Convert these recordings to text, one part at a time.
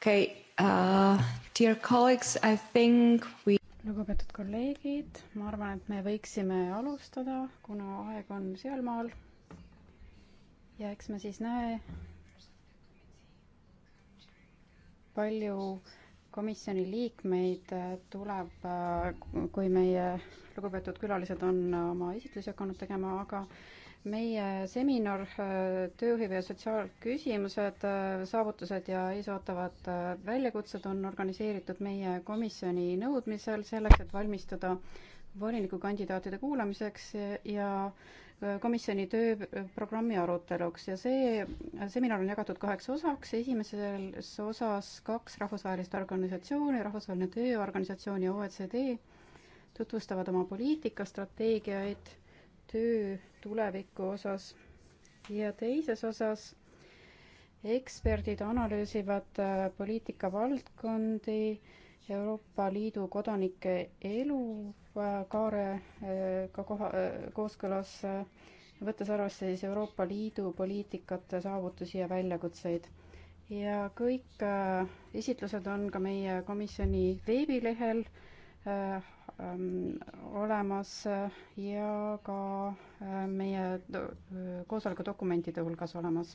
okei okay, uh,, dear colleagues, I think we lugupeetud kolleegid, ma arvan, et me võiksime alustada, kuna aeg on sealmaal. ja eks me siis näe, palju komisjoni liikmeid tuleb, äh, kui meie lugupeetud külalised on oma esitlusi hakanud tegema, aga meie seminar äh, Tööhõive ja sotsiaalküsimused, äh, saavutused ja eesootavad äh, väljakutsed on organiseeritud meie komisjoni nõudmisel selleks, et valmistuda volinikukandidaatide kuulamiseks ja komisjoni tööprogrammi aruteluks ja see seminar on jagatud kaheks osaks, esimeses osas kaks rahvusvahelist organisatsiooni, Rahvusvaheline Tööorganisatsioon ja OECD tutvustavad oma poliitikastrateegiaid töö tuleviku osas ja teises osas eksperdid analüüsivad äh, poliitikavaldkondi, Euroopa Liidu kodanike elukaarega äh, äh, koha, kooskõlas, võttes arvesse siis Euroopa Liidu poliitikate saavutusi ja väljakutseid. ja kõik esitlused on ka meie komisjoni veebilehel Ähm, olemas äh, ja ka äh, meie koosoleku dokumentide hulgas olemas.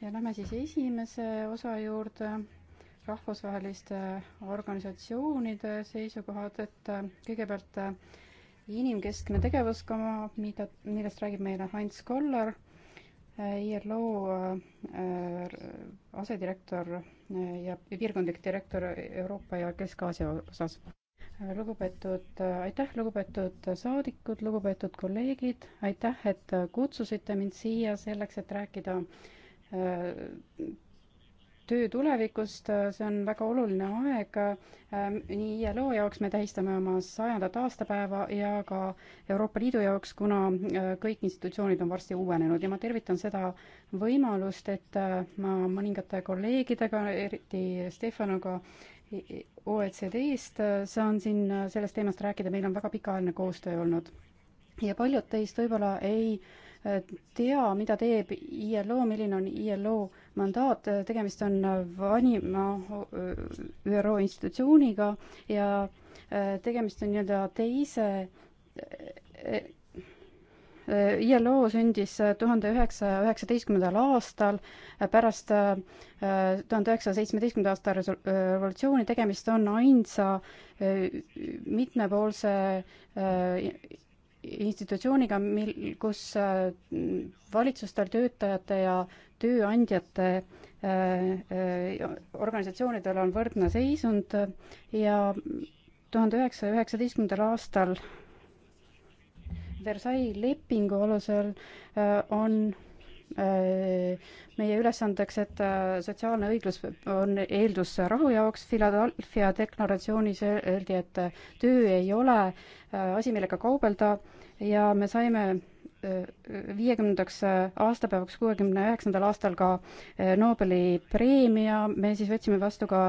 ja lähme siis esimese osa juurde, rahvusvaheliste organisatsioonide seisukohad, et äh, kõigepealt inimkeskne tegevuskava, mida, millest räägib meile Heinz Koller, ILO asedirektor ja piirkondlik direktor Euroopa ja Kesk-Aasia osas. Äh, lugupeetud, äh, aitäh, lugupeetud saadikud, lugupeetud kolleegid, aitäh, et äh, kutsusite mind siia selleks, et rääkida töö tulevikust, see on väga oluline aeg ähm, nii ILO jaoks, me tähistame oma sajandat aastapäeva ja ka Euroopa Liidu jaoks, kuna kõik institutsioonid on varsti uuenenud ja ma tervitan seda võimalust, et ma mõningate kolleegidega, eriti Stefanoga, OECD-st, äh, saan siin äh, sellest teemast rääkida, meil on väga pikaajaline koostöö olnud. ja paljud teist võib-olla ei äh, tea, mida teeb ILO, milline on ILO mandaat, tegemist on vanima ÜRO institutsiooniga ja tegemist on nii-öelda teise ILO sündis äh, tuhande üheksasaja üheksateistkümnendal aastal äh, pärast äh, tuhande üheksasaja seitsmeteistkümnenda aasta revolutsiooni, tegemist on ainsa mitmepoolse institutsiooniga, mil, kus valitsustel, töötajate ja tööandjate organisatsioonidel on võrdne seisund ja tuhande üheksasaja üheksateistkümnendal aastal Versailles lepingu alusel äh, on äh, meie ülesandeks, et äh, sotsiaalne õiglus on eeldus rahu jaoks, Philadelphia deklaratsioonis öeldi, et töö ei ole asi, millega kaubelda ja me saime viiekümnendaks äh, aastapäevaks kuuekümne üheksandal aastal ka äh, Nobeli preemia, me siis võtsime vastu ka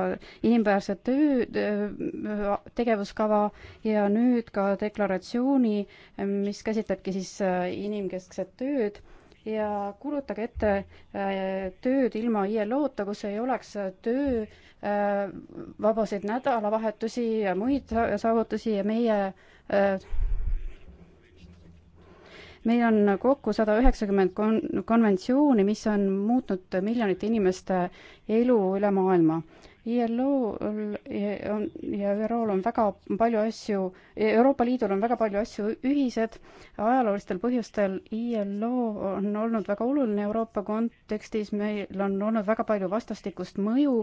inimväärse töö äh, tegevuskava ja nüüd ka deklaratsiooni, mis käsitlebki siis inimkeskset tööd ja kuulutage ette tööd ilma ILO-ta, kus ei oleks töö, vabaseid nädalavahetusi ja muid saavutusi ja meie meil on kokku sada üheksakümmend kon-, konventsiooni, mis on muutnud miljonite inimeste elu üle maailma. ILO-l on ja ÜRO-l on väga palju asju, Euroopa Liidul on väga palju asju ühised, ajaloolistel põhjustel ILO on olnud väga oluline Euroopa kontekstis, meil on olnud väga palju vastastikust mõju,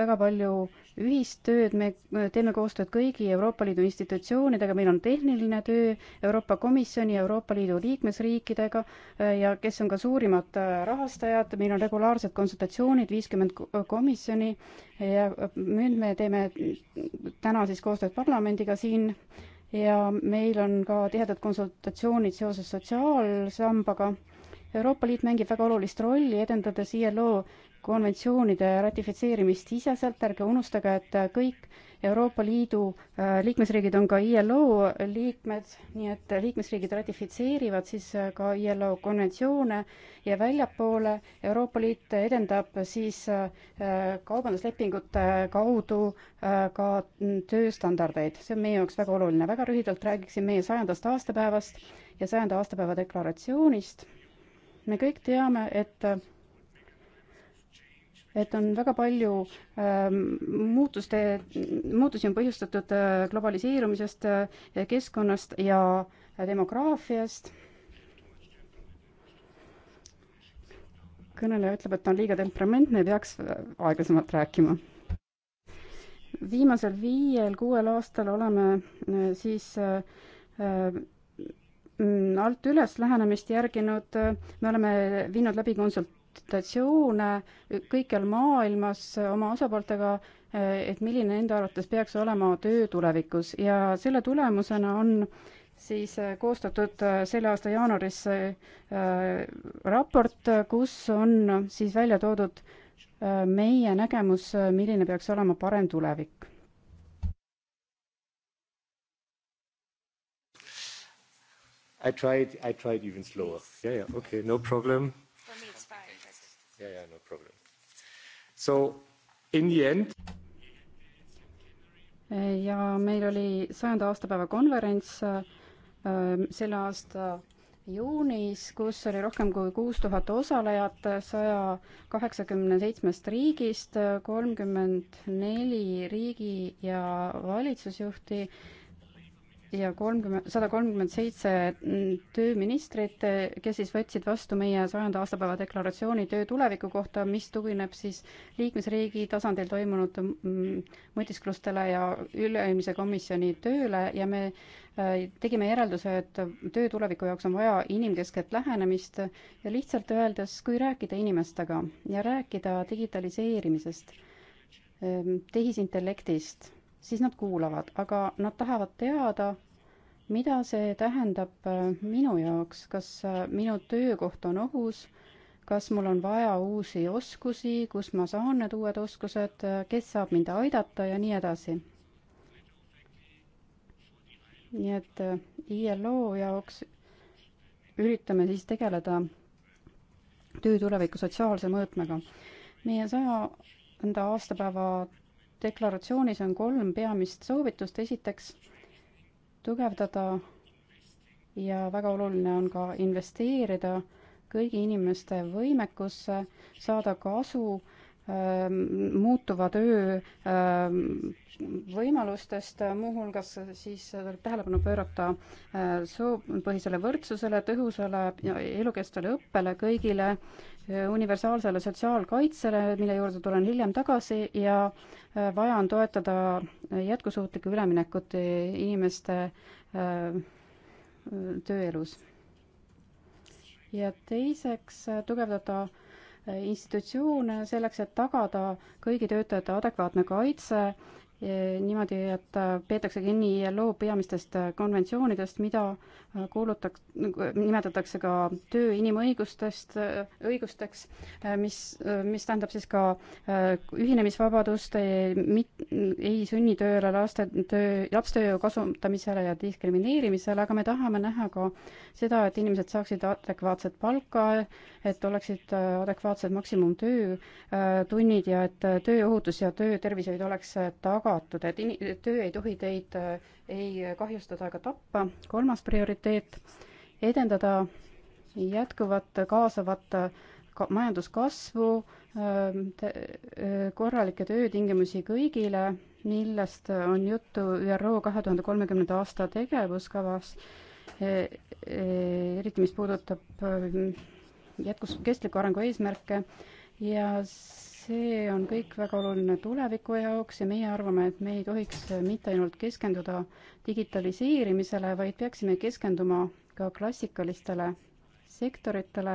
väga palju ühistööd, me teeme koostööd kõigi Euroopa Liidu institutsioonidega, meil on tehniline töö Euroopa Komisjoni ja Euroopa Liidu liikmesriikidega äh, ja kes on ka suurimad äh, rahastajad, meil on regulaarsed konsultatsioonid, viiskümmend komisjoni ja nüüd me teeme täna siis koostööd parlamendiga siin ja meil on ka tihedad konsultatsioonid seoses sotsiaalsambaga. Euroopa Liit mängib väga olulist rolli, edendades ILO konventsioonide ratifitseerimist siseselt, ärge unustage, et kõik Euroopa Liidu äh, liikmesriigid on ka ILO liikmed, nii et liikmesriigid ratifitseerivad siis äh, ka ILO konventsioone ja väljapoole Euroopa Liit edendab siis äh, kaubanduslepingute kaudu ka tööstandardeid. see on meie jaoks väga oluline. väga lühidalt räägiksin meie sajandast aastapäevast ja sajanda aastapäeva deklaratsioonist. me kõik teame, et et on väga palju ähm, muutuste, muutusi on põhjustatud äh, globaliseerumisest, äh, keskkonnast ja demograafiast. kõneleja ütleb, et ta on liiga temperamentne ja peaks äh, aeglasemalt rääkima viimasel viiel-kuuel aastal oleme siis alt üles lähenemist järginud, me oleme viinud läbi konsult-, konsultatsioone kõikjal maailmas oma osapooltega, et milline nende arvates peaks olema töö tulevikus ja selle tulemusena on siis koostatud selle aasta jaanuaris äh, raport, kus on siis välja toodud äh, meie nägemus, milline peaks olema parem tulevik. I tried, I tried even slower. Yeah, yeah, okay, no problem Yeah, yeah, no problem. So in the end ja meil oli sajanda aastapäeva konverents äh, selle aasta juunis, kus oli rohkem kui kuus tuhat osalejat saja kaheksakümne seitsmest riigist, kolmkümmend neli riigi ja valitsusjuhti ja kolmkümmend, sada kolmkümmend seitse tööministrit, kes siis võtsid vastu meie sajanda aastapäeva deklaratsiooni töö tuleviku kohta, mis tugineb siis liikmesriigi tasandil toimunud mm, mõtisklustele ja üle-eelmise komisjoni tööle ja me äh, tegime järelduse, et töö tuleviku jaoks on vaja inimkeskset lähenemist ja lihtsalt öeldes, kui rääkida inimestega ja rääkida digitaliseerimisest, ähm, tehisintellektist siis nad kuulavad, aga nad tahavad teada, mida see tähendab äh, minu jaoks, kas äh, minu töökoht on ohus, kas mul on vaja uusi oskusi, kus ma saan need uued oskused, äh, kes saab mind aidata ja nii edasi. nii et ILO jaoks üritame siis tegeleda töö tuleviku sotsiaalse mõõtmega. meie saja enda aastapäeva deklaratsioonis on kolm peamist soovitust, esiteks tugevdada ja väga oluline on ka investeerida kõigi inimeste võimekusse saada kasu äh, muutuva töö äh, võimalustest, muuhulgas siis tuleb tähelepanu pöörata äh, soopõhisele võrdsusele, tõhusale ja elukestvale õppele kõigile universaalsele sotsiaalkaitsele, mille juurde tulen hiljem tagasi, ja äh, vaja on toetada jätkusuutlikku üleminekut inimeste äh, tööelus. ja teiseks äh, tugevdada institutsioone selleks, et tagada kõigi töötajate adekvaatne kaitse niimoodi, et äh, peetakse kinni ILO peamistest äh, konventsioonidest, mida äh, kuulutak-, nagu, nimetatakse ka töö inimõigustest, õigusteks, mis, mis tähendab siis ka ühinemisvabadust, mit-, ei sunnitööle, laste töö, lapstööjõu kasutamisele ja diskrimineerimisele, aga me tahame näha ka seda, et inimesed saaksid adekvaatset palka, et oleksid adekvaatsed maksimumtöötunnid ja et tööohutus ja töötervishoid oleks taga-, tagatud, et in-, töö ei tohi teid äh, ei kahjustada ega tappa. kolmas prioriteet, edendada jätkuvat kaasavat ka majanduskasvu, ähm, äh, korralikke töötingimusi kõigile, millest on juttu ÜRO kahe tuhande kolmekümnenda aasta tegevuskavas, e-, e-, eriti mis puudutab ähm, jätkus-, kestliku arengu eesmärke ja see on kõik väga oluline tuleviku jaoks ja meie arvame, et me ei tohiks mitte ainult keskenduda digitaliseerimisele, vaid peaksime keskenduma ka klassikalistele sektoritele,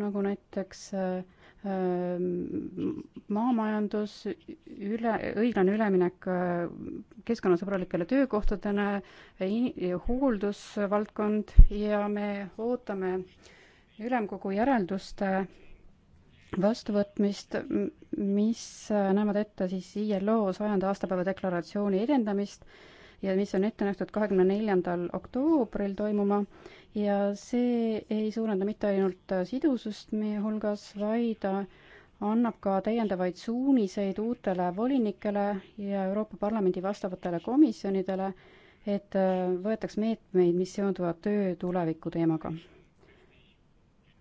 nagu näiteks äh, maamajandus, üle, õiglane üleminek äh, keskkonnasõbralikele töökohtadele, hooldusvaldkond ja me ootame ülemkogu järelduste vastuvõtmist, mis näevad ette siis ILO sajanda aastapäeva deklaratsiooni edendamist ja mis on ette nähtud kahekümne neljandal oktoobril toimuma ja see ei suurenda mitte ainult sidusust meie hulgas, vaid annab ka täiendavaid suuniseid uutele volinikele ja Euroopa Parlamendi vastavatele komisjonidele, et võetaks meetmeid, mis seonduvad töö tuleviku teemaga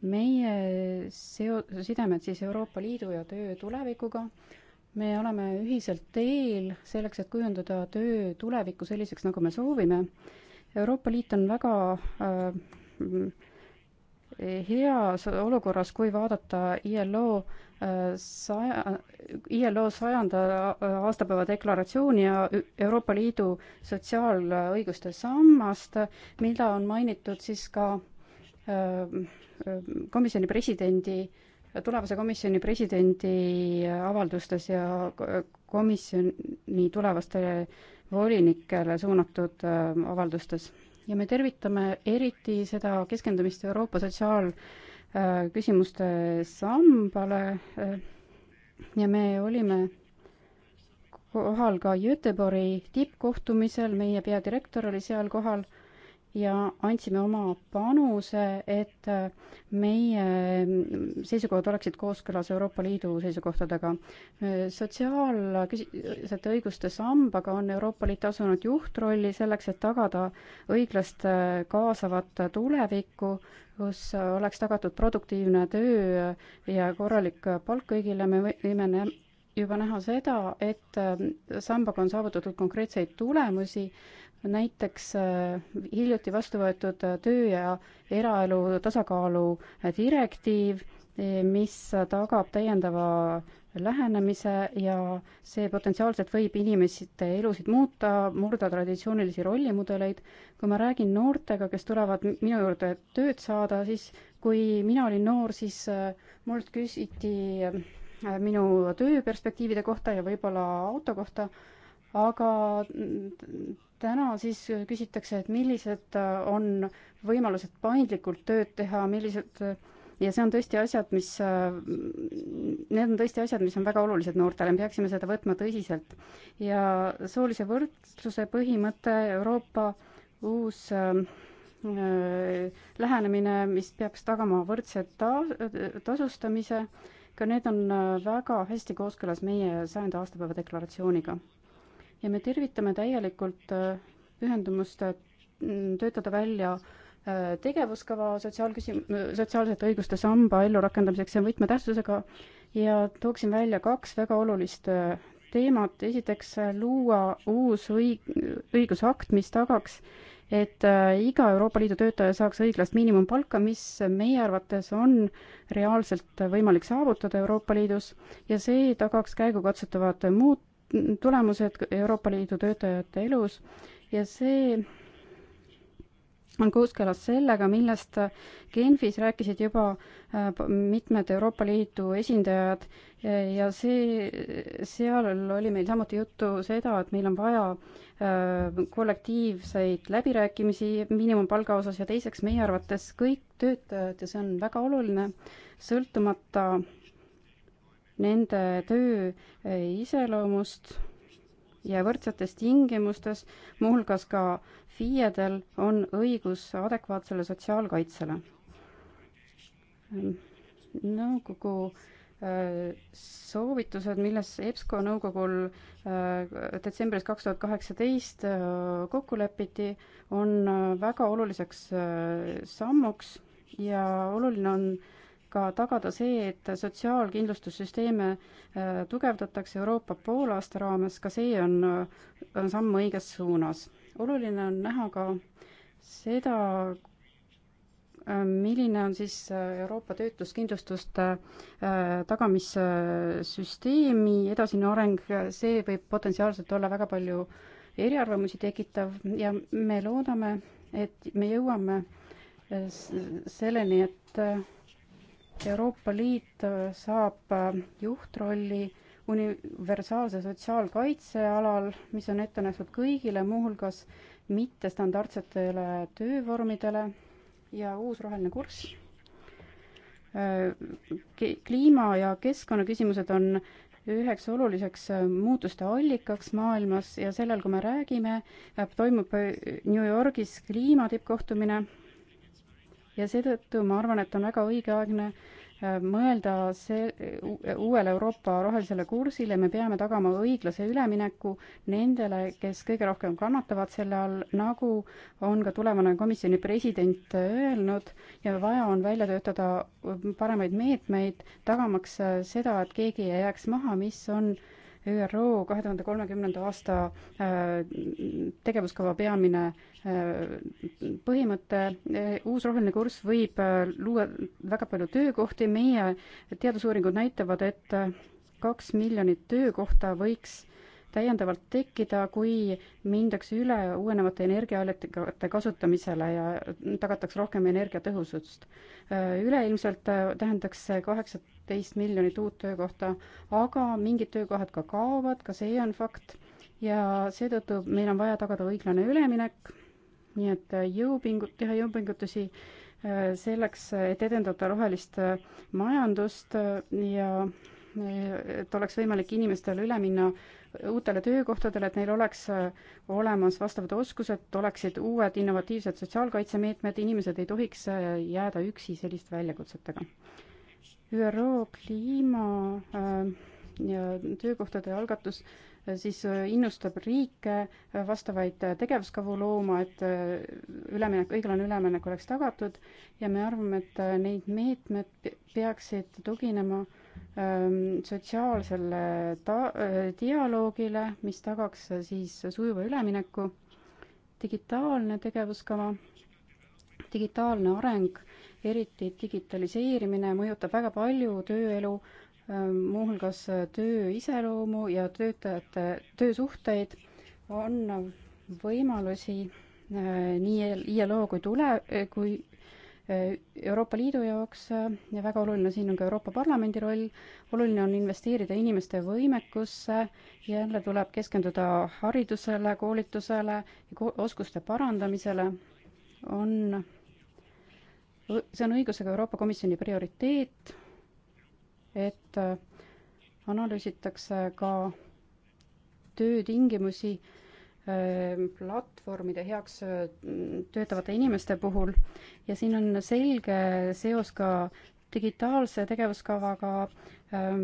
meie seo-, sidemed siis Euroopa Liidu ja töö tulevikuga, me oleme ühiselt teel selleks, et kujundada töö tulevikku selliseks, nagu me soovime. Euroopa Liit on väga äh, heas olukorras, kui vaadata ILO äh, saja, ILO sajanda äh, aastapäeva deklaratsiooni ja Euroopa Liidu sotsiaalõiguste sammast, mida on mainitud siis ka äh, komisjoni presidendi, tulevase komisjoni presidendi avaldustes ja komisjoni tulevastele volinikele suunatud äh, avaldustes. ja me tervitame eriti seda keskendumist Euroopa sotsiaalküsimuste äh, sambale äh, ja me olime kohal ka Göteborgi tippkohtumisel, meie peadirektor oli seal kohal ja andsime oma panuse, et meie seisukohad oleksid kooskõlas Euroopa Liidu seisukohtadega. sotsiaalküsimuste õiguste sambaga on Euroopa Liit asunud juhtrolli selleks, et tagada õiglast kaasavat tulevikku, kus oleks tagatud produktiivne töö ja korralik palk kõigile, me võime juba näha seda, et sambaga on saavutatud konkreetseid tulemusi näiteks äh, hiljuti vastu võetud äh, töö ja eraelu tasakaalu äh, direktiiv, mis tagab täiendava lähenemise ja see potentsiaalselt võib inimeste elusid muuta, murda traditsioonilisi rollimudeleid. kui ma räägin noortega, kes tulevad minu juurde, et tööd saada, siis kui mina olin noor, siis mult küsiti minu tööperspektiivide kohta ja võib-olla auto kohta, aga täna siis küsitakse, et millised on võimalused paindlikult tööd teha, millised ja see on tõesti asjad, mis, need on tõesti asjad, mis on väga olulised noortele, me peaksime seda võtma tõsiselt. ja soolise võrdsuse põhimõte, Euroopa uus äh, lähenemine, mis peaks tagama võrdse ta-, tasustamise, ka need on väga hästi kooskõlas meie sajanda aastapäeva deklaratsiooniga ja me tervitame täielikult äh, pühendumust äh, töötada välja äh, tegevuskava sotsiaalküsim-, sotsiaalsete õiguste samba ellurakendamiseks, see on võtmetähtsusega ja tooksin välja kaks väga olulist teemat, esiteks luua uus õig-, õigusakt, mis tagaks, et iga Euroopa Liidu töötaja saaks õiglast miinimumpalka, mis meie arvates on reaalselt võimalik saavutada Euroopa Liidus ja see tagaks käigukatsutavad muut-, tulemused Euroopa Liidu töötajate elus ja see on kooskõlas sellega, millest Genfis rääkisid juba äh, mitmed Euroopa Liidu esindajad ja see, seal oli meil samuti juttu seda, et meil on vaja äh, kollektiivseid läbirääkimisi miinimumpalga osas ja teiseks meie arvates kõik töötajad ja see on väga oluline, sõltumata nende töö eh, iseloomust ja võrdsetes tingimustes, muuhulgas ka FIE-del on õigus adekvaatsele sotsiaalkaitsele. nõukogu eh, soovitused, milles EBSCO nõukogul eh, detsembris kaks tuhat kaheksateist kokku lepiti, on väga oluliseks sammuks ja oluline on ka tagada see, et sotsiaalkindlustussüsteeme äh, tugevdatakse Euroopa poolaasta raames, ka see on, on samm õiges suunas. oluline on näha ka seda, äh, milline on siis äh, Euroopa töötuskindlustuste tagamissüsteemi edasine areng, see võib potentsiaalselt olla väga palju eriarvamusi tekitav ja me loodame, et me jõuame selleni, et Euroopa Liit äh, saab äh, juhtrolli universaalse sotsiaalkaitse alal, mis on ette nähtud kõigile, muuhulgas mittestandardsetele töövormidele ja uus roheline kurss. Äh, kliima ja keskkonnaküsimused on üheks oluliseks muutuste allikaks maailmas ja sellel, kui me räägime, toimub New Yorgis kliima tippkohtumine ja seetõttu ma arvan, et on väga õigeaegne äh, mõelda see uuele Euroopa rohelisele kursile, me peame tagama õiglase ülemineku nendele, kes kõige rohkem kannatavad selle all, nagu on ka tulevane komisjoni president öelnud ja vaja on välja töötada äh, paremaid meetmeid, tagamaks äh, seda, et keegi ei jääks maha, mis on äh, ÜRO kahe tuhande kolmekümnenda aasta äh, tegevuskava peamine äh, põhimõte, äh, uus roheline kurss võib luua väga palju töökohti, meie teadusuuringud näitavad, et kaks miljonit töökohta võiks täiendavalt tekkida, kui mindakse üle uuenevate energiaallikate kasutamisele ja tagataks rohkem energiatõhusust. üleilmselt tähendaks see kaheksat kaksteist miljonit uut töökohta, aga mingid töökohad ka kaovad, ka see on fakt, ja seetõttu meil on vaja tagada õiglane üleminek, nii et jõupingut-, teha jõupingutusi äh, selleks, et edendada rohelist äh, majandust äh, ja et oleks võimalik inimestel üle minna uutele töökohtadele, et neil oleks olemas vastavad oskused, oleksid uued innovatiivsed sotsiaalkaitsemeetmed, inimesed ei tohiks jääda üksi selliste väljakutsetega. ÜRO kliima äh, töökohtade algatus äh, siis äh, innustab riike vastavaid tegevuskavu looma, et üleminek, õiglane üleminek oleks tagatud ja me arvame, et neid meetmed peaksid tuginema ähm, sotsiaalsele ta-, dialoogile, mis tagaks siis sujuva ülemineku, digitaalne tegevuskava, digitaalne areng eriti digitaliseerimine mõjutab väga palju tööelu, ähm, muuhulgas äh, töö iseloomu ja töötajate töösuhteid, on võimalusi äh, nii ILO kui tule, äh, kui Euroopa Liidu jaoks ja väga oluline siin on ka Euroopa Parlamendi roll, oluline on investeerida inimeste võimekusse, jälle tuleb keskenduda haridusele, koolitusele ja oskuste parandamisele, on see on õigusega Euroopa Komisjoni prioriteet, et äh, analüüsitakse ka töötingimusi äh, platvormide heaks äh, töötavate inimeste puhul ja siin on selge seos ka digitaalse tegevuskavaga, ähm,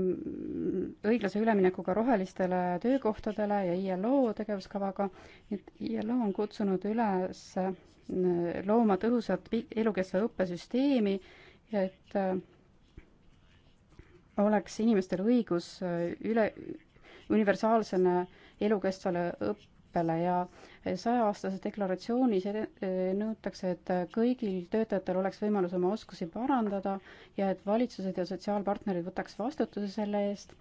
õiglase üleminekuga rohelistele töökohtadele ja ILO tegevuskavaga, et ILO on kutsunud üles looma tõhusat elukestva õppesüsteemi, et äh, oleks inimestel õigus äh, üle, universaalsele elukestvale õppele ja saja-aastase deklaratsioonis nõutakse, et kõigil töötajatel oleks võimalus oma oskusi parandada ja et valitsused ja sotsiaalpartnerid võtaks vastutuse selle eest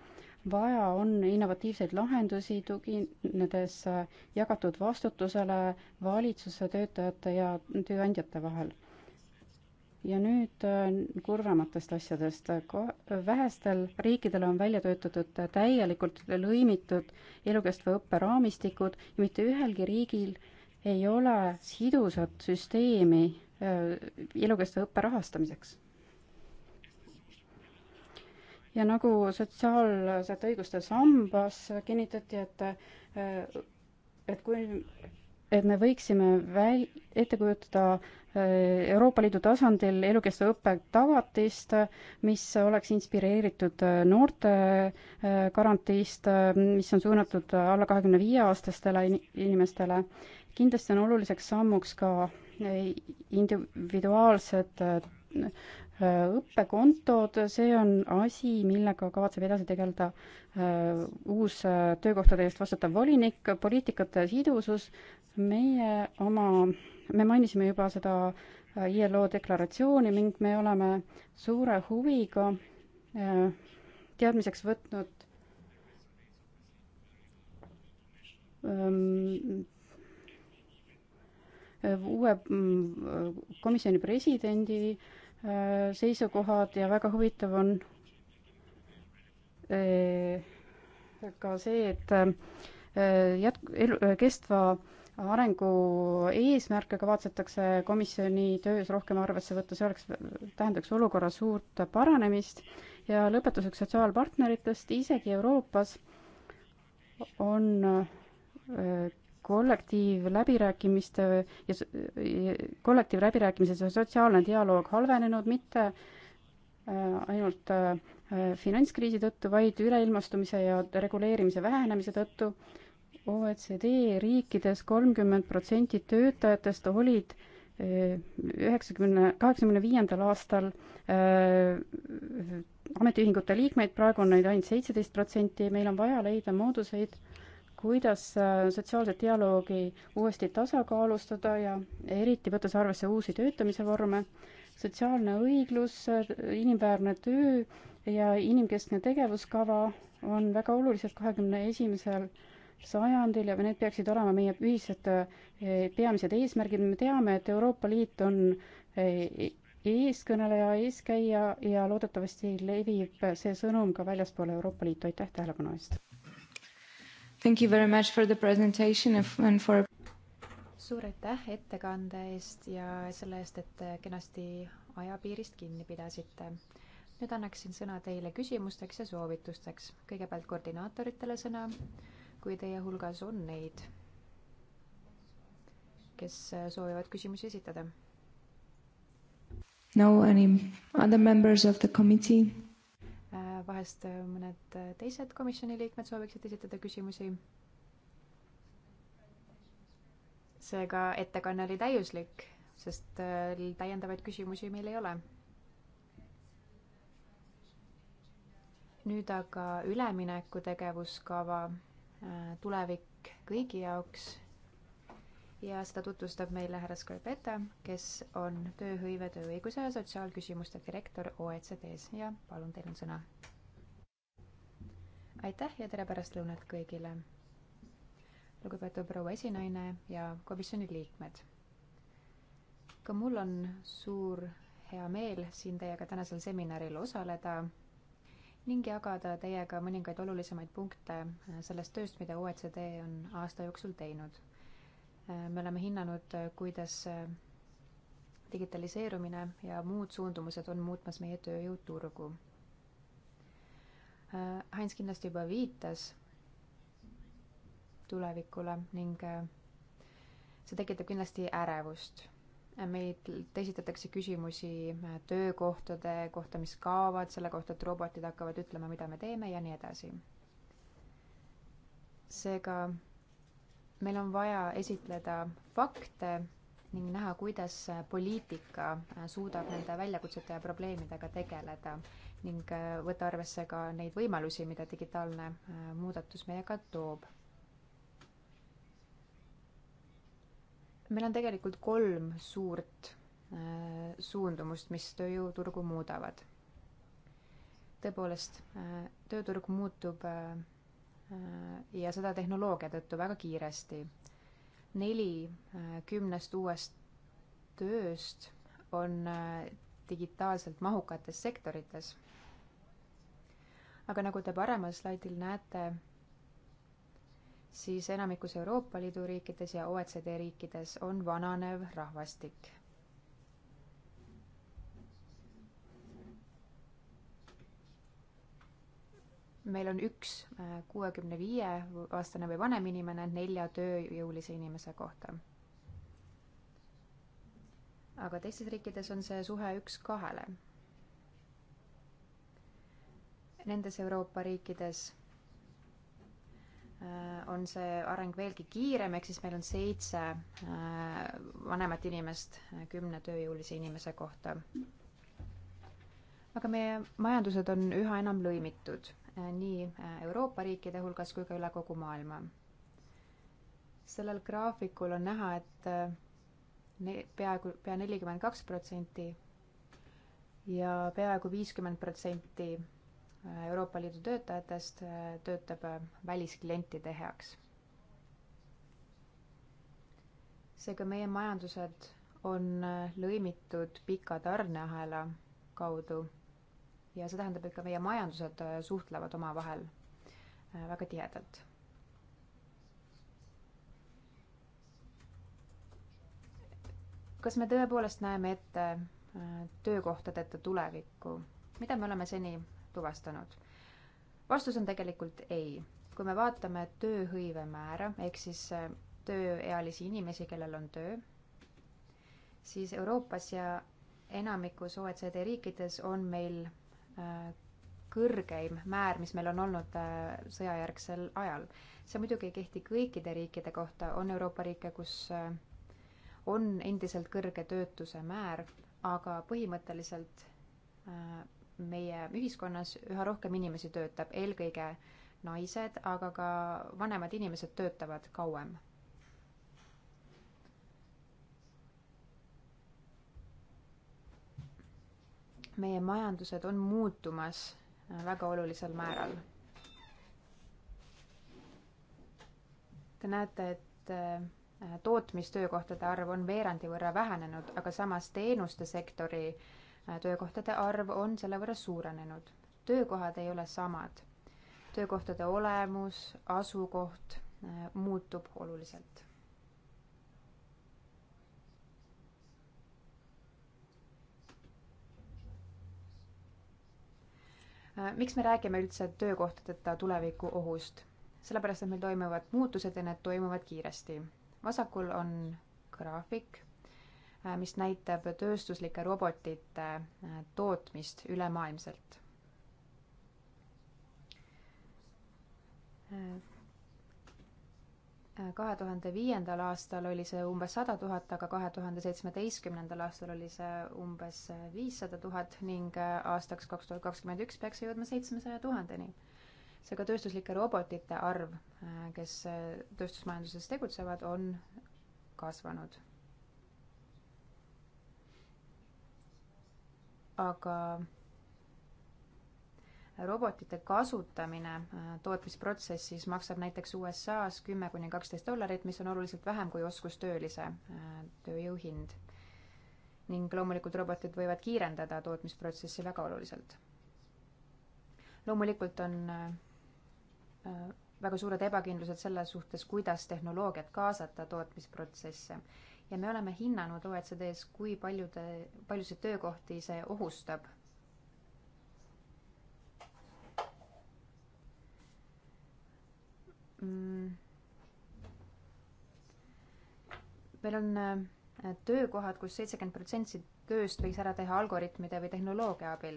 vaja on innovatiivseid lahendusi, tuginedes äh, jagatud vastutusele valitsuse, töötajate ja tööandjate vahel. ja nüüd äh, kurvematest asjadest. vähestel riikidel on välja töötatud täielikult lõimitud elukestva õppe raamistikud ja mitte ühelgi riigil ei ole sidusat süsteemi äh, elukestva õppe rahastamiseks ja nagu sotsiaalsete õiguste sambas kinnitati, et äh, et kui, et me võiksime väl-, ette kujutada äh, Euroopa Liidu tasandil elukestva õppe tagatist, mis oleks inspireeritud äh, noorte garantiist, mis on suunatud alla kahekümne viie aastastele inimestele. kindlasti on oluliseks sammuks ka individuaalsed Äh, õppekontod, see on asi, millega kavatseb edasi tegeleda äh, uus äh, töökohtade eest vastutav volinik, poliitikate sidusus, meie oma, me mainisime juba seda ILO deklaratsiooni ning me oleme suure huviga teadmiseks võtnud ähm, uue mm, komisjoni presidendi äh, Äh, seisukohad ja väga huvitav on äh, ka see, et äh, jätk-, elu, kestva arengu eesmärke kavatsetakse komisjoni töös rohkem arvesse võtta, see oleks, tähendaks olukorra suurt paranemist ja lõpetuseks sotsiaalpartneritest, isegi Euroopas on kollektiivläbirääkimiste ja kollektiivläbirääkimises ja sotsiaalne dialoog halvenenud mitte äh, ainult äh, finantskriisi tõttu, vaid üleilmastumise ja reguleerimise vähenemise tõttu. OECD riikides kolmkümmend protsenti töötajatest olid äh, üheksakümne, kaheksakümne viiendal aastal ametiühingute liikmeid, praegu on neid ainult seitseteist protsenti, meil on vaja leida mooduseid kuidas äh, sotsiaalset dialoogi uuesti tasakaalustada ja eriti võttes arvesse uusi töötamise vorme, sotsiaalne õiglus, äh, inimväärne töö ja inimkeskne tegevuskava on väga olulised kahekümne esimesel sajandil ja need peaksid olema meie ühised äh, peamised eesmärgid. me teame, et Euroopa Liit on eeskõneleja, eeskäija ja loodetavasti levib see sõnum ka väljaspool Euroopa Liitu. aitäh tähelepanu eest! Thank you very much for the presentation and for suur aitäh ettekande eest ja selle eest, et te kenasti ajapiirist kinni pidasite. nüüd annaksin sõna teile küsimusteks ja soovitusteks. kõigepealt koordinaatoritele sõna, kui teie hulgas on neid, kes soovivad küsimusi esitada. No any other members of the committee? Äh, vahest äh, mõned äh, teised komisjoni liikmed sooviksid esitada küsimusi. seega ettekanne oli täiuslik, sest täiendavaid küsimusi meil ei ole. nüüd aga ülemineku tegevuskava tulevik kõigi jaoks ja seda tutvustab meile härra Scarpetta, kes on tööhõive, tööõiguse ja sotsiaalküsimuste direktor OECD-s ja palun, teil on sõna. aitäh ja tere pärastlõunat kõigile. lugupeetud proua esinaine ja komisjoni liikmed. ka mul on suur hea meel siin teiega tänasel seminaril osaleda ning jagada teiega mõningaid olulisemaid punkte sellest tööst, mida OECD on aasta jooksul teinud me oleme hinnanud, kuidas digitaliseerumine ja muud suundumused on muutmas meie tööjõuturgu. Heinz kindlasti juba viitas tulevikule ning see tekitab kindlasti ärevust. meid esitatakse küsimusi töökohtade kohta, mis kaovad, selle kohta, et robotid hakkavad ütlema, mida me teeme ja nii edasi. seega meil on vaja esitleda fakte ning näha, kuidas poliitika äh, suudab nende väljakutsete ja probleemidega tegeleda ning äh, võtta arvesse ka neid võimalusi, mida digitaalne äh, muudatus meiega toob. meil on tegelikult kolm suurt suundumust, mis tööjõuturgu muudavad. tõepoolest, tööturg muutub Äh, ja seda tehnoloogia tõttu väga kiiresti. neli äh, kümnest uuest tööst on äh, digitaalselt mahukates sektorites. aga nagu te paremal slaidil näete, siis enamikus Euroopa Liidu riikides ja OECD riikides on vananev rahvastik meil on üks äh, kuuekümne viie aastane või vanem inimene nelja tööjõulise inimese kohta. aga teistes riikides on see suhe üks kahele. Nendes Euroopa riikides äh, on see areng veelgi kiirem, ehk siis meil on seitse äh, vanemat inimest kümne tööjõulise inimese kohta. aga meie majandused on üha enam lõimitud Äh, nii äh, Euroopa riikide hulgas kui ka üle kogu maailma. sellel graafikul on näha, et äh, ne-, peaaegu, pea nelikümmend kaks protsenti ja peaaegu viiskümmend protsenti Euroopa Liidu töötajatest töötab välisklientide heaks. seega meie majandused on lõimitud pika tarneahela kaudu ja see tähendab, et ka meie majandused äh, suhtlevad omavahel äh, väga tihedalt. kas me tõepoolest näeme ette äh, töökohtadeta tulevikku, mida me oleme seni tuvastanud? vastus on tegelikult ei. kui me vaatame tööhõive määra ehk siis tööealisi inimesi, kellel on töö, siis Euroopas ja enamikus OECD riikides on meil kõrgeim määr, mis meil on olnud äh, sõjajärgsel ajal. see muidugi ei kehti kõikide riikide kohta, on Euroopa riike, kus äh, on endiselt kõrge töötuse määr, aga põhimõtteliselt äh, meie ühiskonnas üha rohkem inimesi töötab, eelkõige naised, aga ka vanemad inimesed töötavad kauem meie majandused on muutumas äh, väga olulisel määral. Te näete, et äh, tootmistöökohtade arv on veerandi võrra vähenenud, aga samas teenuste sektori äh, töökohtade arv on selle võrra suurenenud. töökohad ei ole samad. töökohtade olemus, asukoht muutub oluliselt Äh, miks me räägime üldse töökohtadeta tuleviku ohust? sellepärast, et meil toimuvad muutused ja need toimuvad kiiresti. vasakul on graafik, äh, mis näitab tööstuslike robotite äh, tootmist ülemaailmselt kahe tuhande viiendal aastal oli see umbes sada tuhat, aga kahe tuhande seitsmeteistkümnendal aastal oli see umbes viissada tuhat ning aastaks kaks tuhat kakskümmend üks peaks see jõudma seitsmesaja tuhandeni. seega tööstuslike robotite arv, kes tööstusmajanduses tegutsevad, on kasvanud. aga robotite kasutamine äh, tootmisprotsessis maksab näiteks USA-s kümme kuni kaksteist dollarit, mis on oluliselt vähem kui oskustöölise äh, tööjõu hind. ning loomulikult robotid võivad kiirendada tootmisprotsessi väga oluliselt. loomulikult on äh, väga suured ebakindlused selle suhtes, kuidas tehnoloogiat kaasata tootmisprotsesse ja me oleme hinnanud OECD-s, kui paljude, paljusid töökohti see ohustab Mm. meil on äh, töökohad kus, kus seitsekümmend protsenti tööst võiks ära teha algoritmide või tehnoloogia abil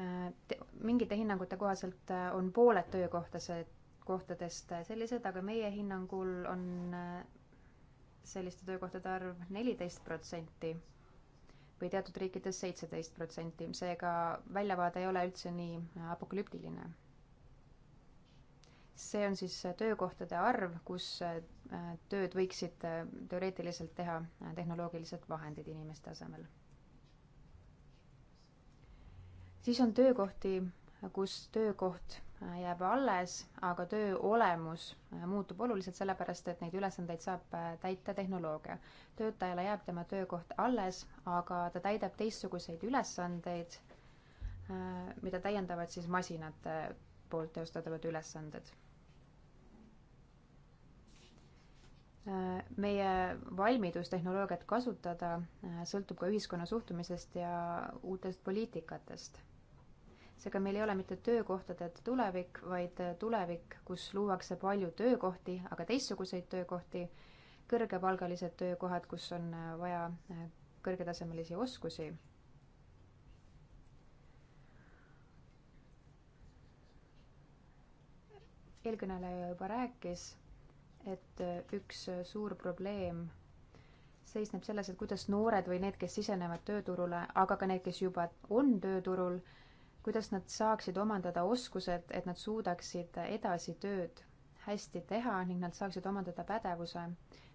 äh, te,. mingite hinnangute kohaselt äh, on pooled töökohtased, kohtadest sellised, aga meie hinnangul on selliste töökohtade arv neliteist protsenti või teatud riikides seitseteist protsenti, seega väljavaade ei ole üldse nii apokalüptiline see on siis äh, töökohtade arv, kus äh, tööd võiksid äh, teoreetiliselt teha tehnoloogilised vahendid inimeste asemel. siis on töökohti, kus töökoht jääb alles, aga töö olemus muutub oluliselt, sellepärast et neid ülesandeid saab täita tehnoloogia. töötajale jääb tema töökoht alles, aga ta täidab teistsuguseid ülesandeid, mida täiendavad siis masinate poolt teostatavad ülesanded meie valmidus tehnoloogiat kasutada äh, sõltub ka ühiskonna suhtumisest ja uutest poliitikatest. seega meil ei ole mitte töökohtade tulevik, vaid tulevik, kus luuakse palju töökohti, aga teistsuguseid töökohti, kõrgepalgalised töökohad, kus on äh, vaja äh, kõrgetasemelisi oskusi. eelkõneleja juba rääkis et äh, üks äh, suur probleem seisneb selles, et kuidas noored või need, kes sisenevad tööturule, aga ka need, kes juba on tööturul, kuidas nad saaksid omandada oskused, et nad suudaksid edasi tööd hästi teha ning nad saaksid omandada pädevuse,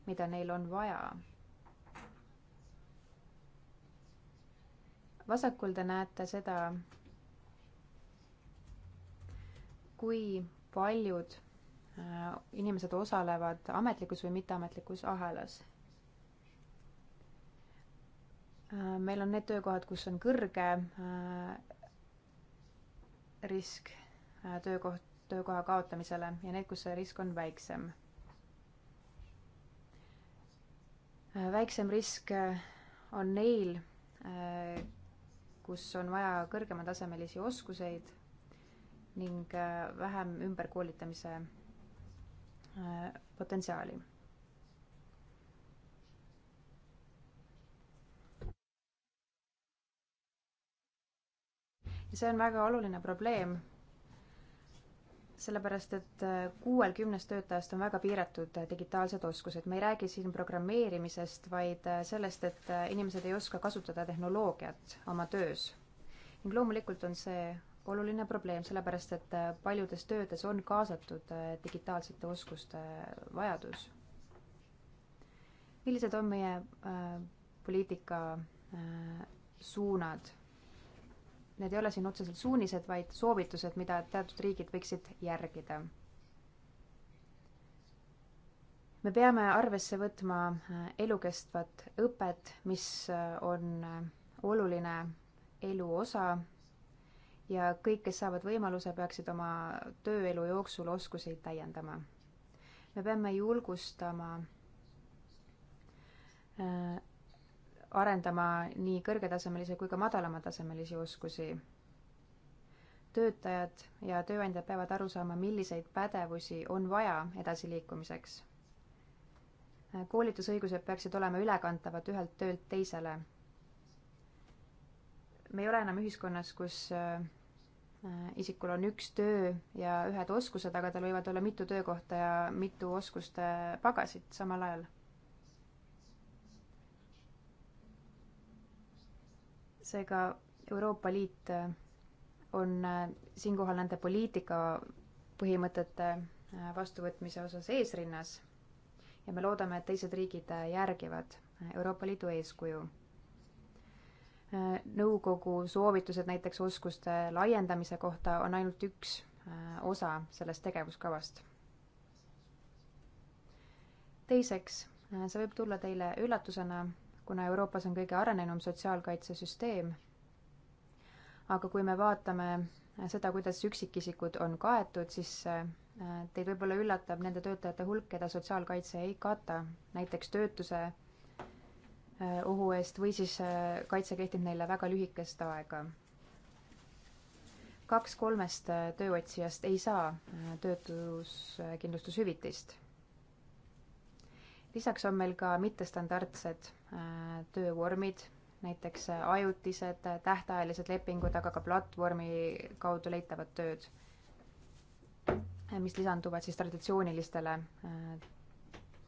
mida neil on vaja. vasakul te näete seda, kui paljud Äh, inimesed osalevad ametlikus või mitteametlikus ahelas. Äh, meil on need töökohad, kus on kõrge äh, risk töökoht, töökoha kaotamisele ja need, kus see risk on väiksem. väiksem risk on neil, kus on vaja kõrgematasemelisi oskuseid ning vähem ümberkoolitamise Äh, potentsiaali. ja see on väga oluline probleem, sellepärast et äh, kuuel kümnest töötajast on väga piiratud äh, digitaalsed oskused. me ei räägi siin programmeerimisest, vaid sellest, et inimesed ei oska kasutada tehnoloogiat oma töös. ning loomulikult on see oluline probleem, sellepärast et äh, paljudes töödes on kaasatud äh, digitaalsete oskuste äh, vajadus. millised on meie poliitika suunad? Need ei ole siin otseselt suunised, vaid soovitused, mida teatud riigid võiksid järgida. me peame arvesse võtma elukestvat õpet, mis on oluline elu osa ja kõik, kes saavad võimaluse, peaksid oma tööelu jooksul oskuseid täiendama. me peame julgustama äh, arendama nii kõrgetasemelisi kui ka madalamatasemelisi oskusi. töötajad ja tööandjad peavad aru saama, milliseid pädevusi on vaja edasiliikumiseks. Äh, koolitusõigused peaksid olema ülekantavad ühelt töölt teisele me ei ole enam ühiskonnas, kus äh, isikul on üks töö ja ühed oskused, aga tal võivad olla mitu töökohta ja mitu oskuste pagasit samal ajal. seega Euroopa Liit äh, on äh, siinkohal nende poliitika põhimõtete vastuvõtmise osas eesrinnas ja me loodame, et teised riigid järgivad Euroopa Liidu eeskuju nõukogu soovitused näiteks oskuste laiendamise kohta on ainult üks äh, osa sellest tegevuskavast. teiseks, äh, see võib tulla teile üllatusena, kuna Euroopas on kõige arenenum sotsiaalkaitsesüsteem. aga kui me vaatame äh, seda, kuidas üksikisikud on kaetud, siis teid võib-olla üllatab nende töötajate hulk, keda sotsiaalkaitse ei kata, näiteks töötuse Äh, ohu eest või siis äh, kaitse kehtib neile väga lühikest aega. kaks kolmest äh, tööotsijast ei saa töötuskindlustushüvitist. lisaks on meil ka mittestandardsed töövormid, näiteks ajutised, tähtajalised lepingud, aga ka platvormi kaudu leitavad tööd, mis lisanduvad siis traditsioonilistele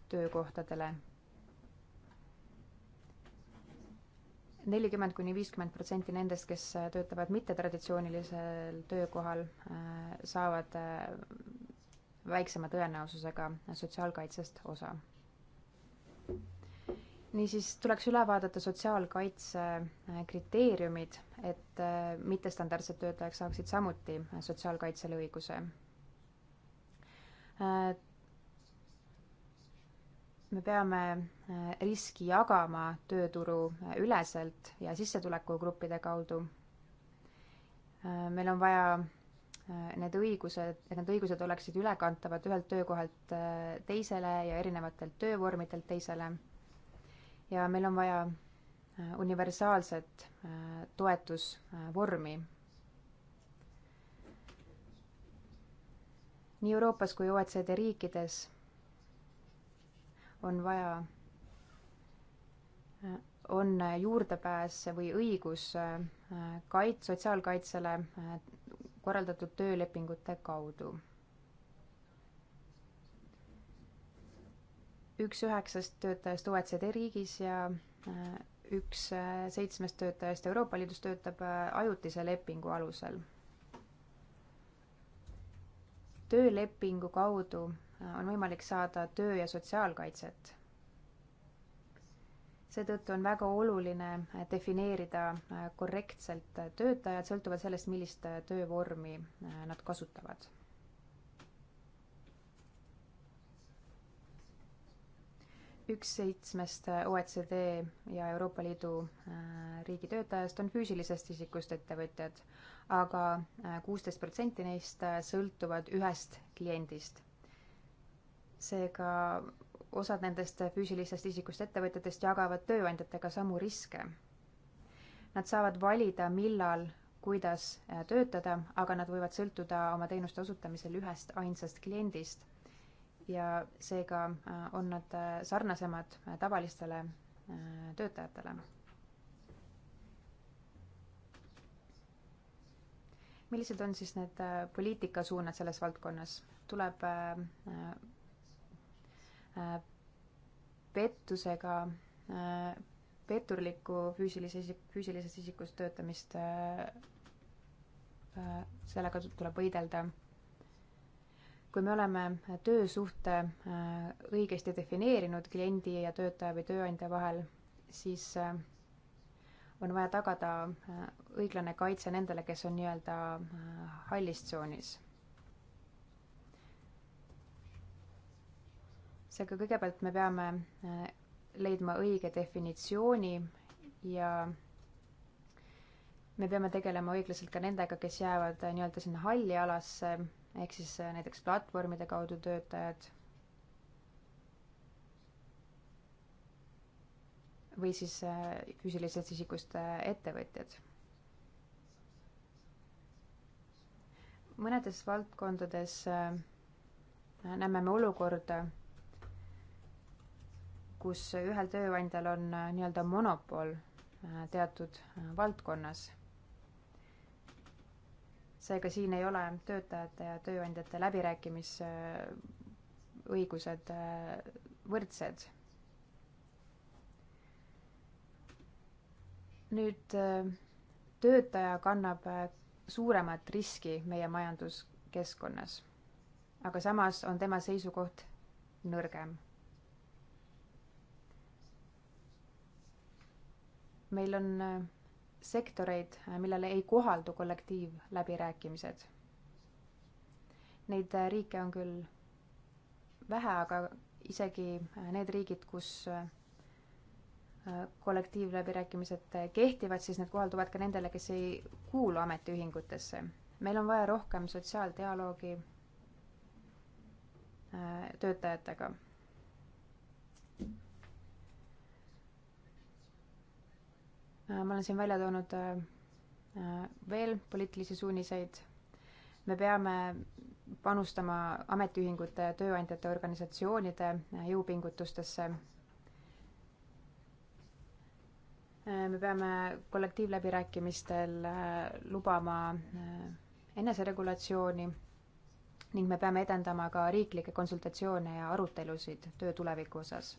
töökohtadele nelikümmend kuni viiskümmend protsenti nendest, kes töötavad mittetraditsioonilisel töökohal, saavad äh, väiksema tõenäosusega sotsiaalkaitsest osa. niisiis tuleks üle vaadata sotsiaalkaitse äh, kriteeriumid, et äh, mittestandardsed töötajad saaksid samuti sotsiaalkaitsele õiguse me peame äh, riski jagama tööturu äh, üleselt ja sissetulekugruppide kaudu. Äh, meil on vaja need õigused, et need õigused oleksid ülekantavad ühelt töökohalt teisele ja erinevatelt töövormidelt teisele. ja meil on vaja universaalset toetusvormi. nii Euroopas kui OECD riikides on vaja, on juurdepääs või õigus äh, kait-, sotsiaalkaitsele äh, korraldatud töölepingute kaudu. üks üheksast töötajast OECD riigis ja äh, üks seitsmest töötajast Euroopa Liidus töötab ajutise lepingu alusel. töölepingu kaudu on võimalik saada töö- ja sotsiaalkaitset. seetõttu on väga oluline defineerida äh, korrektselt töötajad, sõltuvalt sellest, millist äh, töövormi äh, nad kasutavad. üks seitsmest OECD ja Euroopa Liidu riigi töötajast on füüsilisest isikust ettevõtjad aga, aga kuusteist protsenti neist sõltuvad ühest kliendist seega osad nendest füüsilistest isikust ettevõtjatest jagavad tööandjatega samu riske. Nad saavad valida, millal, kuidas äh, töötada, aga nad võivad sõltuda oma teenuste osutamisel ühest ainsast kliendist. ja seega äh, on nad äh, sarnasemad tavalistele töötajatele. millised on siis need poliitikasuunad selles valdkonnas? tuleb Äh, pettusega, äh, petturlikku füüsilise isik, füüsilisest isikust töötamist, äh, sellega tuleb võidelda. kui me oleme töösuhte õigesti defineerinud kliendi ja töötaja või tööandja vahel, siis on vaja tagada õiglane kaitse nendele, kes on nii-öelda hallis tsoonis seega kõigepealt me peame äh, leidma õige definitsiooni ja me peame tegelema õiglaselt ka nendega, kes jäävad äh, nii-öelda sinna halli alasse, ehk siis äh, näiteks platvormide kaudu töötajad või siis füüsilisest isikust ettevõtjad. mõnedes valdkondades näeme me olukorda kus ühel tööandjal on äh, nii-öelda monopol äh, teatud äh, valdkonnas. seega siin ei ole töötajate ja tööandjate läbirääkimisõigused võrdsed. nüüd töötaja kannab suuremat riski meie majanduskeskkonnas, aga samas on tema seisukoht nõrgem meil on äh, sektoreid, äh, millele ei kohaldu kollektiivläbirääkimised. Neid äh, riike on küll vähe, aga isegi need riigid, kus kollektiivläbirääkimised kehtivad, siis need kohalduvad ka nendele, kes ei kuulu ametiühingutesse. meil on vaja rohkem sotsiaaldialoogi töötajatega Äh, ma olen siin välja toonud äh, äh, veel poliitilisi suuniseid. me peame panustama ametiühingute, tööandjate, organisatsioonide jõupingutustesse. me peame kollektiivläbirääkimistel lubama eneseregulatsiooni ning me peame edendama ka riiklikke konsultatsioone ja arutelusid töö tuleviku osas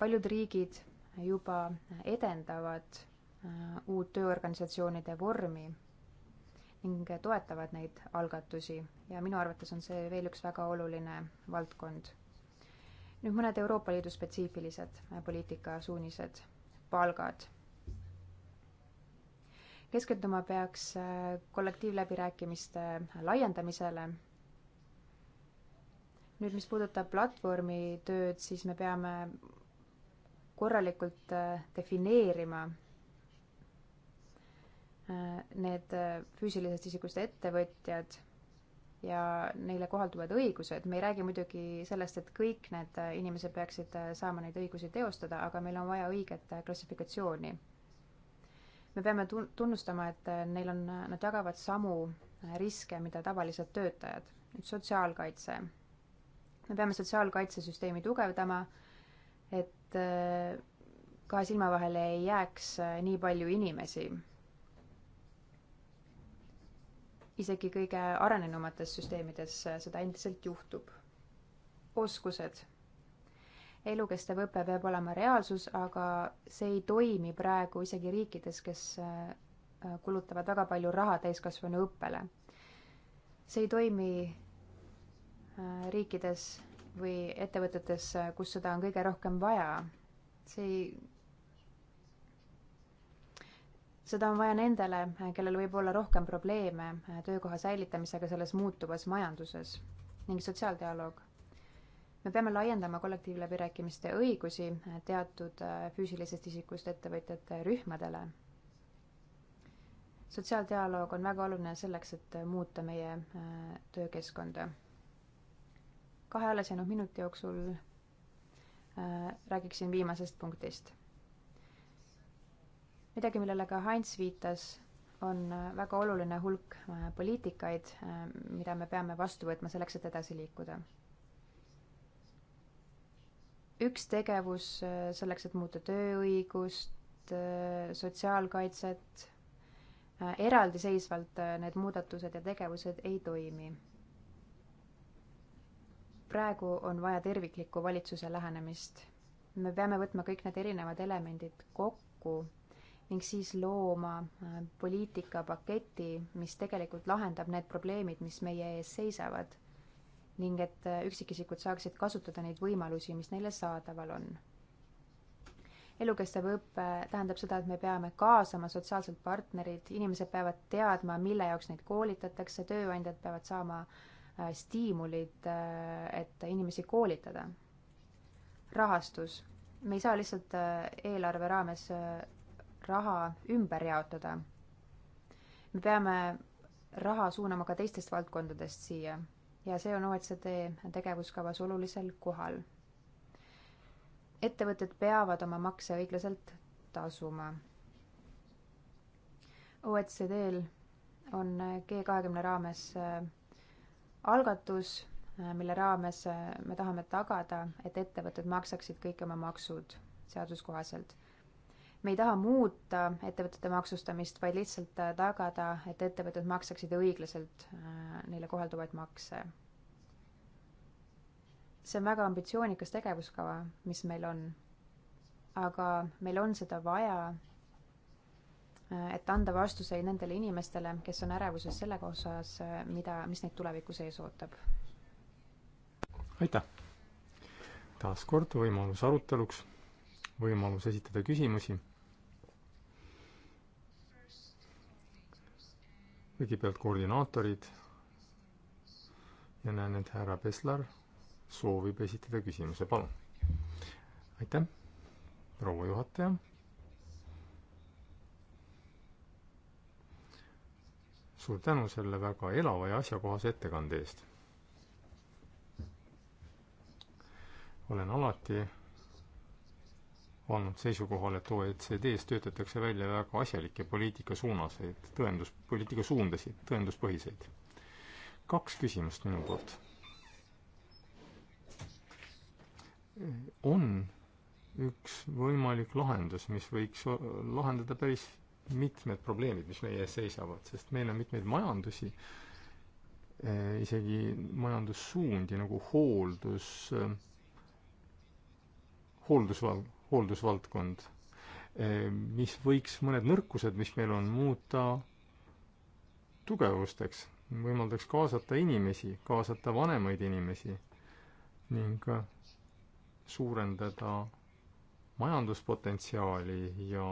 paljud riigid juba edendavad äh, uut tööorganisatsioonide vormi ning toetavad neid algatusi ja minu arvates on see veel üks väga oluline valdkond. nüüd mõned Euroopa Liidu spetsiifilised äh, poliitikasuunised, palgad. keskenduma peaks äh, kollektiivläbirääkimiste laiendamisele. nüüd, mis puudutab platvormitööd, siis me peame korralikult äh, defineerima äh, need äh, füüsilisest isikust ettevõtjad ja neile kohalduvad õigused, me ei räägi muidugi sellest, et kõik need inimesed peaksid saama neid õigusi teostada, aga meil on vaja õiget klassifikatsiooni. me peame tun-, tunnustama, et neil on, nad jagavad samu riske, mida tavalised töötajad. nüüd sotsiaalkaitse. me peame sotsiaalkaitsesüsteemi tugevdama, et et äh, kahe silma vahele ei jääks äh, nii palju inimesi. isegi kõige arenenumates süsteemides äh, seda endiselt juhtub. oskused. elukestev õpe peab olema reaalsus, aga see ei toimi praegu isegi riikides, kes kulutavad väga palju raha täiskasvanu õppele. see ei toimi riikides, või ettevõtetes, kus seda on kõige rohkem vaja. see ei, seda on vaja nendele, kellel võib olla rohkem probleeme töökoha säilitamisega selles muutuvas majanduses ning sotsiaaldialoog. me peame laiendama kollektiivläbirääkimiste õigusi teatud füüsilisest isikust ettevõtjate rühmadele. sotsiaaldialoog on väga oluline selleks, et muuta meie töökeskkonda kahe alles jäänud minuti jooksul äh, räägiksin viimasest punktist. midagi, millele ka Heinz viitas, on äh, väga oluline hulk äh, poliitikaid, mida me peame vastu võtma selleks, et edasi liikuda. üks tegevus selleks, et muuta tööõigust, sotsiaalkaitset, eraldiseisvalt need muudatused ja tegevused ei toimi praegu on vaja terviklikku valitsuse lähenemist. me peame võtma kõik need erinevad elemendid kokku ning siis looma äh, poliitikapaketi, mis tegelikult lahendab need probleemid, mis meie ees seisavad ning et äh, üksikisikud saaksid kasutada neid võimalusi, mis neile saadaval on. elukestev õpe tähendab seda, et me peame kaasama sotsiaalsed partnerid, inimesed peavad teadma, mille jaoks neid koolitatakse, tööandjad peavad saama äh, Äh, stiimulid, äh, et inimesi koolitada. rahastus. me ei saa lihtsalt äh, eelarve raames raha ümber jaotada. me peame raha suunama ka teistest valdkondadest siia ja see on OECD tegevuskavas olulisel kohal. ettevõtted peavad oma makse õiglaselt tasuma. OECD-l on G kahekümne raames algatus, äh, mille raames äh, me tahame tagada, et ettevõtted maksaksid kõik oma maksud seaduskohaselt. me ei taha muuta ettevõtete maksustamist, vaid lihtsalt äh, tagada, et ettevõtted maksaksid õiglaselt neile kohalduvaid makse. see on väga ambitsioonikas tegevuskava, mis meil on. aga meil on seda vaja Äh, et anda vastuseid nendele inimestele, kes on ärevuses sellega osas, äh, mida, mis neid tulevikus ees ootab. aitäh! taas kord võimalus aruteluks, võimalus esitada küsimusi. kõigepealt koordinaatorid ja näen, et härra Peslar soovib esitada küsimuse, palun. aitäh, proua juhataja suur tänu selle väga elava ja asjakohase ettekande eest. olen alati olnud seisukohal, et OECD-s töötatakse välja väga asjalikke poliitikasuunaseid, tõendus, poliitikasuundasid, tõenduspõhiseid. kaks küsimust minu poolt. on üks võimalik lahendus, mis võiks lahendada päris mitmed probleemid, mis meie ees seisavad, sest meil on mitmeid majandusi, eh, isegi majandussuundi nagu hooldus, eh, hooldusval-, hooldusvaldkond, eh, mis võiks mõned nõrkused, mis meil on, muuta tugevusteks, võimaldaks kaasata inimesi, kaasata vanemaid inimesi ning suurendada majanduspotentsiaali ja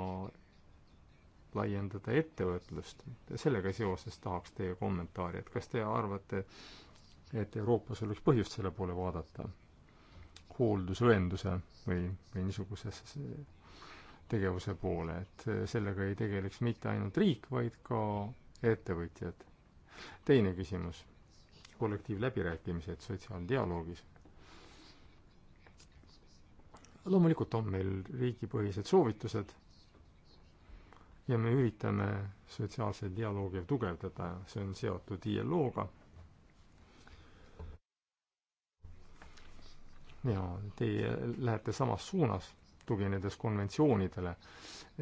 laiendada ettevõtlust. sellega seoses tahaks teie kommentaari, et kas teie arvate, et Euroopas oleks põhjust selle poole vaadata? hooldusõenduse või, või niisuguse tegevuse poole, et sellega ei tegeleks mitte ainult riik, vaid ka ettevõtjad. teine küsimus, kollektiivläbirääkimised sotsiaaldialoogis loomulikult on meil riigipõhised soovitused, ja me üritame sotsiaalseid dialoogi tugevdada, see on seotud ILO-ga. ja teie lähete samas suunas, tuginedes konventsioonidele,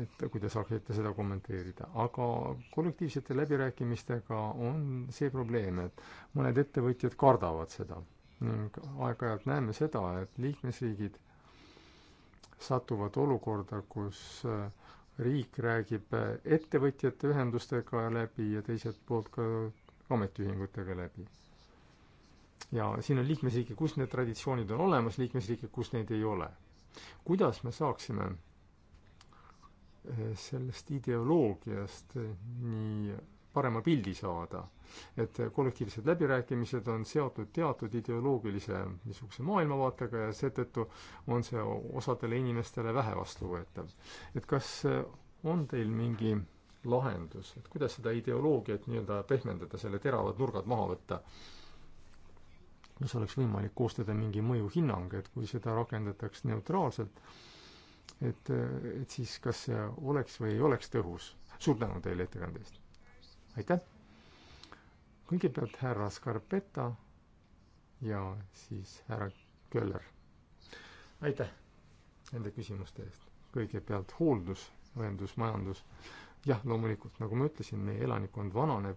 et kuidas saaksite seda kommenteerida, aga kollektiivsete läbirääkimistega on see probleem, et mõned ettevõtjad kardavad seda ning aeg-ajalt näeme seda, et liikmesriigid satuvad olukorda, kus äh, riik räägib ettevõtjate ühendustega läbi ja teiselt poolt ka ametiühingutega läbi. ja siin on liikmesriike, kus need traditsioonid on olemas, liikmesriike, kus neid ei ole. kuidas me saaksime sellest ideoloogiast nii parema pildi saada. et kollektiivsed läbirääkimised on seotud teatud ideoloogilise niisuguse maailmavaatega ja seetõttu on see osadele inimestele vähe vastuvõetav. et kas on teil mingi lahendus, et kuidas seda ideoloogiat nii-öelda pehmendada, selle teravad nurgad maha võtta? kas oleks võimalik koostada mingi mõjuhinnang, et kui seda rakendataks neutraalselt, et, et siis kas see oleks või ei oleks tõhus? suur tänu teile ettekande eest! aitäh! kõigepealt härra Scarpetta ja siis härra Köller. aitäh nende küsimuste eest. kõigepealt hooldus, õendusmajandus. jah, loomulikult, nagu ma ütlesin, meie elanikkond vananeb.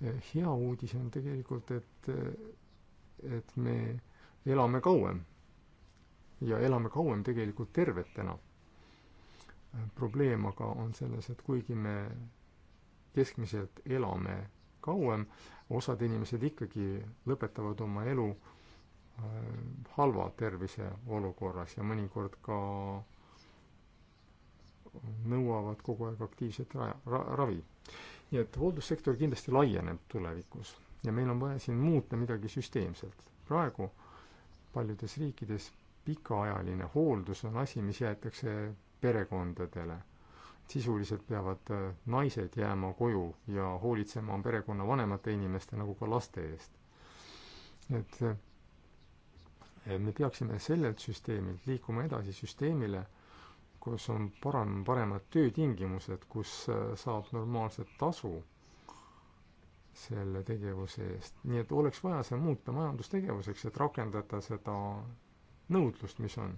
Eh, hea uudis on tegelikult, et, eh, et me elame kauem ja elame kauem tegelikult tervetena. Eh, probleem aga on selles, et kuigi me keskmiselt elame kauem, osad inimesed ikkagi lõpetavad oma elu äh, halva terviseolukorras ja mõnikord ka nõuavad kogu aeg aktiivset ra ra ravi. nii et hooldussektor kindlasti laieneb tulevikus ja meil on vaja siin muuta midagi süsteemselt. praegu paljudes riikides pikaajaline hooldus on asi, mis jäetakse perekondadele sisuliselt peavad äh, naised jääma koju ja hoolitsema perekonna vanemate inimeste nagu ka laste eest. Äh, et me peaksime sellelt süsteemilt liikuma edasi süsteemile, kus on parem, paremad töötingimused, kus äh, saab normaalset tasu selle tegevuse eest. nii et oleks vaja see muuta majandustegevuseks, et rakendada seda nõudlust, mis on.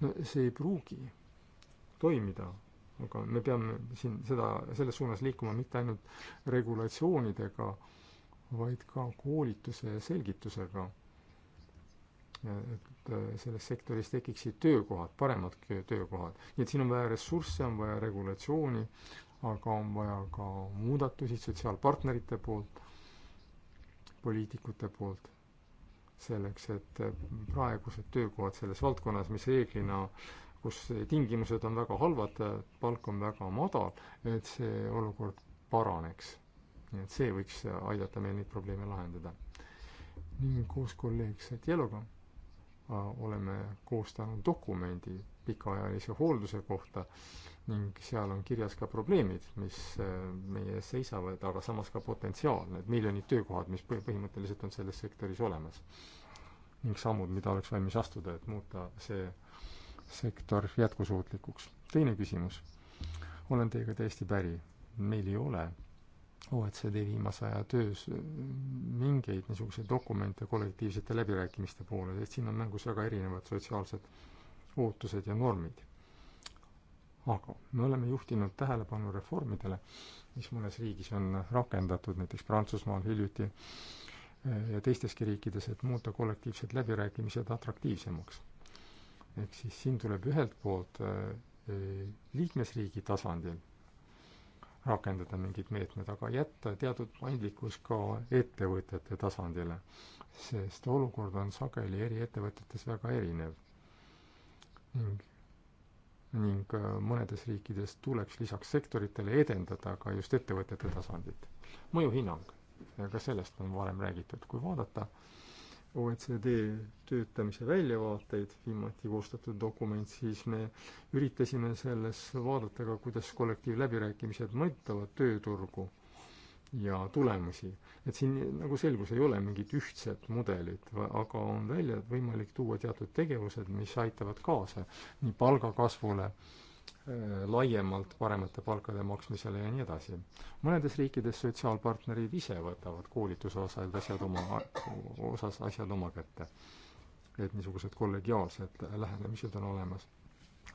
no see ei pruugi toimida aga me peame siin seda, selles suunas liikuma mitte ainult regulatsioonidega, vaid ka koolituse ja selgitusega. et äh, selles sektoris tekiksid töökohad, paremad töökohad. nii et siin on vaja ressursse, on vaja regulatsiooni, aga on vaja ka muudatusi sotsiaalpartnerite poolt, poliitikute poolt, selleks et äh, praegused töökohad selles valdkonnas, mis reeglina äh, kus tingimused on väga halvad, palk on väga madal, et see olukord paraneks. nii et see võiks aidata meil neid probleeme lahendada. ning koos kolleeg Satjeloga oleme koostanud dokumendi pikaajalise hoolduse kohta ning seal on kirjas ka probleemid, mis e, meie ees seisavad, aga samas ka potentsiaal, need miljonid töökohad, mis põhimõtteliselt on selles sektoris olemas. ning sammud, mida oleks valmis astuda, et muuta see sektor jätkusuutlikuks. teine küsimus. olen teiega täiesti päri. meil ei ole OECD viimase aja töös äh, mingeid niisuguseid dokumente kollektiivsete läbirääkimiste poole, sest siin on mängus väga erinevad sotsiaalsed ootused ja normid. aga me oleme juhtinud tähelepanu reformidele, mis mõnes riigis on rakendatud, näiteks Prantsusmaal hiljuti äh, ja teisteski riikides, et muuta kollektiivsed läbirääkimised atraktiivsemaks ehk siis siin tuleb ühelt poolt äh, äh, liikmesriigi tasandil rakendada mingid meetmed, aga jätta teatud paindlikkus ka ettevõtete tasandile, sest olukord on sageli eri ettevõtetes väga erinev. ning, ning äh, mõnedes riikides tuleks lisaks sektoritele edendada ka just ettevõtete tasandit. mõjuhinnang, ka sellest on varem räägitud, kui vaadata äh, OECD töötamise väljavaateid, viimati koostatud dokument, siis me üritasime selles vaadata ka, kuidas kollektiivläbirääkimised mõjutavad tööturgu ja tulemusi. et siin nagu selgus, ei ole mingit ühtset mudelit, aga on välja võimalik tuua teatud tegevused, mis aitavad kaasa nii palgakasvule äh, Äh, laiemalt paremate palkade maksmisele ja nii edasi. mõnedes riikides sotsiaalpartnerid ise võtavad koolituse osas asjad oma, osas asjad oma kätte. et niisugused kollegiaalsed lähenemised on olemas.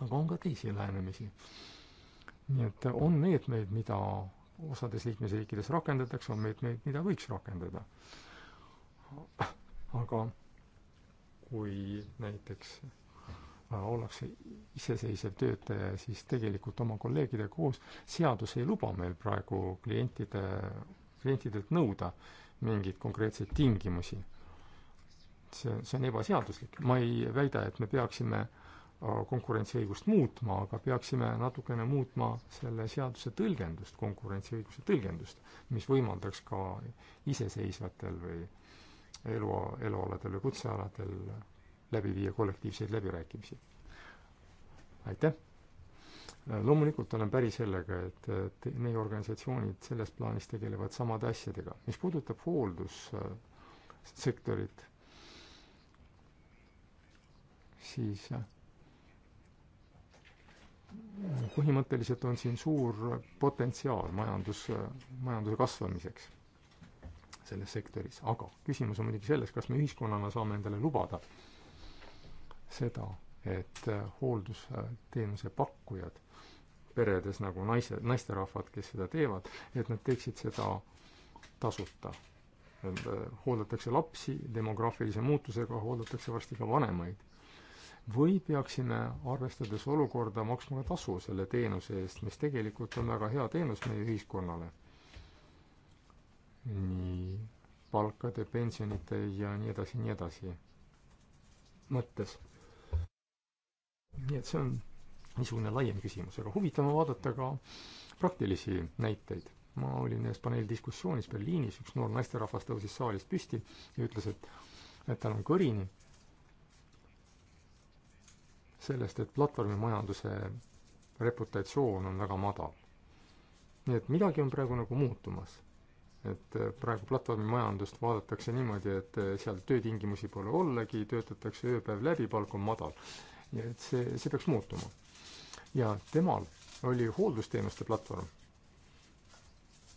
aga on ka teisi lähenemisi. nii et on meetmeid, mida osades liikmesriikides rakendatakse, on meetmeid, mida võiks rakendada. aga kui näiteks ollakse iseseisev töötaja, siis tegelikult oma kolleegidega koos seadus ei luba meil praegu klientide, klientidelt nõuda mingeid konkreetseid tingimusi. see, see on ebaseaduslik. ma ei väida, et me peaksime äh, konkurentsiõigust muutma, aga peaksime natukene muutma selle seaduse tõlgendust, konkurentsiõiguse tõlgendust, mis võimaldaks ka iseseisvatel või elu, elualadel või kutsealadel läbi viia kollektiivseid läbirääkimisi. aitäh! loomulikult olen päri sellega, et, et meie organisatsioonid selles plaanis tegelevad samade asjadega. mis puudutab hooldussektorit, siis mm, põhimõtteliselt on siin suur potentsiaal majandus, majanduse kasvamiseks selles sektoris, aga küsimus on muidugi selles, kas me ühiskonnana saame endale lubada äh, seda, et äh, hooldusteenuse pakkujad peredes nagu naised, naisterahvad, kes seda teevad, et nad teeksid seda tasuta. Äh, hooldatakse lapsi, demograafilise muutusega hooldatakse varsti ka vanemaid. või peaksime, arvestades olukorda, maksma ka tasu selle teenuse eest, mis tegelikult on väga hea teenus meie ühiskonnale. nii palkade, pensionite ja nii edasi, nii edasi mõttes nii et see on niisugune laiem küsimus, aga huvitav on vaadata ka praktilisi näiteid. ma olin ühes paneeldiskussioonis Berliinis, üks noor naisterahvas tõusis saalist püsti ja ütles, et, et tal on kõrini sellest, et platvormimajanduse reputatsioon on väga madal. nii et midagi on praegu nagu muutumas. et eh, praegu platvormimajandust vaadatakse niimoodi, et eh, seal töötingimusi pole ollagi, töötatakse ööpäev läbi, palk on madal nii et see, see peaks muutuma. ja temal oli hooldusteenuste platvorm.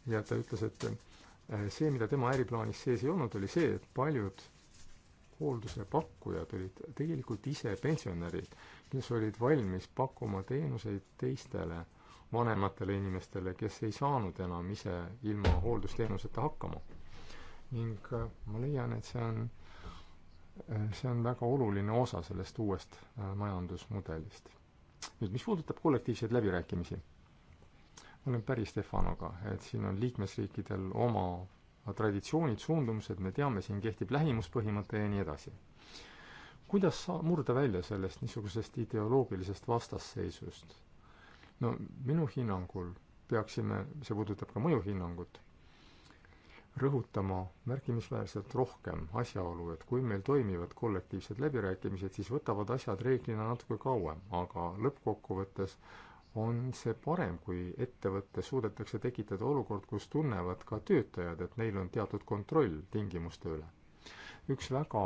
ja ta ütles, et äh, see, mida tema äriplaanis sees ei olnud, oli see, et paljud hoolduse pakkujad olid tegelikult ise pensionärid, kes olid valmis pakkuma teenuseid teistele vanematele inimestele, kes ei saanud enam ise ilma hooldusteenuseta hakkama. ning äh, ma leian, et see on Äh, see on väga oluline osa sellest uuest äh, majandusmudelist. nüüd, mis puudutab kollektiivseid läbirääkimisi, ma olen päri Stefanoga, et siin on liikmesriikidel oma traditsioonid, suundumused, me teame, siin kehtib lähimuspõhimõte ja nii edasi. kuidas sa-, murda välja sellest niisugusest ideoloogilisest vastasseisust? no minu hinnangul peaksime, see puudutab ka mõjuhinnangut rõhutama märkimisväärselt rohkem asjaolu, et kui meil toimivad kollektiivsed läbirääkimised, siis võtavad asjad reeglina natuke kauem, aga lõppkokkuvõttes on see parem, kui ettevõttes suudetakse tekitada olukord, kus tunnevad ka töötajad, et neil on teatud kontroll tingimuste üle. üks väga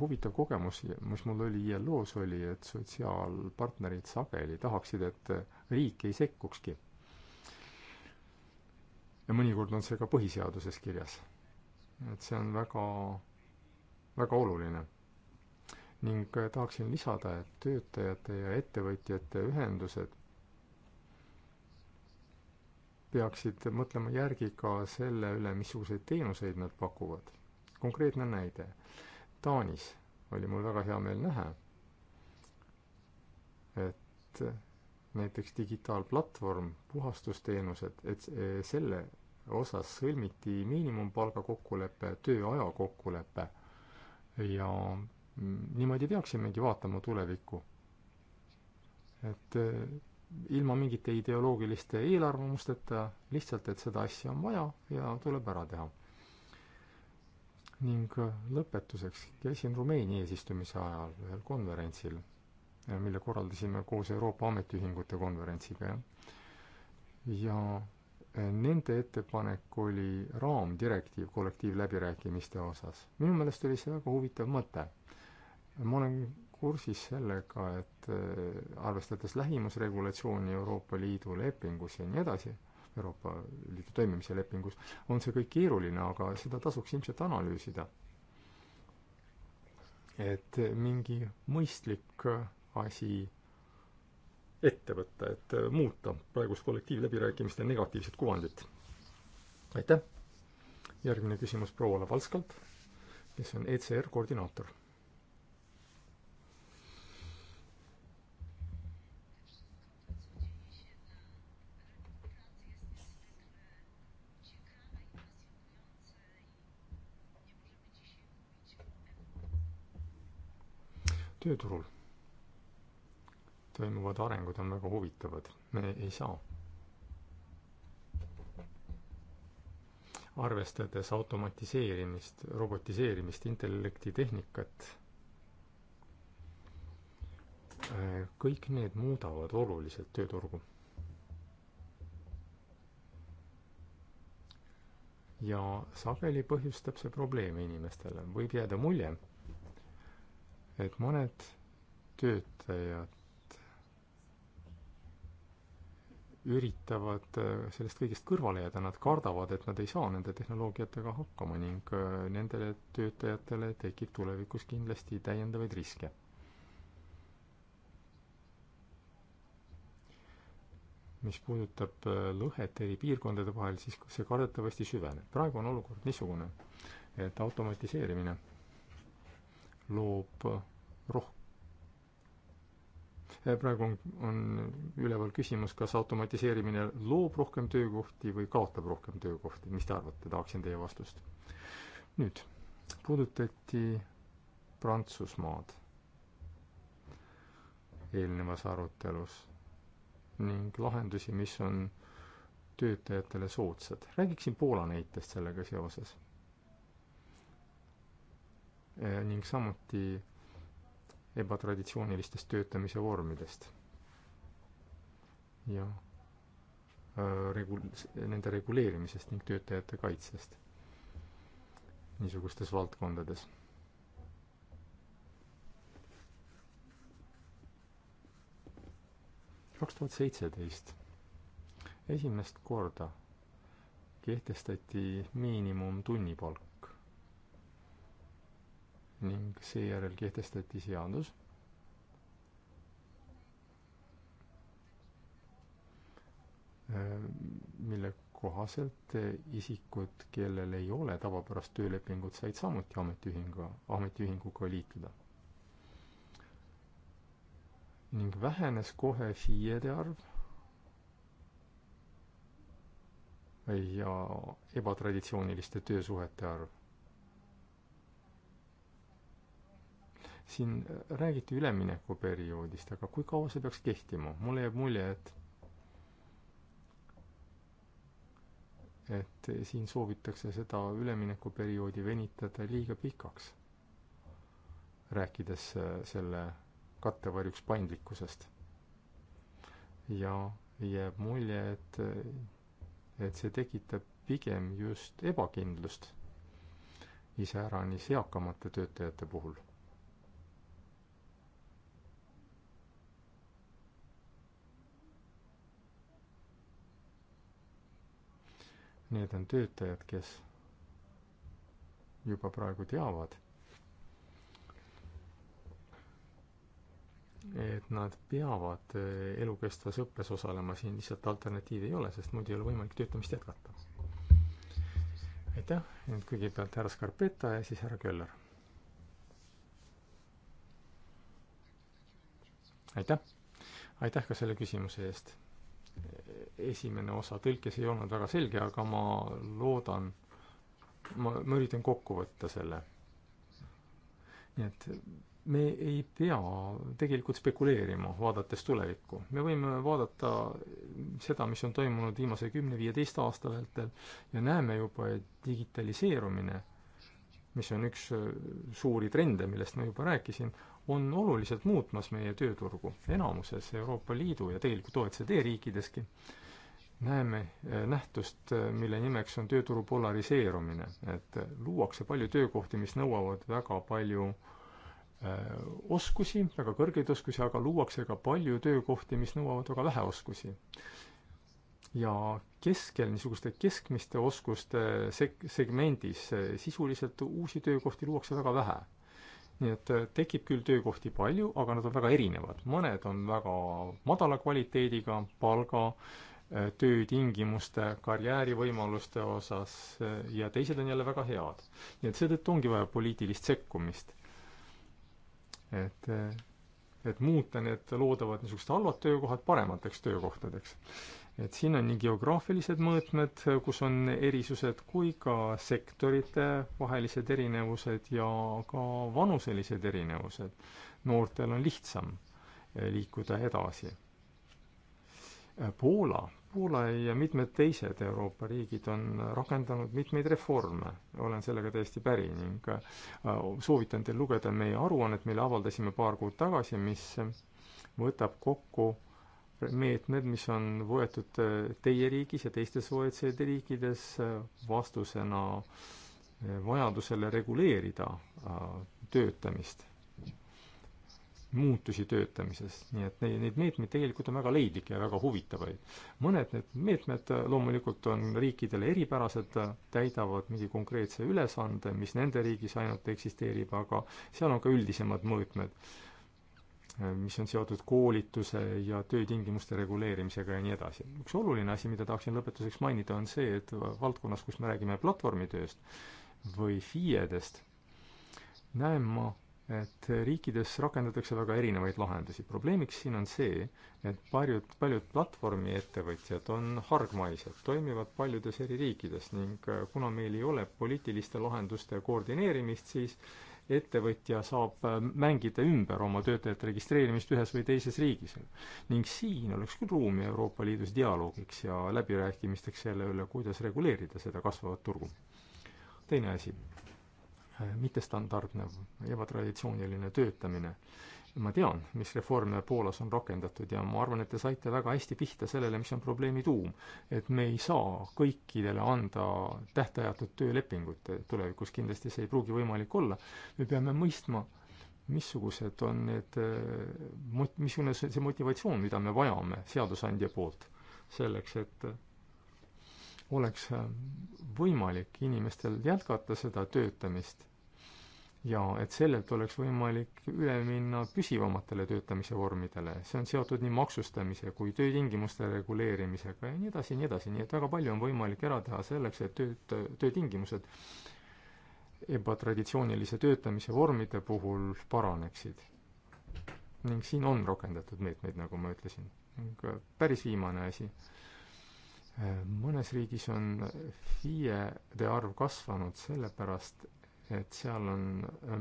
huvitav kogemus, mis mul oli ILO-s, oli, et sotsiaalpartnerid sageli tahaksid, et riik ei sekkukski ja mõnikord on see ka põhiseaduses kirjas. et see on väga, väga oluline. ning äh, tahaksin lisada, et töötajate ja ettevõtjate ühendused peaksid mõtlema järgi ka selle üle, missuguseid teenuseid nad pakuvad. konkreetne näide. Taanis oli mul väga hea meel näha, et näiteks digitaalplatvorm, puhastusteenused, et eh, selle osas sõlmiti miinimumpalga kokkulepe, tööaja kokkulepe ja mm, niimoodi peaksimegi vaatama tulevikku. et eh, ilma mingite ideoloogiliste eelarvamusteta, lihtsalt, et seda asja on vaja ja tuleb ära teha. ning eh, lõpetuseks käisin Rumeenia eesistumise ajal ühel konverentsil mille korraldasime koos Euroopa Ametiühingute konverentsiga, jah. ja eh, nende ettepanek oli raamdirektiiv kollektiivläbirääkimiste osas. minu meelest oli see väga huvitav mõte. ma olen kursis sellega, et eh, arvestades lähimusregulatsiooni Euroopa Liidu lepingus ja nii edasi, Euroopa Liidu toimimise lepingus, on see kõik keeruline, aga seda tasuks ilmselt analüüsida. et mingi mõistlik asi ette võtta, et äh, muuta praegust kollektiivläbirääkimiste negatiivset kuvandit. aitäh! järgmine küsimus proua Lavalskalt, kes on ECR koordinaator. tööturul toimuvad arengud on väga huvitavad. me ei saa. arvestades automatiseerimist, robotiseerimist, intellektitehnikat, äh, kõik need muudavad oluliselt tööturgu. ja sageli põhjustab see probleeme inimestele, võib jääda mulje, et mõned töötajad üritavad äh, sellest kõigest kõrvale jääda, nad kardavad, et nad ei saa nende tehnoloogiatega hakkama ning äh, nendele töötajatele tekib tulevikus kindlasti täiendavaid riske. mis puudutab äh, lõhet eri piirkondade vahel, siis see kardetavasti süveneb. praegu on olukord niisugune, et automatiseerimine loob rohkem Eh, praegu on, on üleval küsimus, kas automatiseerimine loob rohkem töökohti või kaotab rohkem töökohti, mis te arvate, tahaksin teie vastust. nüüd, puudutati Prantsusmaad eelnevas arutelus ning lahendusi, mis on töötajatele soodsad. räägiksin Poola näitest sellega seoses. Eh, ning samuti ebatraditsioonilistest töötamise vormidest. ja äh, regu-, nende reguleerimisest ning töötajate kaitsest niisugustes valdkondades kaks tuhat seitseteist esimest korda kehtestati miinimumtunnipalk ning seejärel kehtestati seadus, mille kohaselt isikud, kellel ei ole tavapärast töölepingut, said samuti ametiühingu, ametiühinguga liituda. ning vähenes kohe FIE-de arv ja ebatraditsiooniliste töösuhete arv. siin räägiti üleminekuperioodist, aga kui kaua see peaks kehtima? mulle jääb mulje, et et siin soovitakse seda üleminekuperioodi venitada liiga pikaks, rääkides äh, selle kattevarjuks paindlikkusest. ja jääb mulje, et, et see tekitab pigem just ebakindlust, iseäranis eakamate töötajate puhul Need on töötajad, kes juba praegu teavad, et nad peavad eh, elukestvas õppes osalema, siin lihtsalt alternatiivi ei ole, sest muidu ei ole võimalik töötamist jätkata. aitäh, nüüd kõigepealt härra Scarpetta ja siis härra Köller. aitäh, aitäh ka selle küsimuse eest esimene osa tõlkes ei olnud väga selge, aga ma loodan, ma, ma üritan kokku võtta selle. nii et me ei pea tegelikult spekuleerima, vaadates tulevikku. me võime vaadata seda, mis on toimunud viimase kümne-viieteist aasta vältel ja näeme juba, et digitaliseerumine, mis on üks äh, suuri trende, millest ma juba rääkisin, on oluliselt muutmas meie tööturgu enamuses Euroopa Liidu ja tegelikult OECD riikideski näeme eh, nähtust, eh, mille nimeks on tööturu polariseerumine, et luuakse palju töökohti, mis nõuavad väga palju eh, oskusi, väga kõrgeid oskusi, aga luuakse ka palju töökohti, mis nõuavad väga vähe oskusi. ja keskel, niisuguste keskmiste oskuste seg-, segmendis sisuliselt uusi töökohti luuakse väga vähe nii et tekib küll töökohti palju, aga nad on väga erinevad. mõned on väga madala kvaliteediga, palga, töötingimuste, karjäärivõimaluste osas eh, ja teised on jälle väga head. nii et seetõttu ongi vaja poliitilist sekkumist. et, eh, et muuta need loodavad niisugused halvad töökohad paremateks töökohtadeks. et siin on nii geograafilised mõõtmed, kus on erisused, kui ka sektorite vahelised erinevused ja ka vanuselised erinevused. noortel on lihtsam eh, liikuda edasi Poola Poola ja mitmed teised Euroopa riigid on rakendanud mitmeid reforme, olen sellega täiesti päri ning äh, soovitan teil lugeda meie aruannet, mille avaldasime paar kuud tagasi, mis võtab kokku meetmed, mis on võetud äh, teie riigis ja teistes OECD riikides äh, vastusena vajadusele reguleerida töötamist muutusi töötamises, nii et neid, neid meetmeid tegelikult on väga leidlikke ja väga huvitavaid. mõned need meetmed äh, loomulikult on riikidele eripärased, äh, täidavad mingi konkreetse ülesande, mis nende riigis ainult eksisteerib, aga seal on ka üldisemad mõõtmed, äh, mis on seotud koolituse ja töötingimuste reguleerimisega ja nii edasi. üks oluline asi, mida tahaksin lõpetuseks mainida, on see, et valdkonnas, kus me räägime platvormitööst või FIE-dest, näen ma et riikides rakendatakse väga erinevaid lahendusi. probleemiks siin on see, et paljud, paljud platvormiettevõtjad on hargmaised, toimivad paljudes eri riikides ning äh, kuna meil ei ole poliitiliste lahenduste koordineerimist, siis ettevõtja saab äh, mängida ümber oma töötajate registreerimist ühes või teises riigis. ning siin oleks küll ruumi Euroopa Liidus dialoogiks ja läbirääkimisteks selle üle, kuidas reguleerida seda kasvavat turgu. teine asi Äh, mittestandardne, ebatraditsiooniline töötamine. ma tean, mis reforme Poolas on rakendatud ja ma arvan, et te saite väga hästi pihta sellele, mis on probleemi tuum. et me ei saa kõikidele anda tähtajatut töölepingut, tulevikus kindlasti see ei pruugi võimalik olla, me peame mõistma, missugused on need, äh, missugune see motivatsioon, mida me vajame seadusandja poolt selleks, et oleks äh, võimalik inimestel jätkata seda töötamist ja et sellelt oleks võimalik üle minna püsivamatele töötamise vormidele, see on seotud nii maksustamise kui töötingimuste reguleerimisega ja nii edasi ja nii edasi, nii et väga palju on võimalik ära teha selleks, et tööd, töötingimused ebatraditsioonilise töötamise vormide puhul paraneksid. ning siin on rakendatud meetmeid, nagu ma ütlesin. Äh, päris viimane asi äh, mõnes riigis on FIE-de arv kasvanud sellepärast, et seal on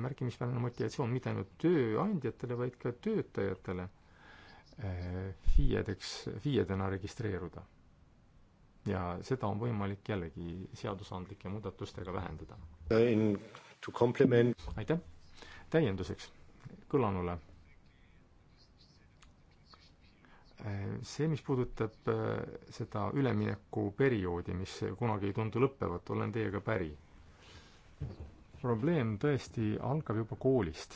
märkimisväärne motivatsioon mitte ainult tööandjatele, vaid ka töötajatele eh, FIE-deks, FIE-dena registreeruda. ja seda on võimalik jällegi seadusandlike muudatustega vähendada. aitäh! täienduseks kõlanule eh, see, mis puudutab eh, seda üleminekuperioodi, mis kunagi ei tundu lõppevat, olen teiega päri probleem tõesti algab juba koolist,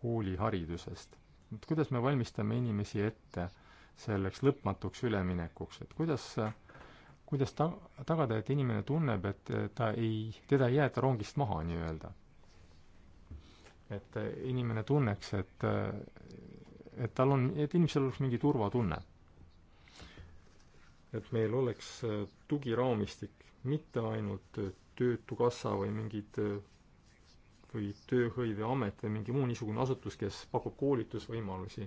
kooliharidusest. et kuidas me valmistame inimesi ette selleks lõpmatuks üleminekuks, et kuidas, kuidas ta-, tagada, et inimene tunneb, et ta ei, teda ei jäeta rongist maha nii-öelda? et inimene tunneks, et, et tal on, et inimesel oleks mingi turvatunne. et meil oleks tugiraamistik, mitte ainult Töötukassa või mingid või Tööhõiveamet või mingi muu niisugune asutus, kes pakub koolitusvõimalusi,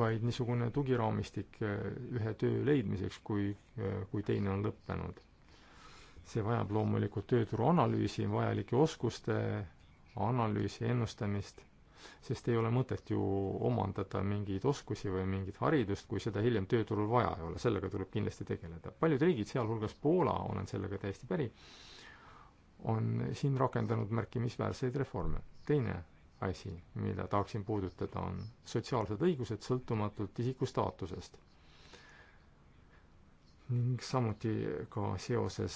vaid niisugune tugiraamistik eh, ühe töö leidmiseks, kui, eh, kui teine on lõppenud. see vajab loomulikult tööturu analüüsi, vajalike oskuste analüüsi, ennustamist, sest ei ole mõtet ju omandada mingeid oskusi või mingit haridust, kui seda hiljem tööturul vaja ei ole, sellega tuleb kindlasti tegeleda. paljud riigid, sealhulgas Poola, olen sellega täiesti päri, on siin rakendanud märkimisväärseid reforme. teine asi, mida tahaksin puudutada, on sotsiaalsed õigused sõltumatult isiku staatusest. ning samuti ka seoses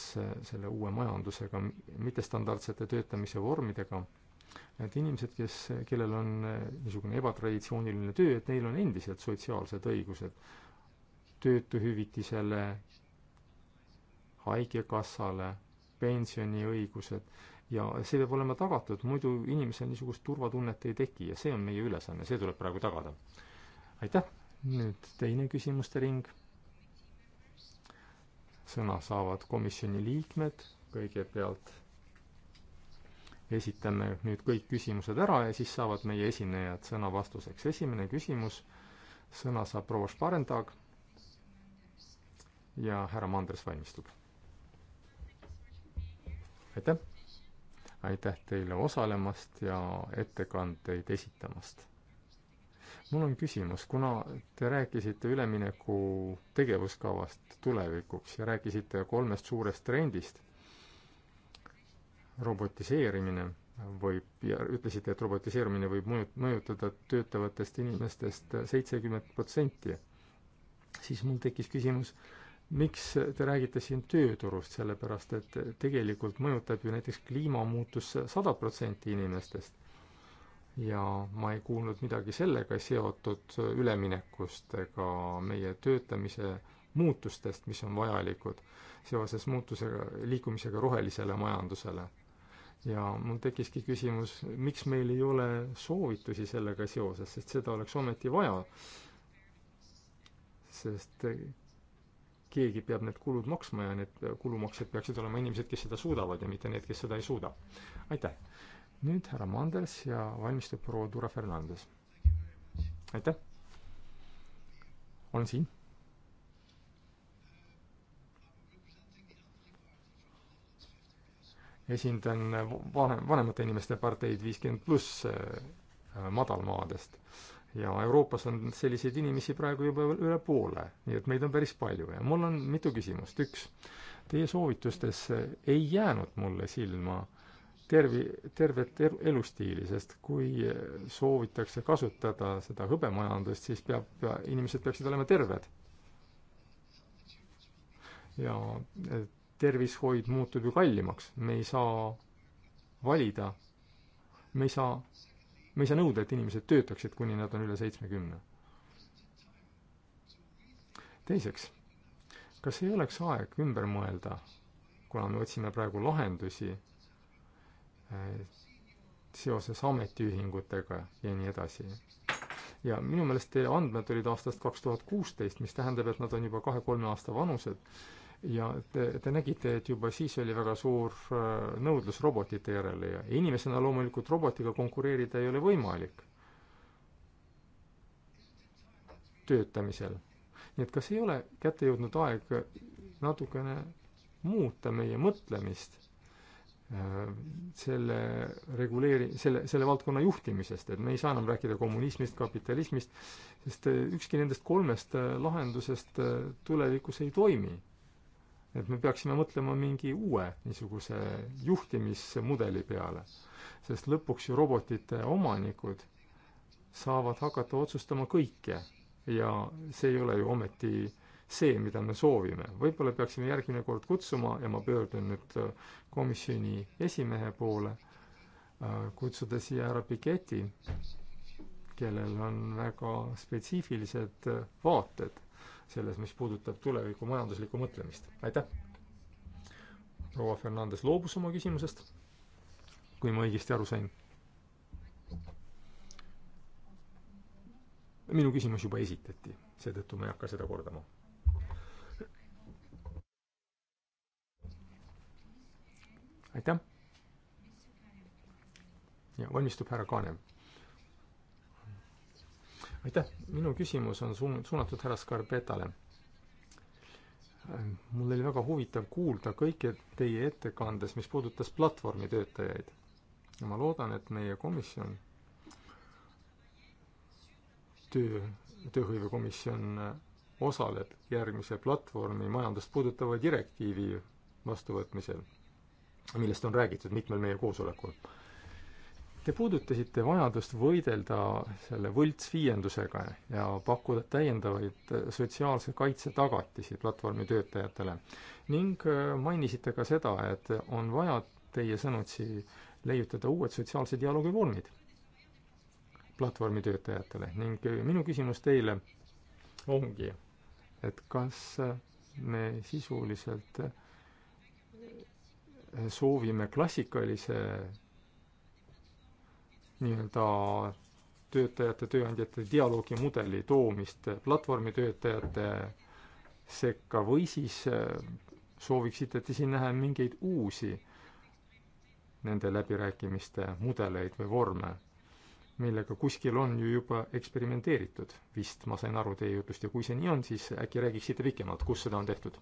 selle uue majandusega, mittestandardsete töötamise vormidega, et inimesed, kes, kellel on niisugune ebatraditsiooniline töö, et neil on endiselt sotsiaalsed õigused töötuhüvitisele, haigekassale pensioniõigused ja see peab olema tagatud, muidu inimesel niisugust turvatunnet ei teki ja see on meie ülesanne, see tuleb praegu tagada. aitäh, nüüd teine küsimuste ring. sõna saavad komisjoni liikmed, kõigepealt esitame nüüd kõik küsimused ära ja siis saavad meie esinejad sõna vastuseks. esimene küsimus, sõna saab proua Sparendag ja härra Mandres valmistub aitäh! aitäh teile osalemast ja ettekandeid esitamast! mul on küsimus, kuna te rääkisite ülemineku tegevuskavast tulevikuks ja rääkisite kolmest suurest trendist, robotiseerimine võib ja ütlesite, et robotiseerumine võib mõju, mõjutada töötavatest inimestest seitsekümmend protsenti, siis mul tekkis küsimus, miks te räägite siin tööturust, sellepärast et tegelikult mõjutab ju näiteks kliimamuutus sada protsenti inimestest. ja ma ei kuulnud midagi sellega seotud üleminekust ega meie töötamise muutustest, mis on vajalikud seoses muutusega, liikumisega rohelisele majandusele. ja mul tekkiski küsimus, miks meil ei ole soovitusi sellega seoses, sest seda oleks ometi vaja. sest keegi peab need kulud maksma ja need kulumaksjad peaksid olema inimesed, kes seda suudavad ja mitte need, kes seda ei suuda. aitäh! nüüd härra Manders ja valmistub proua Dura Fernandes. aitäh! olen siin. esindan vanem, vanemate inimeste parteid viiskümmend pluss äh, madalmaadest äh, ja Euroopas on selliseid inimesi praegu juba üle poole, nii et meid on päris palju ja mul on mitu küsimust. üks, teie soovitustes ei jäänud mulle silma tervi-, tervet elustiili, sest kui soovitakse kasutada seda hõbemajandust, siis peab, inimesed peaksid olema terved. ja e, tervishoid muutub ju kallimaks, me ei saa valida, me ei saa me ei saa nõuda, et inimesed töötaksid, kuni nad on üle seitsmekümne. teiseks, kas ei oleks aeg ümber mõelda, kuna me otsime praegu lahendusi eh, seoses ametiühingutega ja nii edasi. ja minu meelest teie andmed olid aastast kaks tuhat kuusteist, mis tähendab, et nad on juba kahe-kolme aasta vanused ja te, te nägite, et juba siis oli väga suur äh, nõudlus robotite järele ja inimesena loomulikult robotiga konkureerida ei ole võimalik töötamisel. nii et kas ei ole kätte jõudnud aeg natukene muuta meie mõtlemist äh, selle reguleeri-, selle, selle valdkonna juhtimisest, et me ei saa enam rääkida kommunismist, kapitalismist, sest äh, ükski nendest kolmest lahendusest tulevikus ei toimi et me peaksime mõtlema mingi uue niisuguse juhtimismudeli peale. sest lõpuks ju robotite omanikud saavad hakata otsustama kõike ja see ei ole ju ometi see, mida me soovime. võib-olla peaksime järgmine kord kutsuma ja ma pöördun nüüd komisjoni esimehe poole, äh, kutsuda siia härra Piketi, kellel on väga spetsiifilised vaated selles, mis puudutab tuleviku majanduslikku mõtlemist. aitäh! proua Fernandes loobus oma küsimusest, kui ma õigesti aru sain. minu küsimus juba esitati, seetõttu ma ei hakka seda kordama. aitäh! ja valmistub härra Kaanev aitäh, minu küsimus on suun-, suunatud härra Scarpetale. mul oli väga huvitav kuulda kõike teie ettekandes, mis puudutas platvormi töötajaid. ja ma loodan, et meie komisjon, töö, tööhõivekomisjon osaleb järgmise platvormi majandust puudutava direktiivi vastuvõtmisel, millest on räägitud mitmel meie koosolekul Te puudutasite vajadust võidelda selle võltsviiendusega ja pakkuda täiendavaid äh, sotsiaalse kaitse tagatisi platvormitöötajatele ning äh, mainisite ka seda, et on vaja teie sõnutsi leiutada uued sotsiaalse dialoogi vormid platvormitöötajatele ning äh, minu küsimus teile ongi, et kas me sisuliselt soovime klassikalise nii-öelda töötajate, tööandjate dialoogi mudeli toomist platvormitöötajate sekka või siis äh, sooviksite te siin näha mingeid uusi nende läbirääkimiste mudeleid või vorme, millega kuskil on ju juba eksperimenteeritud vist, ma sain aru teie jutust ja kui see nii on, siis äkki räägiksite pikemalt, kus seda on tehtud?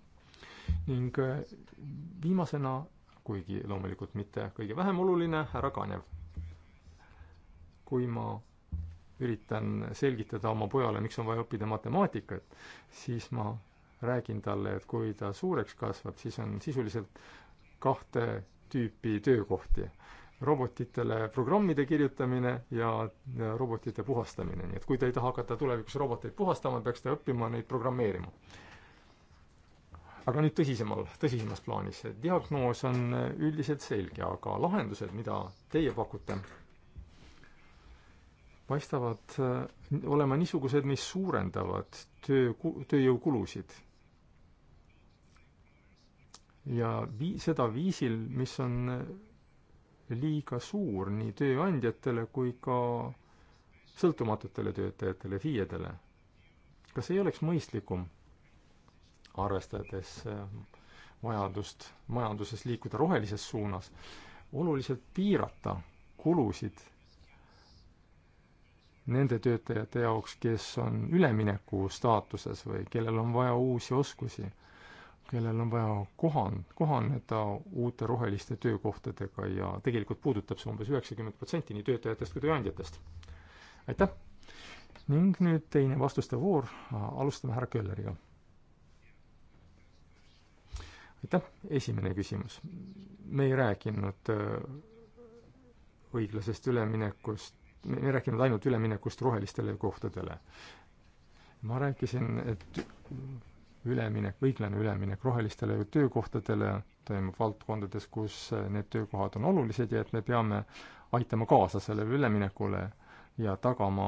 ning äh, viimasena, kuigi loomulikult mitte kõige vähem oluline, härra Kanev kui ma üritan selgitada oma pojale, miks on vaja õppida matemaatikat, siis ma räägin talle, et kui ta suureks kasvab, siis on sisuliselt kahte tüüpi töökohti. robotitele programmide kirjutamine ja robotite puhastamine, nii et kui ta ei taha hakata tulevikus roboteid puhastama, peaks ta õppima neid programmeerima. aga nüüd tõsisemal, tõsisemas plaanis, diagnoos on üldiselt selge, aga lahendused, mida teie pakute, paistavad äh, olema niisugused, mis suurendavad töö, tööjõukulusid. ja vii-, seda viisil, mis on äh, liiga suur nii tööandjatele kui ka sõltumatutele töötajatele, FIE-dele. kas ei oleks mõistlikum, arvestades äh, vajadust majanduses liikuda rohelises suunas, oluliselt piirata kulusid nende töötajate jaoks, kes on ülemineku staatuses või kellel on vaja uusi oskusi, kellel on vaja kohan-, kohaneda uute roheliste töökohtadega ja tegelikult puudutab see umbes üheksakümmend protsenti nii töötajatest kui tööandjatest. aitäh! ning nüüd teine vastuste voor, alustame härra Kölleriga. aitäh, esimene küsimus. me ei rääkinud äh, õiglasest üleminekust me ei rääkinud ainult üleminekust rohelistele kohtadele. ma rääkisin, et üleminek, õiglane üleminek rohelistele töökohtadele toimub valdkondades, kus need töökohad on olulised ja et me peame aitama kaasa sellele üleminekule ja tagama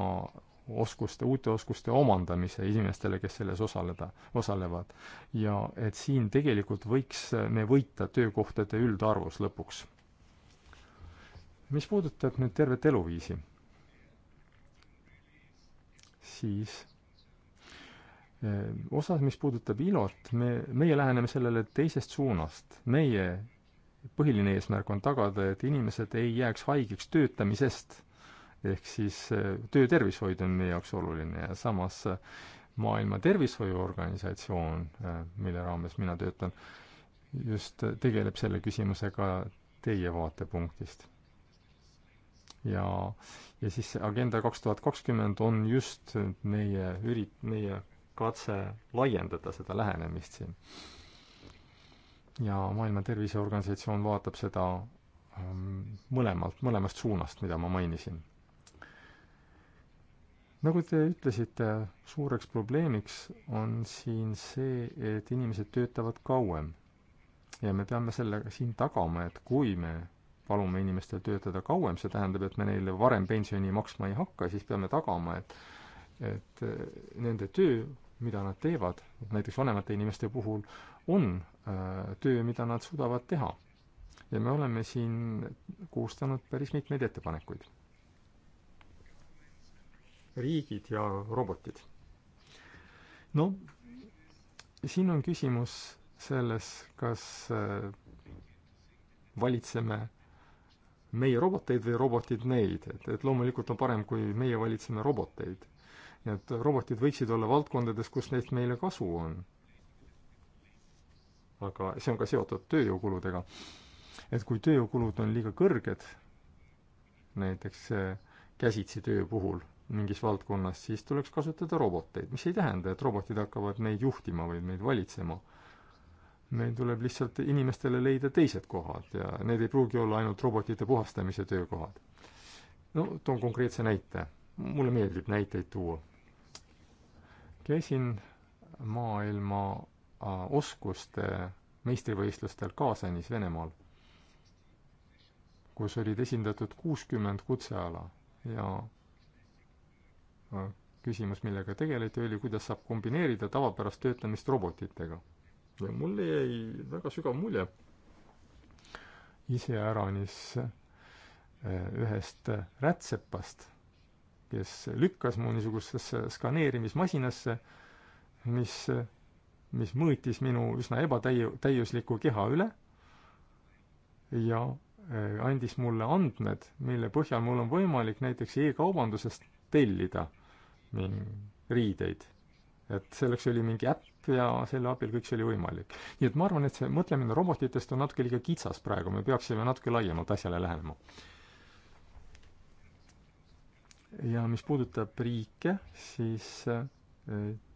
oskuste, uute oskuste omandamise inimestele, kes selles osaleda, osalevad. ja et siin tegelikult võiks me võita töökohtade üldarvus lõpuks. mis puudutab nüüd tervet eluviisi siis eh, osas, mis puudutab ILO-t, me, meie läheneme sellele teisest suunast. meie põhiline eesmärk on tagada, et inimesed ei jääks haigeks töötamisest. ehk siis eh, töötervishoid on meie jaoks oluline ja samas eh, Maailma Tervishoiuorganisatsioon, mille raames mina töötan, just tegeleb selle küsimusega teie vaatepunktist ja, ja siis see Agenda kaks tuhat kakskümmend on just meie ürit-, meie katse laiendada seda lähenemist siin. ja Maailma Terviseorganisatsioon vaatab seda ähm, mõlemalt, mõlemast suunast, mida ma mainisin. nagu te ütlesite, suureks probleemiks on siin see, et inimesed töötavad kauem. ja me peame sellega siin tagama, et kui me palume inimestel töötada kauem, see tähendab, et me neile varem pensioni maksma ei hakka, siis peame tagama, et et äh, nende töö, mida nad teevad, näiteks vanemate inimeste puhul, on äh, töö, mida nad suudavad teha. ja me oleme siin koostanud päris mitmeid ettepanekuid. riigid ja robotid. no siin on küsimus selles, kas äh, valitseme äh, meie roboteid või robotid neid, et, et loomulikult on parem, kui meie valitseme roboteid. nii et robotid võiksid olla valdkondades, kus neist meile kasu on. aga see on ka seotud tööjõukuludega. et kui tööjõukulud on liiga kõrged, näiteks eh, käsitsi töö puhul mingis valdkonnas, siis tuleks kasutada roboteid, mis ei tähenda, et robotid hakkavad meid juhtima või meid valitsema meil tuleb lihtsalt inimestele leida teised kohad ja need ei pruugi olla ainult robotite puhastamise töökohad. no toon konkreetse näite. mulle meeldib näiteid tuua. käisin maailma oskuste meistrivõistlustel Kaasanis Venemaal, kus olid esindatud kuuskümmend kutseala ja küsimus, millega tegeleti, oli, kuidas saab kombineerida tavapärast töötlemist robotitega ja mulle jäi väga sügav mulje iseäranis eh, ühest rätsepast, kes lükkas mu niisugusesse skaneerimismasinasse, mis, mis mõõtis minu üsna ebatäiu-, täiusliku keha üle ja eh, andis mulle andmed, mille põhjal mul on võimalik näiteks e-kaubandusest tellida riideid et selleks oli mingi äpp ja selle abil kõik see oli võimalik. nii et ma arvan, et see mõtlemine robotitest on natuke liiga kitsas praegu, me peaksime natuke laiemalt asjale lähenema. ja mis puudutab riike, siis eh,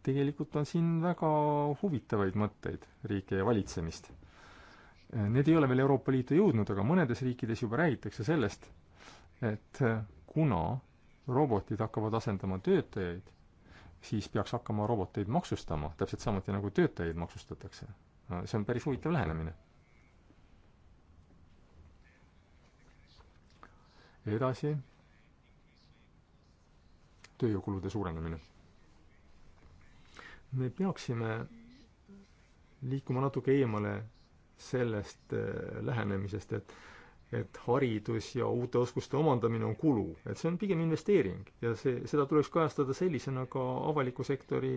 tegelikult on siin väga huvitavaid mõtteid riike ja valitsemist. Eh, need ei ole veel Euroopa Liitu jõudnud, aga mõnedes riikides juba räägitakse sellest, et eh, kuna robotid hakkavad asendama töötajaid, siis peaks hakkama roboteid maksustama, täpselt samuti nagu töötajaid maksustatakse. see on päris huvitav lähenemine. edasi, tööjõukulude suurendamine. me peaksime liikuma natuke eemale sellest äh, lähenemisest, et et haridus ja uute oskuste omandamine on kulu, et see on pigem investeering ja see, seda tuleks kajastada sellisena ka avaliku sektori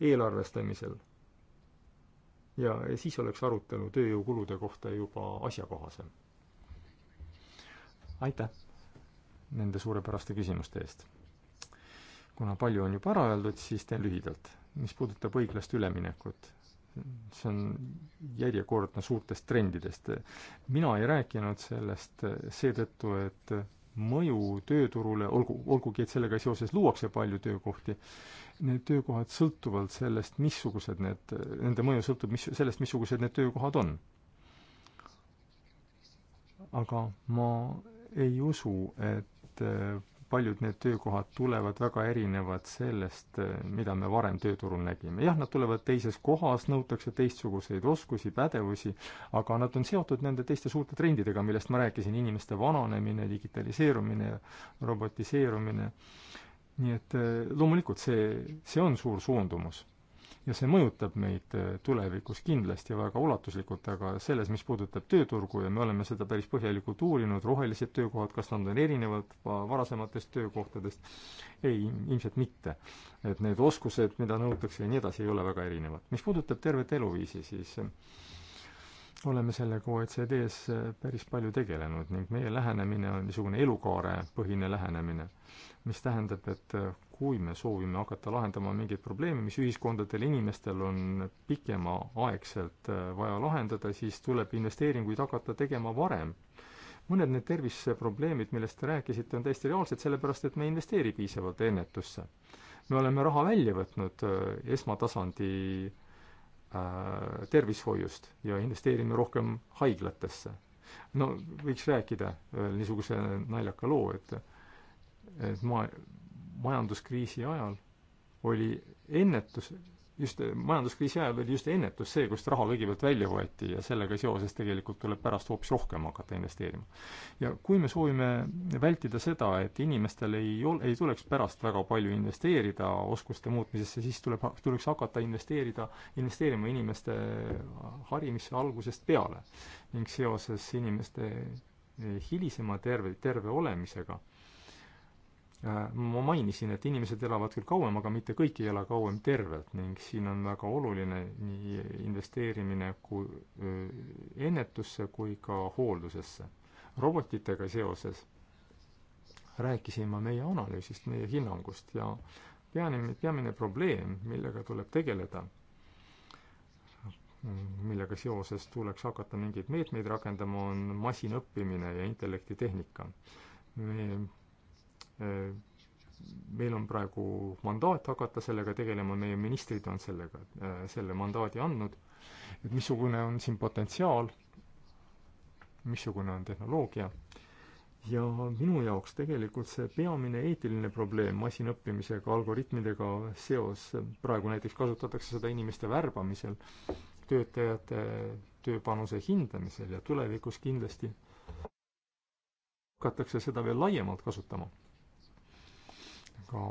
eelarvestamisel. ja siis oleks arutelu tööjõukulude kohta juba asjakohasem. aitäh nende suurepäraste küsimuste eest. kuna palju on juba ära öeldud, siis teen lühidalt. mis puudutab õiglast üleminekut see on järjekordne suurtest trendidest. mina ei rääkinud sellest seetõttu, et mõju tööturule, olgu, olgugi et sellega seoses luuakse palju töökohti, need töökohad sõltuvalt sellest, missugused need, nende mõju sõltub mis, sellest, missugused need töökohad on. aga ma ei usu, et paljud need töökohad tulevad väga erinevad sellest, mida me varem tööturul nägime. jah, nad tulevad teises kohas, nõutakse teistsuguseid oskusi, pädevusi, aga nad on seotud nende teiste suurte trendidega, millest ma rääkisin, inimeste vananemine, digitaliseerumine, robotiseerumine, nii et eh, loomulikult see, see on suur suundumus ja see mõjutab meid äh, tulevikus kindlasti väga ulatuslikult, aga selles, mis puudutab tööturgu ja me oleme seda päris põhjalikult uurinud, rohelised töökohad, kas nad on erinevad varasematest töökohtadest, ei, ilmselt mitte. et need oskused, mida nõutakse ja nii edasi, ei ole väga erinevad. mis puudutab tervet eluviisi, siis äh, oleme sellega OECD-s äh, päris palju tegelenud ning meie lähenemine on niisugune elukaarepõhine lähenemine, mis tähendab, et äh, kui me soovime hakata lahendama mingeid probleeme, mis ühiskondadel, inimestel on pikemaaegselt äh, vaja lahendada, siis tuleb investeeringuid hakata tegema varem. mõned need terviseprobleemid, millest te rääkisite, on täiesti reaalsed, sellepärast et me ei investeeri piisavalt ennetusse. me oleme raha välja võtnud esmatasandi Äh, tervishoiust ja investeerime rohkem haiglatesse. no võiks rääkida veel äh, niisuguse naljaka loo, et et ma, majanduskriisi ajal oli ennetus just eh, majanduskriisi ajal oli just ennetus see, kust raha kõigepealt välja võeti ja sellega seoses tegelikult tuleb pärast hoopis rohkem hakata investeerima. ja kui me soovime vältida seda, et inimestel ei ol-, ei tuleks pärast väga palju investeerida oskuste muutmisesse, siis tuleb, tuleks hakata investeerida, investeerima inimeste harimisse algusest peale. ning seoses inimeste eh, hilisema terve, terve olemisega Äh, ma mainisin, et inimesed elavad küll kauem, aga mitte kõik ei ela kauem tervelt ning siin on väga oluline nii investeerimine kui äh, ennetusse kui ka hooldusesse. robotitega seoses rääkisin ma meie analüüsist, meie hinnangust ja peamine, peamine probleem, millega tuleb tegeleda, millega seoses tuleks hakata mingeid meetmeid rakendama, on masinõppimine ja intellektitehnika me Äh, meil on praegu mandaat hakata sellega tegelema, meie ministrid on sellega, äh, selle mandaadi andnud, et missugune on siin potentsiaal, missugune on tehnoloogia, ja minu jaoks tegelikult see peamine eetiline probleem masinõppimisega, algoritmidega seos, praegu näiteks kasutatakse seda inimeste värbamisel, töötajate tööpanuse hindamisel ja tulevikus kindlasti hakatakse seda veel laiemalt kasutama ka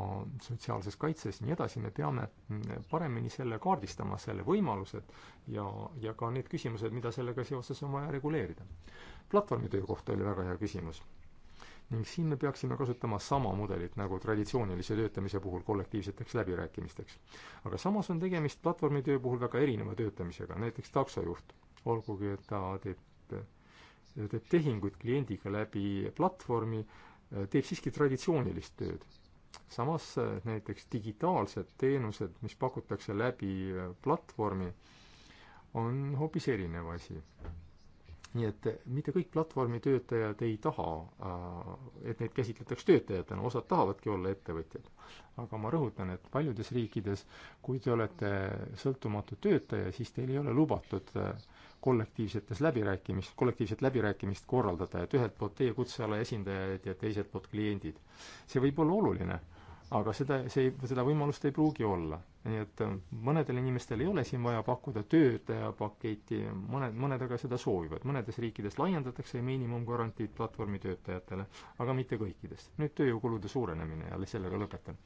sotsiaalses kaitses ja nii edasi, me peame paremini selle kaardistama, selle võimalused ja, ja ka need küsimused, mida sellega seoses on vaja reguleerida. platvormitöö kohta oli väga hea küsimus. ning siin me peaksime kasutama sama mudelit nagu traditsioonilise töötamise puhul kollektiivseteks läbirääkimisteks. aga samas on tegemist platvormitöö puhul väga erineva töötamisega, näiteks taksojuht, olgugi et ta teeb, teeb tehinguid kliendiga läbi platvormi, teeb siiski traditsioonilist tööd samas eh, näiteks digitaalsed teenused, mis pakutakse läbi eh, platvormi, on hoopis erinev asi. nii et eh, mitte kõik platvormi töötajad ei taha, et neid käsitletaks töötajatena, osad tahavadki olla ettevõtjad. aga ma rõhutan, et paljudes riikides, kui te olete sõltumatu töötaja, siis teil ei ole lubatud äh, kollektiivsetes läbirääkimist, kollektiivset läbirääkimist korraldada, et ühelt poolt teie kutseala esindajad ja teiselt poolt kliendid. see võib olla oluline, aga seda, see, seda võimalust ei pruugi olla. nii et ähm, mõnedel inimestel ei ole siin vaja pakkuda töötajapaketti, mõned, mõned aga seda soovivad. mõnedes riikides laiendatakse miinimumgarantiid platvormitöötajatele, aga mitte kõikides. nüüd tööjõukulude suurenemine, jälle sellega lõpetan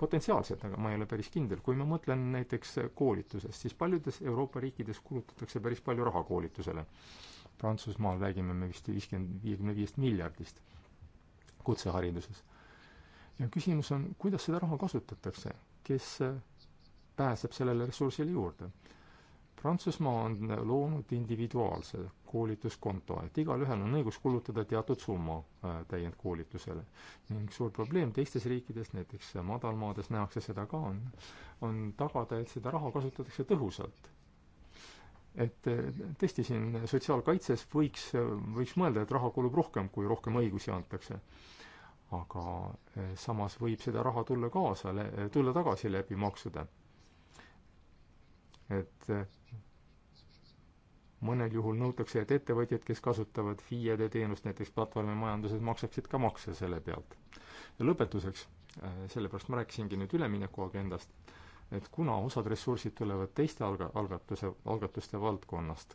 potentsiaalselt, aga ma ei ole päris kindel, kui ma mõtlen näiteks koolitusest, siis paljudes Euroopa riikides kulutatakse päris palju raha koolitusele. Prantsusmaal räägime me vist viiskümmend, viiekümne viiest miljardist kutsehariduses. ja küsimus on, kuidas seda raha kasutatakse, kes pääseb sellele ressursile juurde? Prantsusmaa on loonud individuaalse täiendkoolituskonto, et igalühel on õigus kulutada teatud summa äh, täiendkoolitusele. ning suur probleem teistes riikides, näiteks madalmaades nähakse seda ka, on, on tagada, et seda raha kasutatakse tõhusalt. et äh, tõesti siin sotsiaalkaitses võiks, võiks mõelda, et raha kulub rohkem, kui rohkem õigusi antakse aga äh, samas võib seda raha tulla kaasa, tulla tagasi läbi maksude. et mõnel juhul nõutakse, et ettevõtjad, kes kasutavad FIE-de teenust näiteks platvormimajanduses, maksaksid ka makse selle pealt. ja lõpetuseks, äh, sellepärast ma rääkisingi nüüd üleminekuagendast, et kuna osad ressursid tulevad teiste alga-, algatuse, algatuste valdkonnast,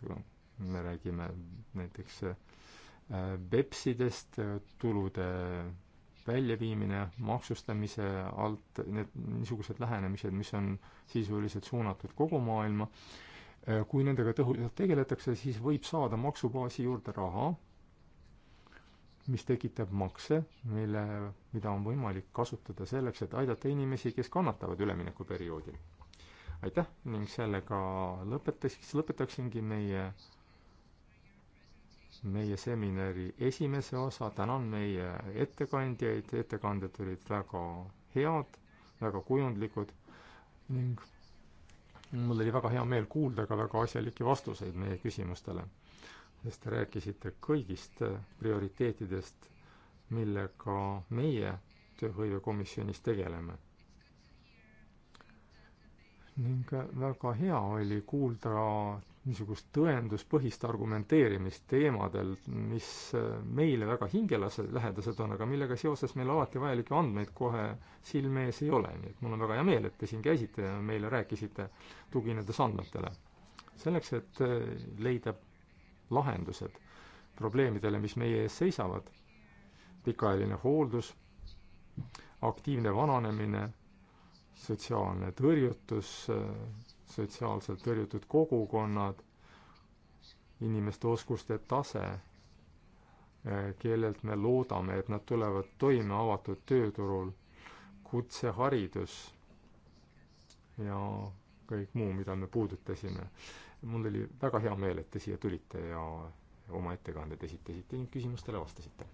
me räägime näiteks BEPS-idest, äh, äh, tulude väljaviimine maksustamise alt, need niisugused lähenemised, mis on sisuliselt suunatud kogu maailma, Äh, kui nendega tõhusalt tegeletakse, siis võib saada maksubaasi juurde raha, mis tekitab makse, mille, mida on võimalik kasutada selleks, et aidata inimesi, kes kannatavad üleminekuperioodil. aitäh ning sellega lõpetaks, lõpetaksingi meie, meie seminari esimese osa, tänan meie ettekandjaid, ettekanded olid väga head, väga kujundlikud ning mul oli väga hea meel kuulda ka väga asjalikke vastuseid meie küsimustele, sest te rääkisite kõigist äh, prioriteetidest, millega meie tööhõivekomisjonis tegeleme. ning äh, väga hea oli kuulda niisugust tõenduspõhist argumenteerimist teemadel, mis äh, meile väga hingelähedased on, aga millega seoses meil alati vajalikke andmeid kohe silme ees ei ole, nii et mul on väga hea meel, et te siin käisite ja meile rääkisite, tuginedes andmetele. selleks, et äh, leida lahendused probleemidele, mis meie ees seisavad, pikaajaline hooldus, aktiivne vananemine, sotsiaalne tõrjutus, äh, sotsiaalselt tõrjutud kogukonnad, inimeste oskuste tase, eh, kellelt me loodame, et nad tulevad toime avatud tööturul, kutseharidus ja kõik muu, mida me puudutasime. mul oli väga hea meel, et te siia tulite ja oma ettekanded esitasite ning küsimustele vastasite.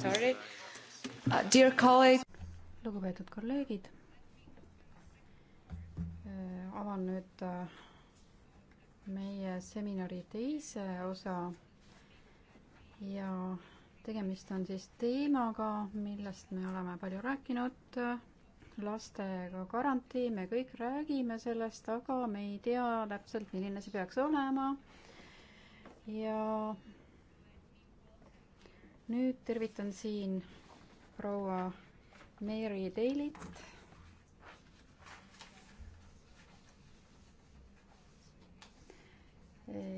started. Uh, dear colleague. lugupeetud kolleegid, äh, avan nüüd äh, meie seminari teise osa ja tegemist on siis teemaga, millest me oleme palju rääkinud, äh, lastega garantii, me kõik räägime sellest, aga me ei tea täpselt, milline see peaks olema ja nüüd tervitan siin proua Mary Dalyt.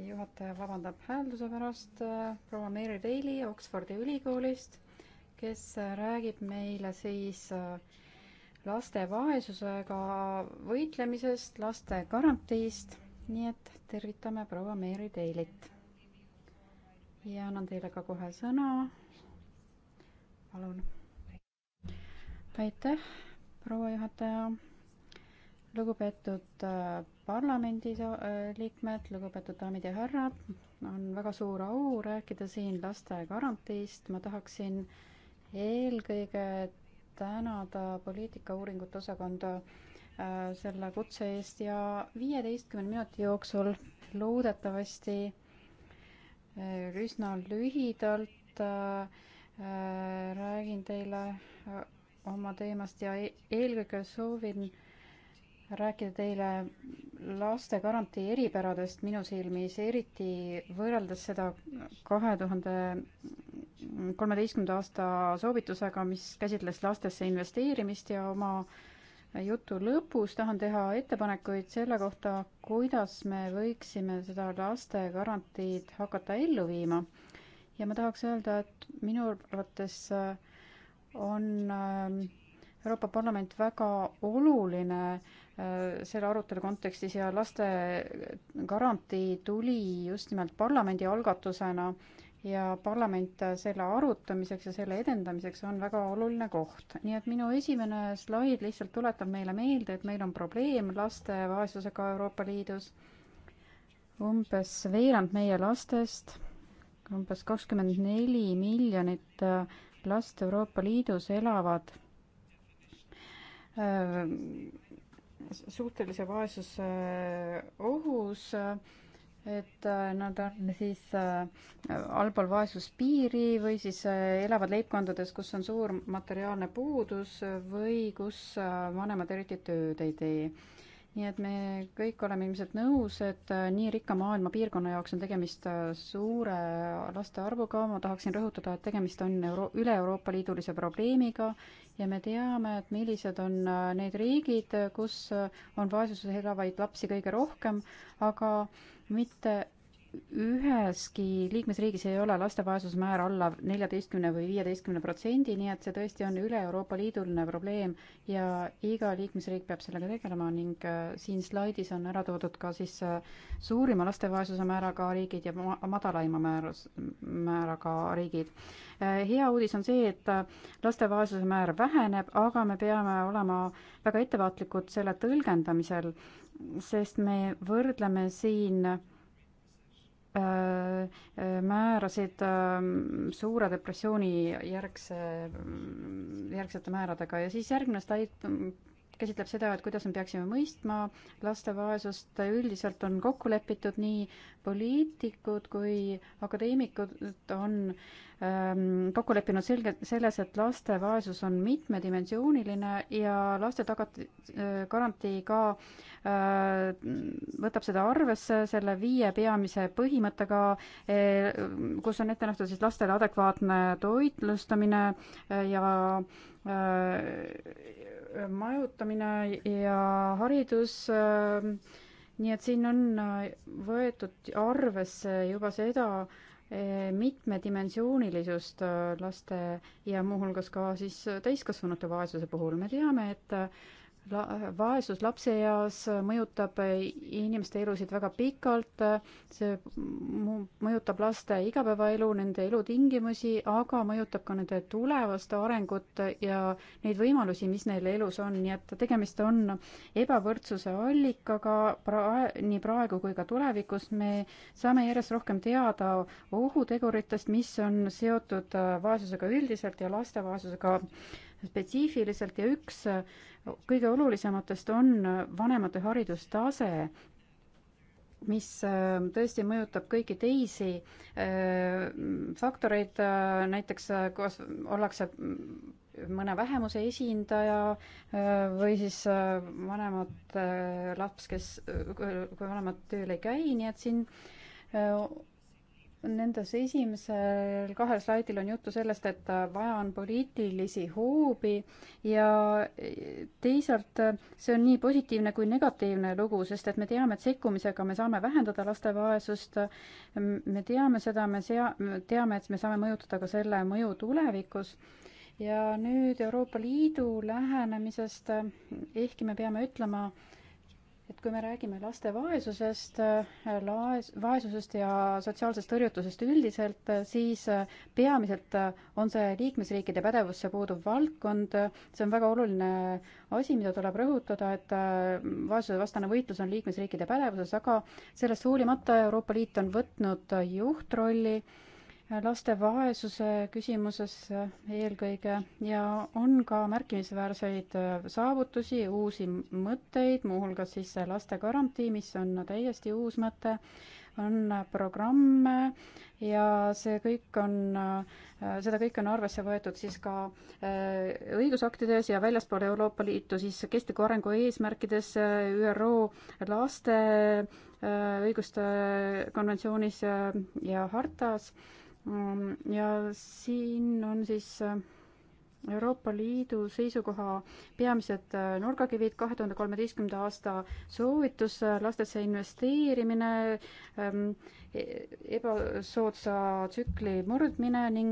juhataja vabandab häälduse pärast, äh, proua Mary Daly Oxfordi ülikoolist, kes äh, räägib meile siis äh, laste vaesusega võitlemisest, laste garantiist, nii et tervitame proua Mary Dalyt. ja annan teile ka kohe sõna palun. aitäh, proua juhataja. lugupeetud äh, parlamendi äh, liikmed, lugupeetud daamid ja härrad, on väga suur au rääkida siin laste garantiist. ma tahaksin eelkõige tänada poliitikauuringute osakonda äh, selle kutse eest ja viieteistkümne minuti jooksul loodetavasti üsna lühidalt äh, Äh, räägin teile äh, oma teemast ja e-, eelkõige soovin rääkida teile laste garantii eripäradest minu silmis, eriti võrreldes seda kahe tuhande kolmeteistkümnenda aasta soovitusega, mis käsitles lastesse investeerimist ja oma jutu lõpus tahan teha ettepanekuid selle kohta, kuidas me võiksime seda laste garantiid hakata ellu viima ja ma tahaks öelda, et minu arvates äh, on äh, Euroopa Parlament väga oluline äh, selle arutelu kontekstis ja laste garantii tuli just nimelt parlamendi algatusena ja parlament selle arutamiseks ja selle edendamiseks on väga oluline koht. nii et minu esimene slaid lihtsalt tuletab meile meelde, et meil on probleem laste vaesusega Euroopa Liidus. umbes veerand meie lastest umbes kakskümmend neli miljonit äh, last Euroopa Liidus elavad äh, suhtelise vaesuse äh, ohus, et nad on siis allpool vaesuspiiri või siis elavad leibkondades, kus on suur materiaalne puudus või kus vanemad eriti tööd ei tee nii et me kõik oleme ilmselt nõus, et äh, nii rikka maailma piirkonna jaoks on tegemist äh, suure laste arvuga, ma tahaksin rõhutada, et tegemist on euro-, üle-Euroopa-liidulise probleemiga ja me teame, et millised on äh, need riigid, kus on vaesuses elavaid lapsi kõige rohkem, aga mitte üheski liikmesriigis ei ole laste vaesusmäär alla neljateistkümne või viieteistkümne protsendi, nii et see tõesti on üle Euroopa Liiduline probleem ja iga liikmesriik peab sellega tegelema ning äh, siin slaidis on ära toodud ka siis äh, suurima laste vaesuse määraga riigid ja madalaima määrus, määraga riigid. Äh, hea uudis on see, et laste vaesuse määr väheneb, aga me peame olema väga ettevaatlikud selle tõlgendamisel, sest me võrdleme siin Äh, äh, määrasid ähm, Suure depressiooni järgse, mm, järgsete määradega ja siis järgnes täit-, käsitleb seda, et kuidas me peaksime mõistma laste vaesust, üldiselt on kokku lepitud nii poliitikud kui akadeemikud on ähm, kokku leppinud selge, selles, et laste vaesus on mitmedimensiooniline ja laste tagati äh,, garantii ka äh, võtab seda arvesse selle viie peamise põhimõttega äh,, kus on ette nähtud siis lastele adekvaatne toitlustamine äh, ja äh, majutamine ja haridus äh, nii et siin on äh, võetud arvesse juba seda äh, mitmedimensioonilisust äh, laste ja muuhulgas ka siis täiskasvanute vaesuse puhul. me teame, et la-, vaesus lapseeas mõjutab inimeste elusid väga pikalt, see mõjutab laste igapäevaelu, nende elutingimusi, aga mõjutab ka nende tulevast arengut ja neid võimalusi, mis neil elus on, nii et tegemist on ebavõrdsuse allikaga pra-, nii praegu kui ka tulevikus, me saame järjest rohkem teada ohuteguritest, mis on seotud vaesusega üldiselt ja laste vaesusega spetsiifiliselt ja üks äh, kõige olulisematest on äh, vanemate haridustase, mis äh, tõesti mõjutab kõiki teisi faktoreid, näiteks kas ollakse mm, mõne vähemuse esindaja või siis vanemat laps, kes, kui vanemad tööl ei käi, nii et siin Nendes esimesel kahel slaidil on juttu sellest, et vaja on poliitilisi hoobi ja teisalt see on nii positiivne kui negatiivne lugu, sest et me teame, et sekkumisega me saame vähendada laste vaesust. me teame seda, me sea-, teame, et me saame mõjutada ka selle mõju tulevikus. ja nüüd Euroopa Liidu lähenemisest, ehkki me peame ütlema, et kui me räägime laste vaesusest, äh, laes-, vaesusest ja sotsiaalsest tõrjutusest üldiselt, äh, siis äh, peamiselt on see liikmesriikide pädevusse puuduv valdkond, see on väga oluline asi, mida tuleb rõhutada, et vaesusevastane võitlus on liikmesriikide pädevuses, aga sellest hoolimata Euroopa Liit on võtnud juhtrolli äh, laste vaesuse küsimuses eh, eelkõige ja on ka märkimisväärseid eh, saavutusi, uusi mõtteid, muuhulgas siis see lastegarantii, mis on täiesti uus mõte, on programme ja see kõik on, eh, seda kõike on arvesse võetud siis ka õigusaktides ja väljaspool Euroopa Liitu siis kestliku arengu eesmärkides ÜRO laste õiguste konventsioonis ja hartas Ähm, ja siin on siis äh, Euroopa Liidu seisukoha peamised äh, nurgakivid kahe tuhande kolmeteistkümnenda aasta soovitus, äh, lastesse investeerimine, ähm, e-, ebasoodsa tsükli murdmine ning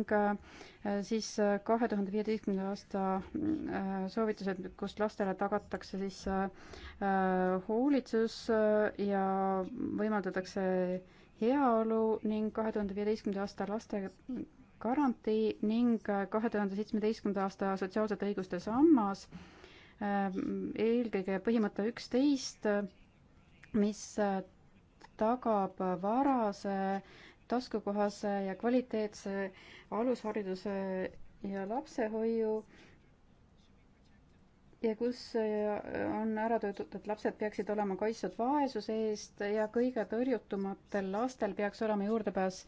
siis kahe tuhande viieteistkümnenda aasta soovitused, kus lastele tagatakse siis hoolitsus ja võimaldatakse heaolu ning kahe tuhande viieteistkümnenda aasta laste garantii ning kahe tuhande seitsmeteistkümnenda aasta sotsiaalsete õiguste sammas, ähm, eelkõige põhimõte üksteist, mis äh, tagab varase, taskukohase ja kvaliteetse alushariduse ja lapsehoiu äh, ja kus äh, on ära toodud, et lapsed peaksid olema kaitstud vaesuse eest ja kõige tõrjutumatel lastel peaks olema juurdepääs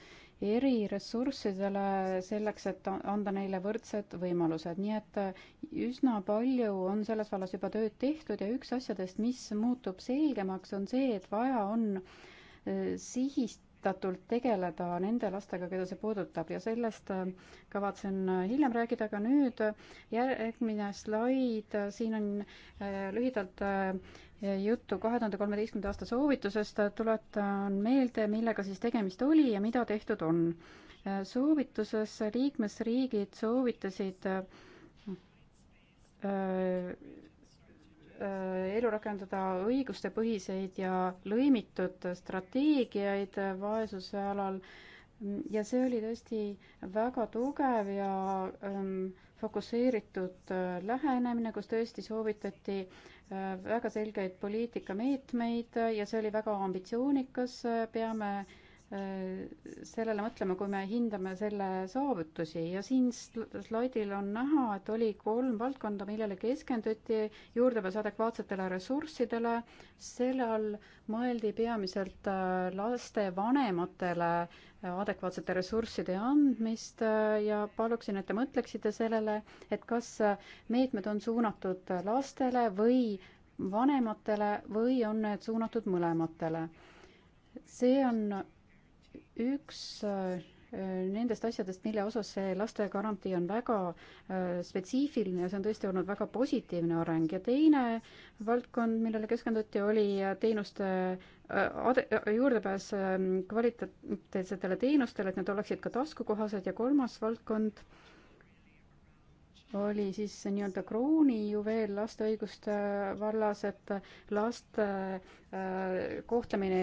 eriressurssidele selleks, et anda neile võrdsed võimalused, nii et äh, üsna palju on selles vallas juba tööd tehtud ja üks asjadest, mis muutub selgemaks, on see, et vaja on äh, sihist vastutatult tegeleda nende lastega, keda see puudutab ja sellest äh, kavatsen äh, hiljem rääkida, aga nüüd järgmine slaid, äh, siin on lühidalt juttu kahe tuhande kolmeteistkümnenda aasta soovitusest, tuletan meelde, millega siis tegemist oli ja mida tehtud on. soovituses liikmesriigid soovitasid öö, Äh, ellu rakendada õigustepõhiseid ja lõimitud strateegiaid vaesuse alal ja see oli tõesti väga tugev ja ähm, fokusseeritud äh, lähenemine, kus tõesti soovitati äh, väga selgeid poliitikameetmeid ja see oli väga ambitsioonikas äh,, peame äh, sellele mõtlema, kui me hindame selle saavutusi ja siin slaidil on näha, et oli kolm valdkonda, millele keskenduti, juurdepääs adekvaatsetele ressurssidele, selle all mõeldi peamiselt äh, laste vanematele äh, adekvaatsete ressursside andmist äh, ja paluksin, et te mõtleksite sellele, et kas meetmed on suunatud lastele või vanematele või on need suunatud mõlematele. see on üks äh, nendest asjadest, mille osas see lastegarantii on väga äh, spetsiifiline ja see on tõesti olnud väga positiivne areng ja teine valdkond, millele keskenduti, oli äh, teenuste ade-, juurdepääs ähm, kvaliteetsetele teenustele, et need oleksid ka taskukohased ja kolmas valdkond oli siis nii-öelda kroonijuveel laste õiguste vallas, et laste kohtlemine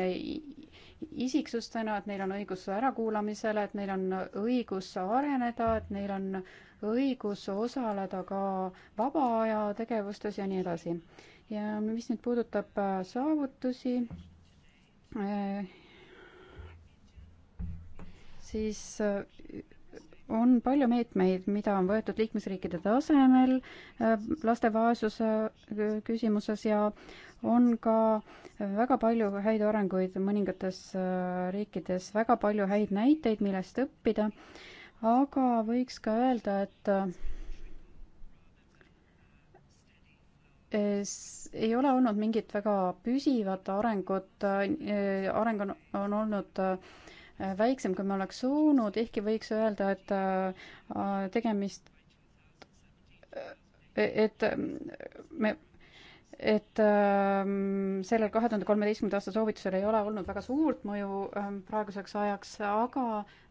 isiksustena, et neil on õigus ärakuulamisele, et neil on õigus areneda, et neil on õigus osaleda ka vaba aja tegevustes ja nii edasi. ja mis nüüd puudutab äh, saavutusi, äh, siis äh, on palju meetmeid, mida on võetud liikmesriikide tasemel äh, laste vaesuse äh, küsimuses ja on ka väga palju häid arenguid mõningates äh, riikides, väga palju häid näiteid, millest õppida, aga võiks ka öelda, et ei ole olnud mingit väga püsivat arengut, areng on, on olnud äh, väiksem, kui me oleks suunud, ehkki võiks öelda, et äh, äh, tegemist, e-, et äh, me et ähm, sellel kahe tuhande kolmeteistkümnenda aasta soovitusel ei ole olnud väga suurt mõju ähm, praeguseks ajaks, aga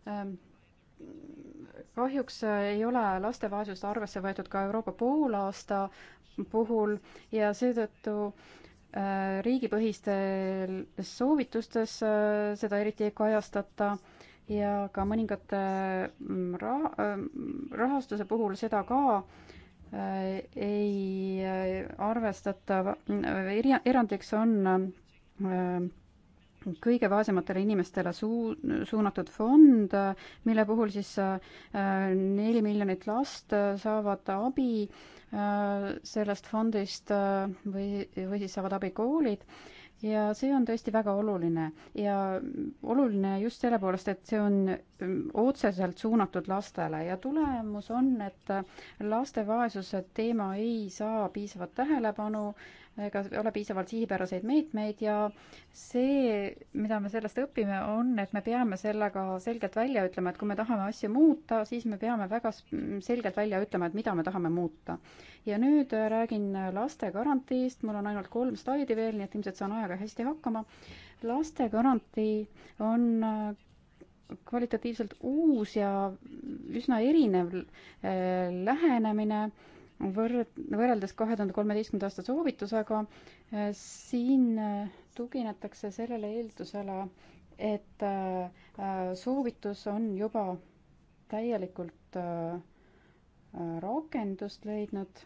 ähm, kahjuks ei ole laste vaesust arvesse võetud ka Euroopa poolaasta puhul ja seetõttu äh, Äh, riigipõhistes soovitustes äh, seda eriti ei kajastata ja ka mõningate mm, ra-, mm, rahastuse puhul seda ka äh, ei arvestata, eri-, erandiks on kõige vaesematele inimestele suu-, suunatud fond, mille puhul siis äh, neli miljonit last äh, saavad abi äh, sellest fondist või, või siis saavad abi koolid ja see on tõesti väga oluline ja oluline just selle poolest, et see on mm, otseselt suunatud lastele ja tulemus on, et laste vaesuse teema ei saa piisavat tähelepanu äh, ega ole piisavalt sihipäraseid meetmeid ja see, mida me sellest õpime, on, et me peame sellega selgelt välja ütlema, et kui me tahame asju muuta, siis me peame väga selgelt välja ütlema, et mida me tahame muuta. ja nüüd räägin laste garantiist, mul on ainult kolm slaidi veel, nii et ilmselt saan ajaga hästi hakkama. laste garantii on äh, kvalitatiivselt uus ja üsna erinev äh, lähenemine võrd-, võrreldes kahe tuhande kolmeteistkümnenda aasta soovitusega, äh, siin äh, tuginetakse sellele eeldusele, et äh, soovitus on juba täielikult rakendust leidnud.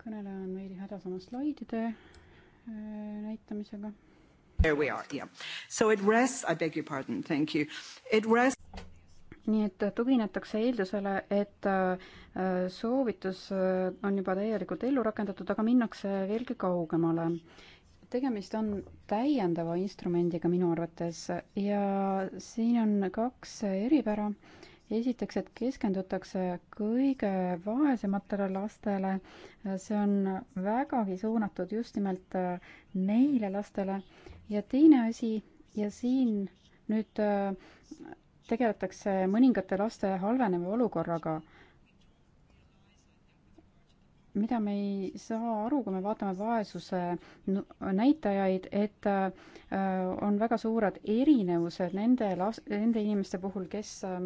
kõneleja on veidi hädas oma slaidide näitamisega. There we are, yeah. So it rests, I beg your pardon, thank you. It rests nii et äh, tuginetakse eeldusele, et äh, soovitus äh, on juba täielikult ellu rakendatud, aga minnakse veelgi kaugemale. tegemist on täiendava instrumendiga minu arvates ja siin on kaks eripära. esiteks, et keskendutakse kõige vaesematele lastele, see on vägagi suunatud just nimelt neile lastele ja teine asi ja siin nüüd tegeletakse mõningate laste halveneva olukorraga, mida me ei saa aru, kui me vaatame vaesuse näitajaid, et äh, on väga suured erinevused nende las-, nende inimeste puhul, kes äh,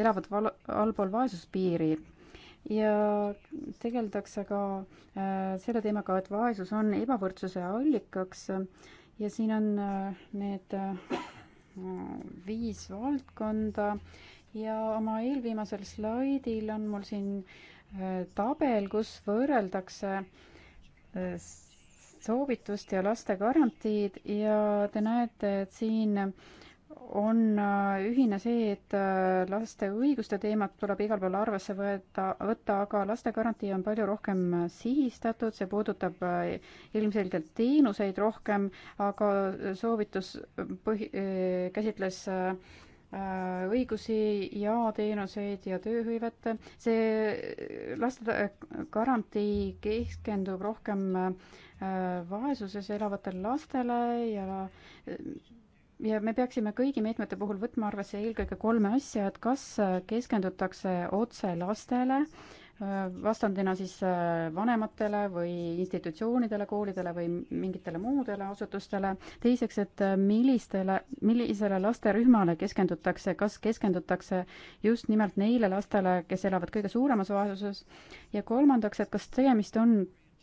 elavad val-, allpool vaesuspiiri ja tegeldakse ka äh, selle teemaga, et vaesus on ebavõrdsuse allikaks ja siin on need viis valdkonda ja oma eelviimasel slaidil on mul siin äh, tabel, kus võrreldakse äh, soovitust ja laste garantiid ja te näete, et siin on äh, ühine see, et äh, laste õiguste teemat tuleb igal pool arvesse võeta, võtta, aga lastegarantii on palju rohkem äh, sihistatud, see puudutab ilmselgelt teenuseid rohkem, aga soovitus põhi-, käsitles õigusi ja teenuseid ja tööhõivet. see lastegarantii keskendub rohkem vaesuses elavatele lastele ja ja me peaksime kõigi meetmete puhul võtma arvesse eelkõige kolme asja, et kas äh, keskendutakse otse lastele, äh, vastandina siis äh, vanematele või institutsioonidele, koolidele või mingitele muudele asutustele. teiseks, et millistele, millisele lasterühmale keskendutakse, kas keskendutakse just nimelt neile lastele, kes elavad kõige suuremas vaesuses ja kolmandaks, et kas tegemist on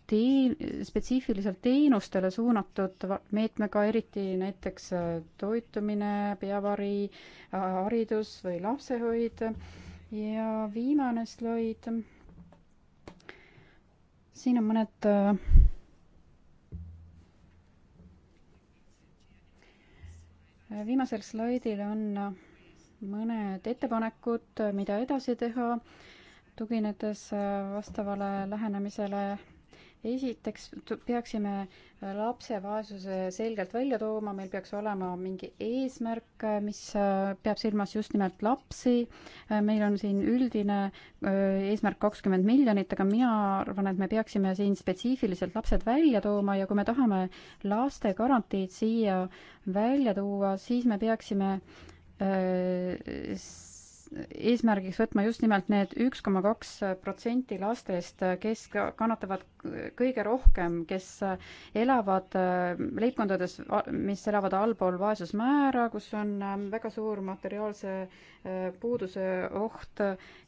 teen-, spetsiifiliselt teenustele suunatud meetmega, eriti näiteks äh, toitumine, peavari, haridus või lapsehoid. ja viimane slaid. siin on mõned äh, viimasel slaidil on mõned ettepanekud, mida edasi teha, tuginedes äh, vastavale lähenemisele, esiteks peaksime äh, lapse vaesuse selgelt välja tooma, meil peaks olema mingi eesmärk, äh, mis äh, peab silmas just nimelt lapsi. meil on siin üldine eesmärk kakskümmend miljonit, aga mina arvan, et me peaksime siin spetsiifiliselt lapsed välja tooma ja kui me tahame laste garantiid siia välja tuua, siis me peaksime äh, eesmärgiks võtma just nimelt need üks koma kaks protsenti lastest, kes kannatavad kõige rohkem, kes elavad äh, leibkondades, mis elavad allpool vaesusmäära, kus on ähm, väga suur materiaalse äh, puuduse oht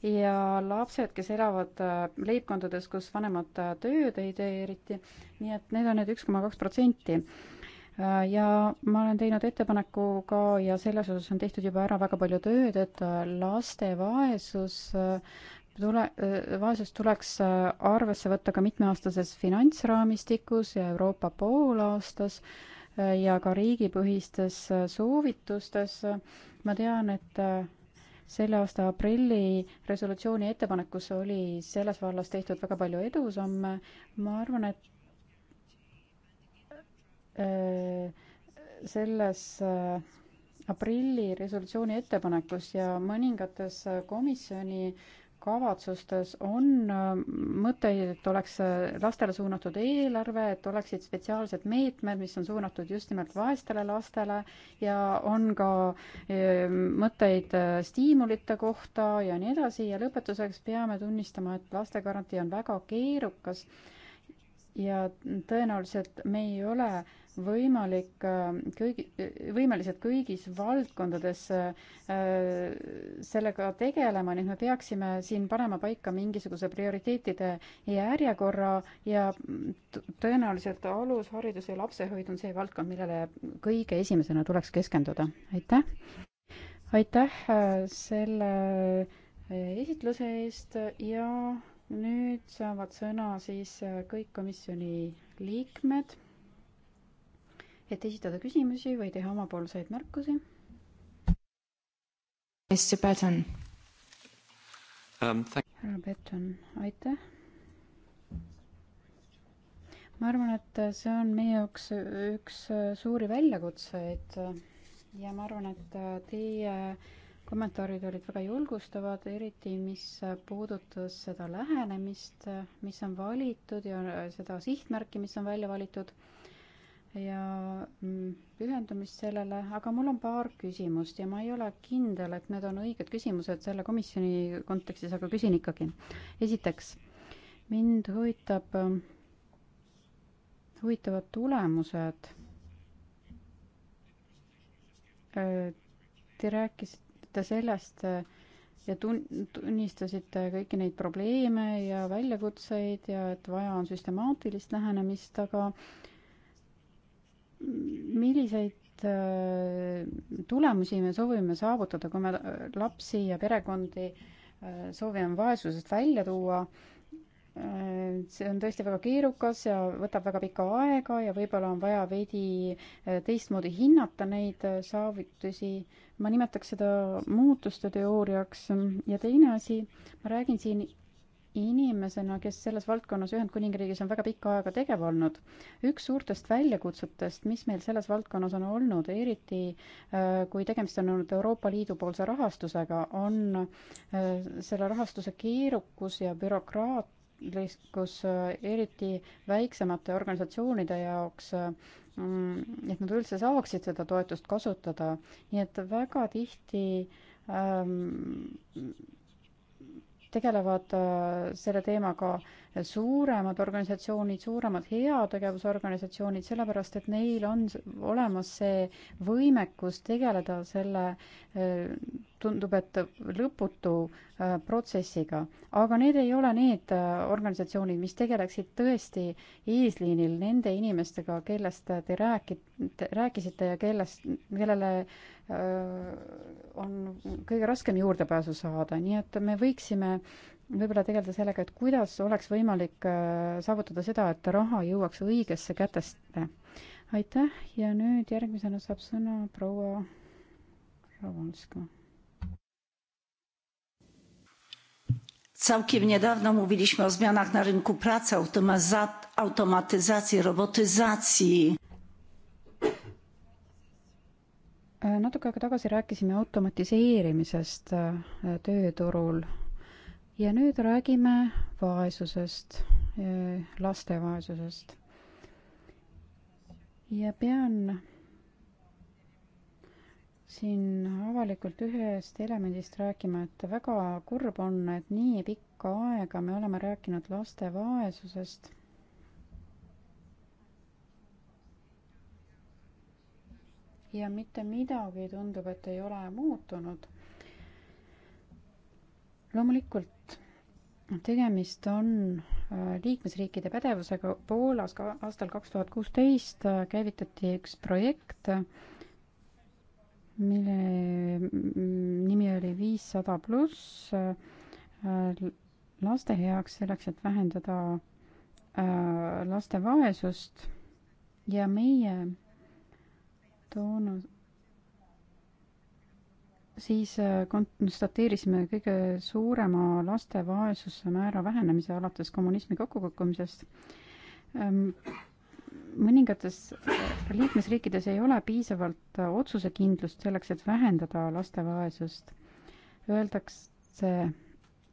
ja lapsed, kes elavad äh, leibkondades, kus vanemad tööd ei tee eriti, nii et need on need üks koma kaks protsenti Äh, ja ma olen teinud ettepaneku ka ja selles osas on tehtud juba ära väga palju tööd, et äh, laste vaesus äh, tule, vaesust tuleks arvesse võtta ka mitmeaastases finantsraamistikus ja Euroopa poolaastas ja ka riigipõhistes soovitustes. ma tean, et selle aasta aprilli resolutsiooni ettepanekus oli selles vallas tehtud väga palju edusamme. ma arvan, et Äh, selles äh, aprilli resolutsiooni ettepanekus ja mõningates äh, komisjoni kavatsustes on mõtteid, et oleks lastele suunatud eelarve, et oleksid spetsiaalsed meetmed, mis on suunatud just nimelt vaestele lastele ja on ka mõtteid stiimulite kohta ja nii edasi ja lõpetuseks peame tunnistama, et lastegarantii on väga keerukas ja tõenäoliselt me ei ole äh, võimalik äh, kõigi, võimelised kõigis valdkondades äh, sellega tegelema, nii et me peaksime siin panema paika mingisuguse prioriteetide järjekorra ja tõenäoliselt alusharidus ja lapsehoid on see valdkond, millele kõige esimesena tuleks keskenduda. aitäh! aitäh äh, selle esitluse eest ja nüüd saavad sõna siis kõik komisjoni liikmed et esitada küsimusi või teha omapoolseid märkusi. Mr Patton um,. härra Patton, aitäh. ma arvan, et see on meie jaoks üks suuri väljakutseid ja ma arvan, et teie kommentaarid olid väga julgustavad, eriti mis puudutas seda lähenemist, mis on valitud ja seda sihtmärki, mis on välja valitud ja mm, pühendumist sellele, aga mul on paar küsimust ja ma ei ole kindel, et need on õiged küsimused selle komisjoni kontekstis, aga küsin ikkagi. esiteks, mind huvitab, huvitavad tulemused. Te rääkisite sellest ja tun-, tunnistasite kõiki neid probleeme ja väljakutseid ja et vaja on süstemaatilist lähenemist, aga äh, milliseid äh, tulemusi me soovime saavutada, kui me lapsi ja perekondi äh, soovime vaesusest välja tuua. Äh, see on tõesti väga keerukas ja võtab väga pika aega ja võib-olla on vaja veidi teistmoodi hinnata neid saavutusi. ma nimetaks seda muutuste teooriaks ja teine asi, ma räägin siin inimesena, kes selles valdkonnas Ühendkuningriigis on väga pikka aega tegev olnud, üks suurtest väljakutsetest, mis meil selles valdkonnas on olnud, eriti äh, kui tegemist on olnud Euroopa Liidu poolse rahastusega, on äh, selle rahastuse keerukus ja bürokraatlikkus, äh, eriti väiksemate organisatsioonide jaoks, mm, et nad üldse saaksid seda toetust kasutada. nii et väga tihti ähm, tegelevad äh, selle teemaga suuremad organisatsioonid, suuremad heategevusorganisatsioonid, sellepärast et neil on olemas see võimekus tegeleda selle, äh, tundub, et lõputu äh, protsessiga. aga need ei ole need organisatsioonid, mis tegeleksid tõesti eesliinil nende inimestega, kellest te rääkite, rääkisite ja kellest, kellele on kõige raskem juurdepääsu saada, nii et me võiksime võib-olla tegeleda sellega, et kuidas oleks võimalik saavutada seda, et raha jõuaks õigesse kätesse. aitäh ja nüüd järgmisena saab sõna proua Ravanska. Całkiem niedawno mówiliśmy o zmianach na rynku pracy, automatyzacji, robotyzacji. Äh, natuke aega tagasi rääkisime automatiseerimisest äh, tööturul ja nüüd räägime vaesusest, äh, laste vaesusest. ja pean siin avalikult ühest elemendist rääkima, et väga kurb on, et nii pikka aega me oleme rääkinud laste vaesusest ja mitte midagi tundub, et ei ole muutunud. loomulikult tegemist on äh, liikmesriikide pädevusega. Poolas ka aastal kaks tuhat kuusteist äh, käivitati üks projekt, mille nimi oli viissada pluss äh, laste heaks, selleks et vähendada laste vaesust ja meie toona siis äh, konstateerisime kõige suurema laste vaesuse määra vähenemise alates kommunismi kokkukukkumisest. Ähm, mõningates äh, liikmesriikides ei ole piisavalt äh, otsusekindlust selleks, et vähendada laste vaesust. Öeldakse,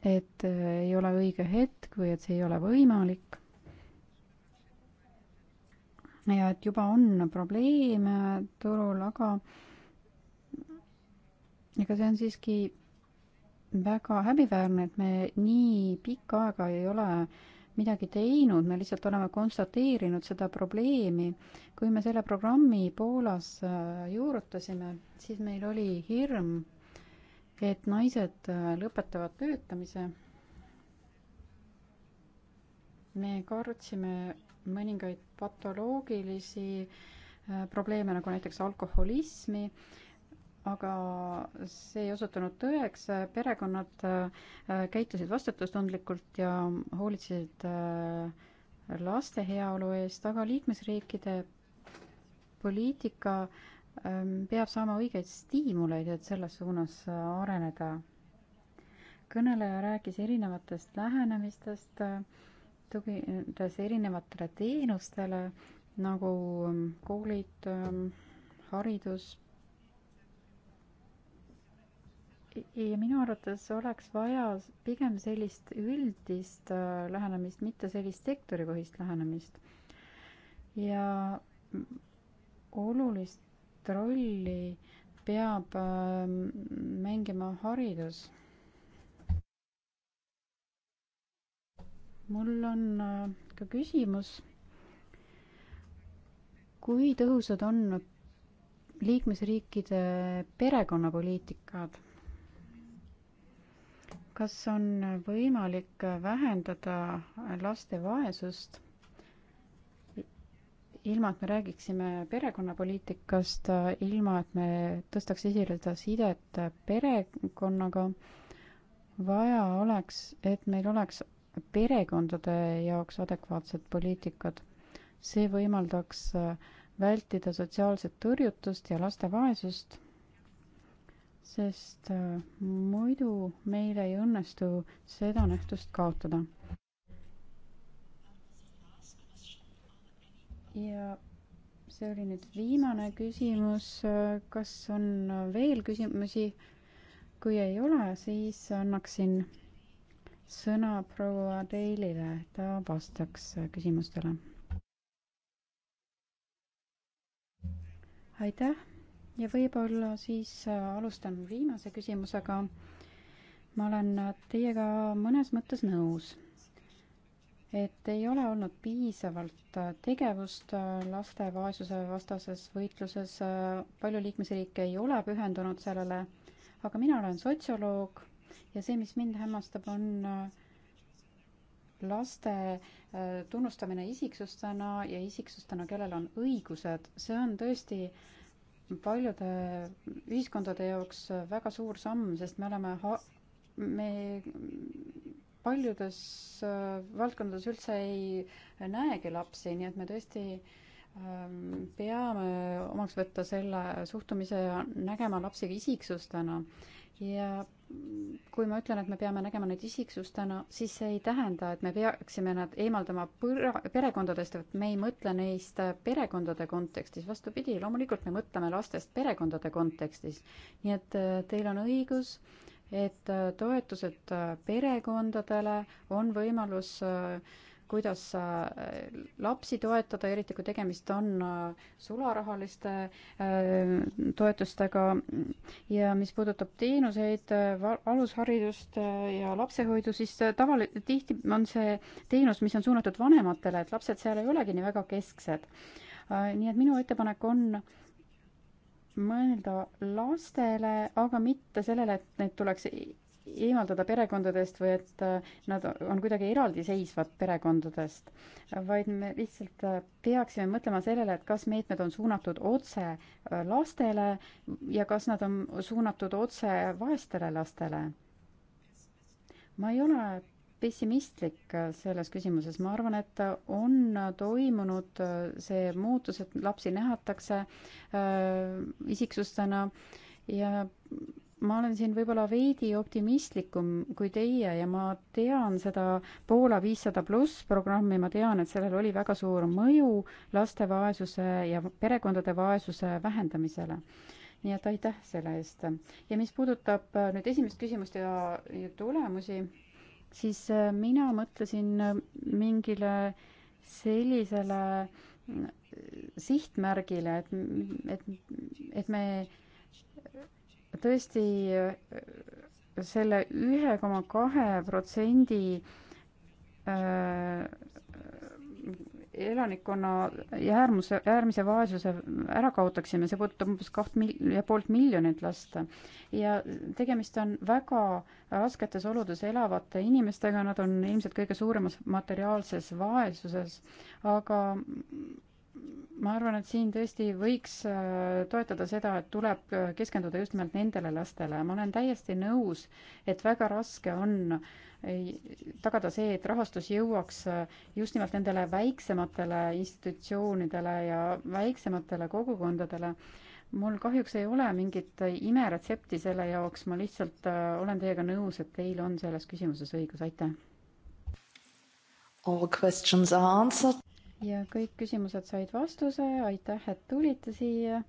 et ei ole õige hetk või et see ei ole võimalik ja et juba on probleeme äh, turul, aga ega see on siiski väga häbiväärne, et me nii pikka aega ei ole midagi teinud, me lihtsalt oleme konstateerinud seda probleemi. kui me selle programmi Poolas äh, juurutasime, siis meil oli hirm, et naised äh, lõpetavad töötamise. me kartsime mõningaid patoloogilisi äh, probleeme, nagu näiteks alkoholismi, aga see ei osutunud tõeks, perekonnad äh, käitusid vastutustundlikult ja hoolitsesid äh, laste heaolu eest, aga liikmesriikide poliitika ähm, peab saama õigeid stiimuleid, et selles suunas areneda. kõneleja rääkis erinevatest lähenemistest äh, tuginedes erinevatele teenustele nagu ähm, koolid, ähm, haridus. E-, ja minu arvates oleks vaja pigem sellist üldist äh, lähenemist, mitte sellist sektoripõhist lähenemist. ja olulist rolli peab ähm, mängima haridus mul on äh, ka küsimus. kui tõhusad on liikmesriikide perekonnapoliitikad? kas on võimalik vähendada laste vaesust? ilma, et me räägiksime perekonnapoliitikast, ilma et me tõstaks esile seda sidet perekonnaga, vaja oleks, et meil oleks perekondade jaoks adekvaatsed poliitikad. see võimaldaks äh, vältida sotsiaalset tõrjutust ja laste vaesust, sest äh, muidu meil ei õnnestu seda nähtust kaotada. ja see oli nüüd viimane küsimus. kas on veel küsimusi? kui ei ole, siis annaksin sõna proua Dale'ile, ta vastaks äh, küsimustele. aitäh ja võib-olla siis äh, alustan viimase küsimusega. ma olen äh, teiega mõnes mõttes nõus, et ei ole olnud piisavalt tegevust laste vaesuse vastases võitluses, palju liikmesriike ei ole pühendunud sellele, aga mina olen sotsioloog ja see, mis mind hämmastab, on äh, laste äh, tunnustamine isiksustena ja isiksustena, kellel on õigused, see on tõesti paljude ühiskondade jaoks äh, väga suur samm, sest me oleme ha-, me paljudes valdkondades üldse ei näegi lapsi, nii et me tõesti ähm, peame omaks võtta selle suhtumise ja nägema lapsi isiksustena ja kui ma ütlen, et me peame nägema neid isiksustena, siis see ei tähenda, et me peaksime nad eemaldama põra-, perekondadest, et me ei mõtle neist perekondade kontekstis, vastupidi, loomulikult me mõtleme lastest perekondade kontekstis. nii et äh, teil on õigus, et äh, toetused äh, perekondadele on võimalus äh, kuidas äh, lapsi toetada, eriti kui tegemist on äh, sularahaliste äh, toetustega ja mis puudutab teenuseid, alusharidust ja lapsehoidu, siis tavali-, tihti on see teenus, mis on suunatud vanematele, et lapsed seal ei olegi nii väga kesksed. nii et minu ettepanek on mõelda lastele, aga mitte sellele, et neid tuleks eemaldada perekondadest või et äh, nad on kuidagi eraldiseisvad perekondadest, vaid me lihtsalt äh, peaksime mõtlema sellele, et kas meetmed on suunatud otse äh, lastele ja kas nad on suunatud otse vaestele lastele. ma ei ole pessimistlik selles küsimuses, ma arvan, et on toimunud see muutus, et lapsi nähatakse äh, isiksustena ja ma olen siin võib-olla veidi optimistlikum kui teie ja ma tean seda Poola viissada pluss programmi, ma tean, et sellel oli väga suur mõju laste vaesuse ja perekondade vaesuse vähendamisele. nii et aitäh selle eest. ja mis puudutab äh, nüüd esimest küsimust ja, ja tulemusi, siis äh, mina mõtlesin äh, mingile sellisele sihtmärgile, et, et, et me tõesti äh, selle ühe koma kahe protsendi äh, elanikkonna äärmuse, äärmise vaesuse ära kaotaksime, see puudutab umbes kaht mil- ja poolt miljonit last. ja tegemist on väga rasketes oludes elavate inimestega, nad on ilmselt kõige suuremas materiaalses vaesuses, aga ma arvan, et siin tõesti võiks äh, toetada seda, et tuleb äh, keskenduda just nimelt nendele lastele. ma olen täiesti nõus, et väga raske on äh, tagada see, et rahastus jõuaks just nimelt nendele väiksematele institutsioonidele ja väiksematele kogukondadele. mul kahjuks ei ole mingit imeretsepti selle jaoks, ma lihtsalt olen teiega nõus, et teil on selles küsimuses õigus, aitäh. All questions are answered ja kõik küsimused said vastuse, aitäh, et tulite siia.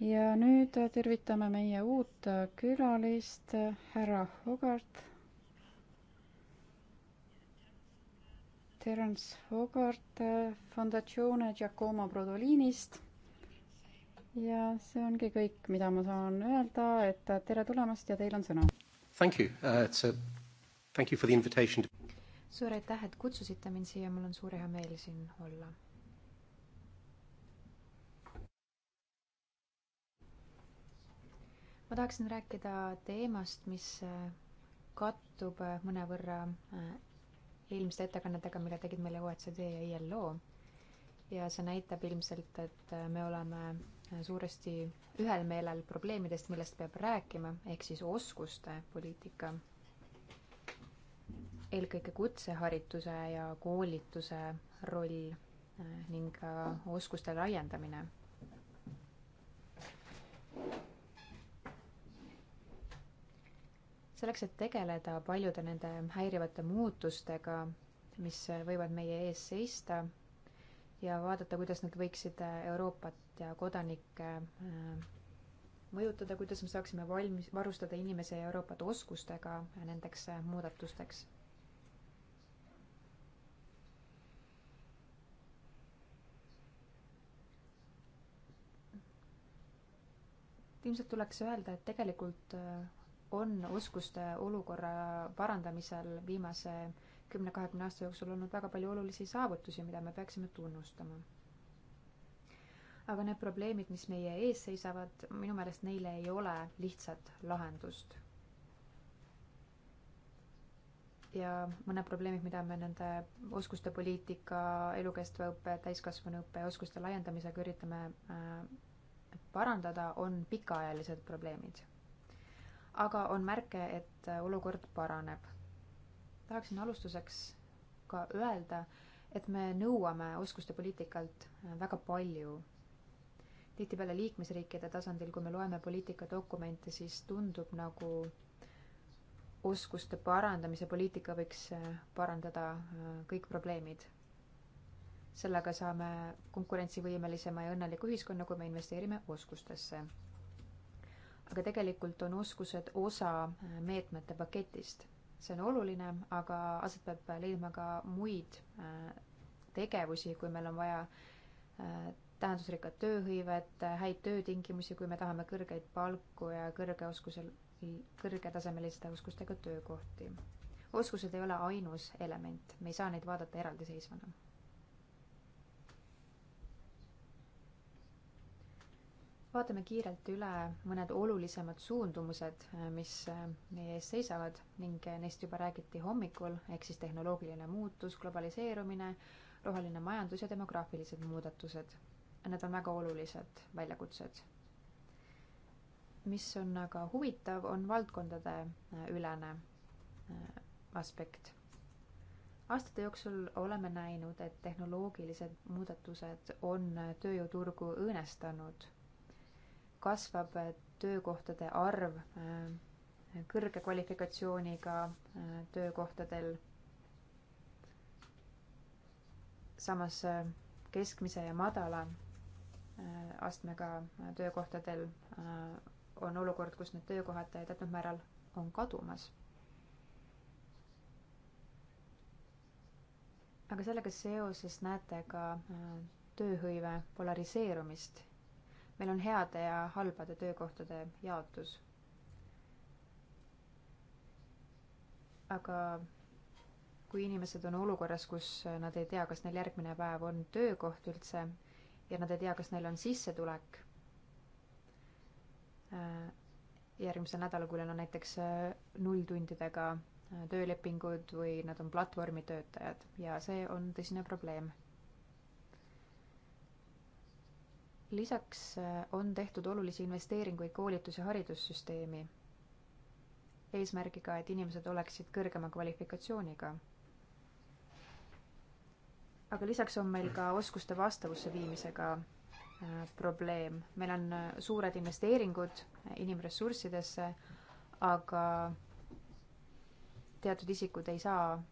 ja nüüd tervitame meie uut külalist, härra Hogart. Terence Hogart Fondatsioone Giacomo Brodolinist. ja see ongi kõik, mida ma saan öelda, et tere tulemast ja teil on sõna. Thank you uh,, it's a thank you for the invitation to suur aitäh, et kutsusite mind siia, mul on suur hea meel siin olla. ma tahaksin rääkida teemast, mis äh, kattub äh, mõnevõrra äh, eelmiste ettekannetega, mille tegid meile OECD ja ILO. ja see näitab ilmselt, et me oleme suuresti ühel meelel probleemidest, millest peab rääkima, ehk siis oskuste poliitika eelkõige kutseharituse ja koolituse roll äh, ning ka oskuste laiendamine. selleks, et tegeleda paljude nende häirivate muutustega, mis võivad meie ees seista ja vaadata, kuidas nad võiksid äh, Euroopat ja kodanikke äh, mõjutada, kuidas me saaksime valmis, varustada inimese ja Euroopat oskustega nendeks muudatusteks ilmselt tuleks öelda, et tegelikult äh, on oskuste olukorra parandamisel viimase kümne-kahekümne aasta jooksul olnud väga palju olulisi saavutusi, mida me peaksime tunnustama. aga need probleemid, mis meie ees seisavad, minu meelest neile ei ole lihtsat lahendust. ja mõned probleemid, mida me nende oskuste poliitika, elukestva õppe, täiskasvanuõppe ja oskuste laiendamisega üritame äh, parandada, on pikaajalised probleemid. aga on märke, et olukord paraneb. tahaksin alustuseks ka öelda, et me nõuame oskuste poliitikalt väga palju. tihtipeale liikmesriikide tasandil, kui me loeme poliitikadokumente, siis tundub nagu oskuste parandamise poliitika võiks parandada kõik probleemid sellega saame konkurentsivõimelisema ja õnneliku ühiskonna, kui me investeerime oskustesse. aga tegelikult on oskused osa äh, meetmete paketist. see on oluline, aga aset peab leidma ka muid äh, tegevusi, kui meil on vaja äh, tähendusrikkat tööhõivet, häid töötingimusi, kui me tahame kõrgeid palku ja kõrge oskusel, kõrgetasemeliste oskustega töökohti. oskused ei ole ainus element, me ei saa neid vaadata eraldiseisvana vaatame kiirelt üle mõned olulisemad suundumused, äh, mis äh, meie ees seisavad ning äh, neist juba räägiti hommikul, ehk siis tehnoloogiline muutus, globaliseerumine, roheline majandus ja demograafilised muudatused. Need on väga olulised väljakutsed. mis on aga huvitav, on valdkondade ülene aspekt. aastate jooksul oleme näinud, et tehnoloogilised muudatused on tööjõuturgu õõnestanud kasvab töökohtade arv äh, kõrge kvalifikatsiooniga äh, töökohtadel. samas äh, keskmise ja madala astmega töökohtadel on olukord, kus need töökohad teatud määral on kadumas. aga sellega seoses näete ka tööhõive polariseerumist meil on heade ja halbade töökohtade jaotus. aga kui inimesed on olukorras, kus nad ei tea, kas neil järgmine päev on töökoht üldse ja nad ei tea, kas neil on sissetulek äh, järgmisel nädalal, kui neil on näiteks äh, nulltundidega äh, töölepingud või nad on platvormitöötajad ja see on tõsine probleem lisaks äh, on tehtud olulisi investeeringuid koolitus- ja haridussüsteemi eesmärgiga, et inimesed oleksid kõrgema kvalifikatsiooniga. aga lisaks on meil ka oskuste vastavusse viimisega äh, probleem. meil on äh, suured investeeringud inimressurssidesse, aga teatud isikud ei saa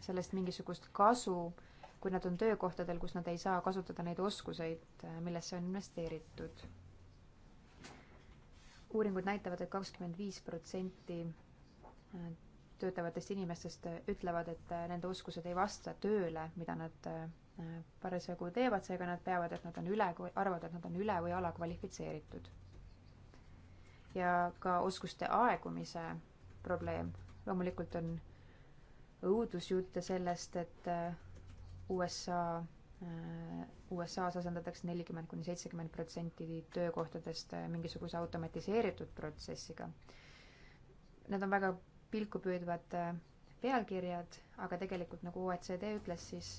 sellest mingisugust kasu kui nad on töökohtadel, kus nad ei saa kasutada neid oskuseid, äh, millesse on investeeritud. uuringud näitavad et, et kakskümmend viis protsenti äh, töötavatest inimestest äh, ütlevad, et nende oskused ei vasta tööle, mida nad parasjagu teevad, seega nad peavad, et nad on üle, arvavad, et nad on üle või alakvalifitseeritud. ja ka oskuste aegumise probleem. loomulikult on õudusjutte sellest, et USA, äh, USA-s asendatakse nelikümmend kuni seitsekümmend protsenti töökohtadest äh, mingisuguse automatiseeritud protsessiga. Need on väga pilkupüüdvad äh, pealkirjad, aga tegelikult nagu OECD ütles, siis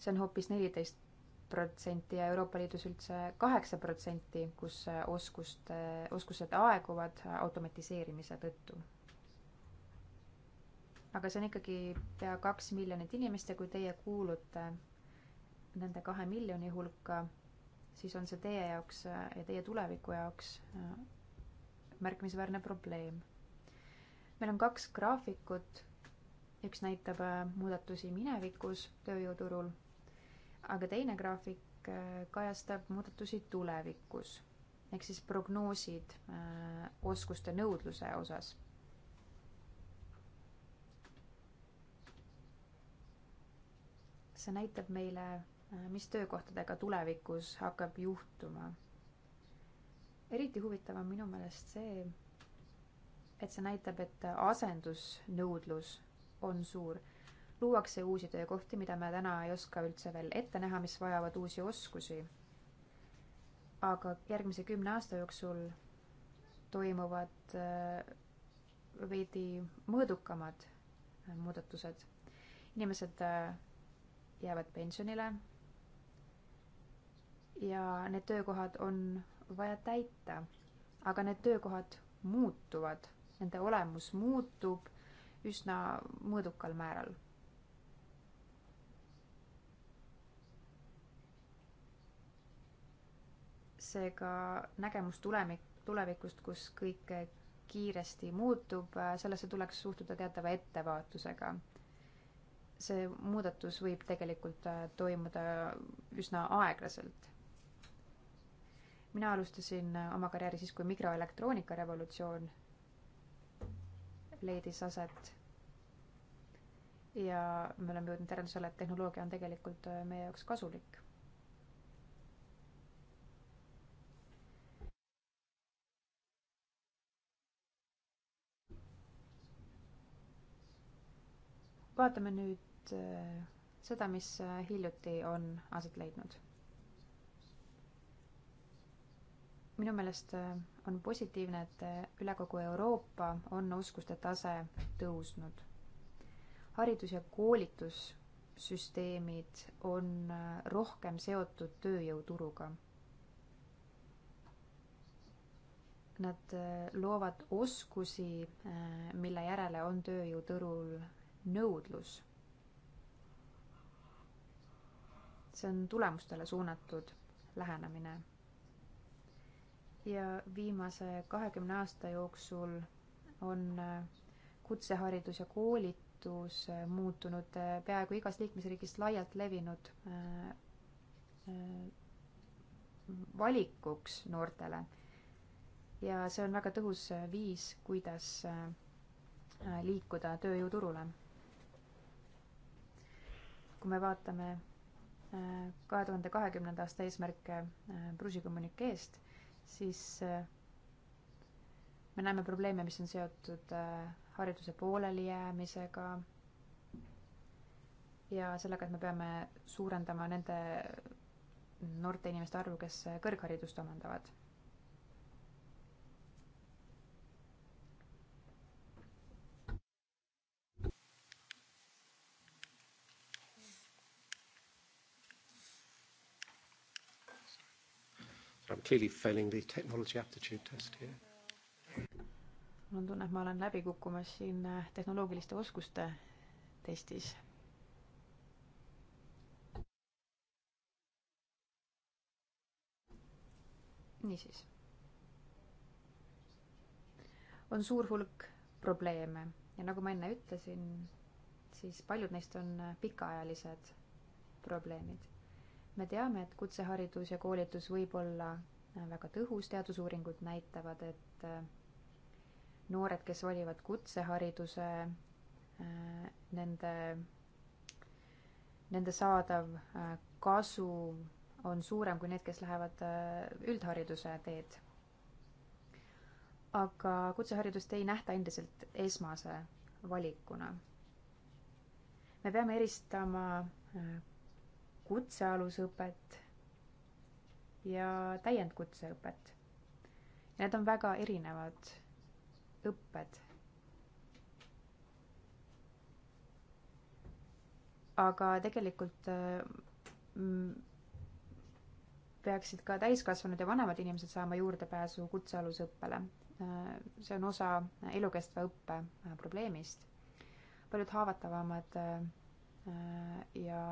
see on hoopis neliteist protsenti ja Euroopa Liidus üldse kaheksa protsenti, kus oskuste, oskused aeguvad automatiseerimise tõttu aga see on ikkagi pea kaks miljonit inimest ja kui teie kuulute nende kahe miljoni hulka, siis on see teie jaoks äh, ja teie tuleviku jaoks äh, märkimisväärne probleem. meil on kaks graafikut, üks näitab äh, muudatusi minevikus tööjõuturul, aga teine graafik kajastab muudatusi tulevikus ehk siis prognoosid öö, oskuste nõudluse osas see näitab meile, äh, mis töökohtadega tulevikus hakkab juhtuma. eriti huvitav on minu meelest see, et see näitab, et asendusnõudlus on suur. luuakse uusi töökohti, mida me täna ei oska üldse veel ette näha, mis vajavad uusi oskusi. aga järgmise kümne aasta jooksul toimuvad äh, veidi mõõdukamad äh, muudatused. inimesed jäävad pensionile. ja need töökohad on vaja täita, aga need töökohad muutuvad, nende olemus muutub üsna mõõdukal määral. seega nägemus tulemik, tulevikust, kus kõik kiiresti muutub, sellesse tuleks suhtuda teatava ettevaatusega see muudatus võib tegelikult äh, toimuda üsna aeglaselt. mina alustasin äh, oma karjääri siis, kui mikroelektroonika revolutsioon leidis aset. ja me oleme jõudnud järeldusele, et tehnoloogia on tegelikult äh, meie jaoks kasulik. vaatame nüüd Äh, seda, mis äh, hiljuti on aset leidnud. minu meelest äh, on positiivne, et üle kogu Euroopa on oskuste tase tõusnud. haridus- ja koolitussüsteemid on rohkem seotud tööjõuturuga nad loovad oskusi, mille järele on tööjõuturul nõudlus. see on tulemustele suunatud lähenemine. ja viimase kahekümne aasta jooksul on äh, kutseharidus ja koolitus äh, muutunud äh, peaaegu igas liikmesriigis laialt levinud valikuks noortele. ja see on väga tõhus viis, kuidas liikuda tööjõuturule. kui me vaatame kahe tuhande kahekümnenda aasta eesmärke Brusi äh, kommünikeest, siis äh, me näeme probleeme, mis on seotud äh, hariduse poolelijäämisega ja sellega, et me peame suurendama nende noorte inimeste arvu, kes kõrgharidust omandavad I'm clearly failing the technology aptitude test here. mul on tunne, et ma olen läbi kukkumas siin äh, tehnoloogiliste oskuste testis. niisiis. on suur hulk probleeme ja nagu ma enne ütlesin, siis paljud neist on äh, pikaajalised probleemid me teame, et kutseharidus ja koolitus võib olla äh, väga tõhus, teadusuuringud näitavad, et äh, noored, kes valivad kutsehariduse, äh, nende, nende saadav kasu on suurem kui need, kes lähevad üldhariduse teed. aga kutseharidust ei nähta endiselt esmase valikuna. me peame eristama kutsealusõpet ja täiendkutseõpet. Need on väga erinevad õpped. aga tegelikult mm, peaksid ka täiskasvanud ja vanemad inimesed saama juurdepääsu kutsealusõppele. see on osa elukestva õppe probleemist. paljud haavatavamad äh, ja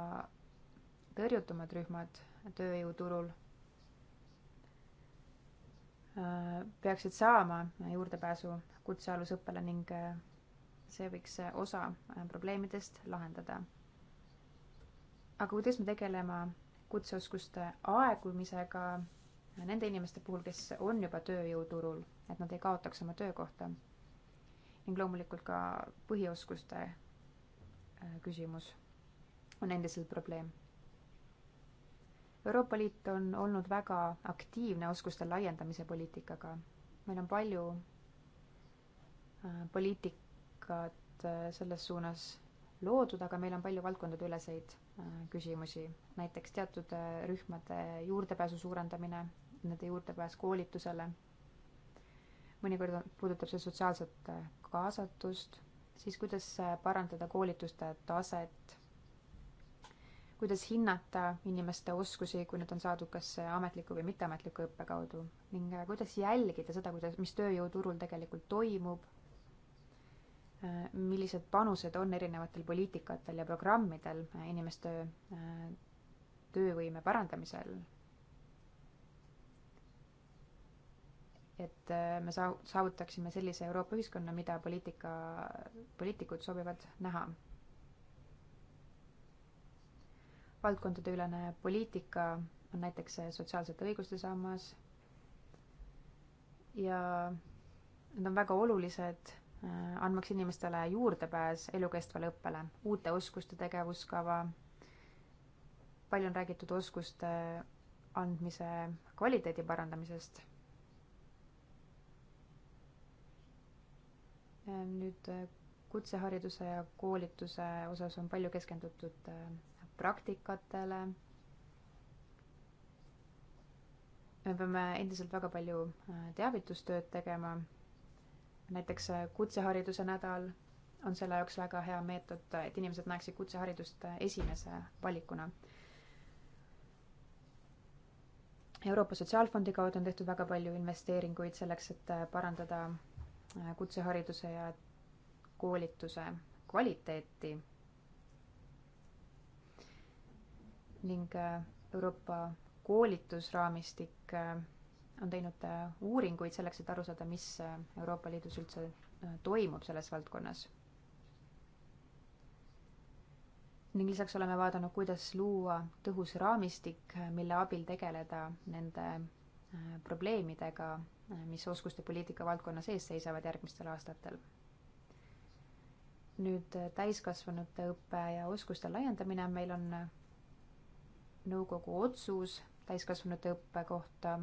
tõrjutumad rühmad tööjõuturul äh, peaksid saama juurdepääsu kutsealusõppele ning äh, see võiks äh, osa probleemidest lahendada. aga kuidas me tegeleme kutseoskuste aegumisega nende inimeste puhul, kes on juba tööjõuturul, et nad ei kaotaks oma töökohta? ning loomulikult ka põhioskuste küsimus on endiselt probleem Euroopa Liit on olnud väga aktiivne oskuste laiendamise poliitikaga. meil on palju äh, poliitikat äh, selles suunas loodud, aga meil on palju valdkondadeüleseid äh, küsimusi, näiteks teatud rühmade juurdepääsu suurendamine, nende juurdepääs koolitusele. mõnikord puudutab see sotsiaalset kaasatust, siis kuidas parandada koolituste taset kuidas hinnata inimeste oskusi, kui nad on saadud kas ametliku või mitteametliku õppe kaudu ning äh, kuidas jälgida seda, kuidas, mis tööjõuturul tegelikult toimub, äh, millised panused on erinevatel poliitikatel ja programmidel äh, inimeste töövõime parandamisel. et me saa-, saavutaksime sellise Euroopa ühiskonna, mida poliitika, poliitikud soovivad näha valdkondadeülene poliitika on näiteks sotsiaalsete õiguste sammas ja need on väga olulised, äh, andmaks inimestele juurdepääs elukestvale õppele, uute oskuste tegevuskava, palju on räägitud oskuste andmise kvaliteedi parandamisest. nüüd äh, kutsehariduse ja koolituse osas on palju keskendutud äh, praktikatele. me peame endiselt väga palju äh, teavitustööd tegema. näiteks äh, kutsehariduse nädal on selle jaoks väga hea meetod, et inimesed näeksid kutseharidust esimese valikuna. Euroopa Sotsiaalfondi kaudu on tehtud väga palju investeeringuid selleks, et parandada kutsehariduse ja koolituse kvaliteeti ning äh, Euroopa koolitusraamistik äh, on teinud äh, uuringuid selleks, et aru saada, mis Euroopa Liidus üldse toimub selles valdkonnas. ning lisaks oleme vaadanud, kuidas luua tõhus raamistik, mille abil tegeleda nende probleemidega, mis oskuste poliitika valdkonna sees seisavad järgmistel aastatel nüüd äh, täiskasvanute õpe ja oskuste laiendamine, meil on äh, nõukogu otsus täiskasvanute õppe kohta.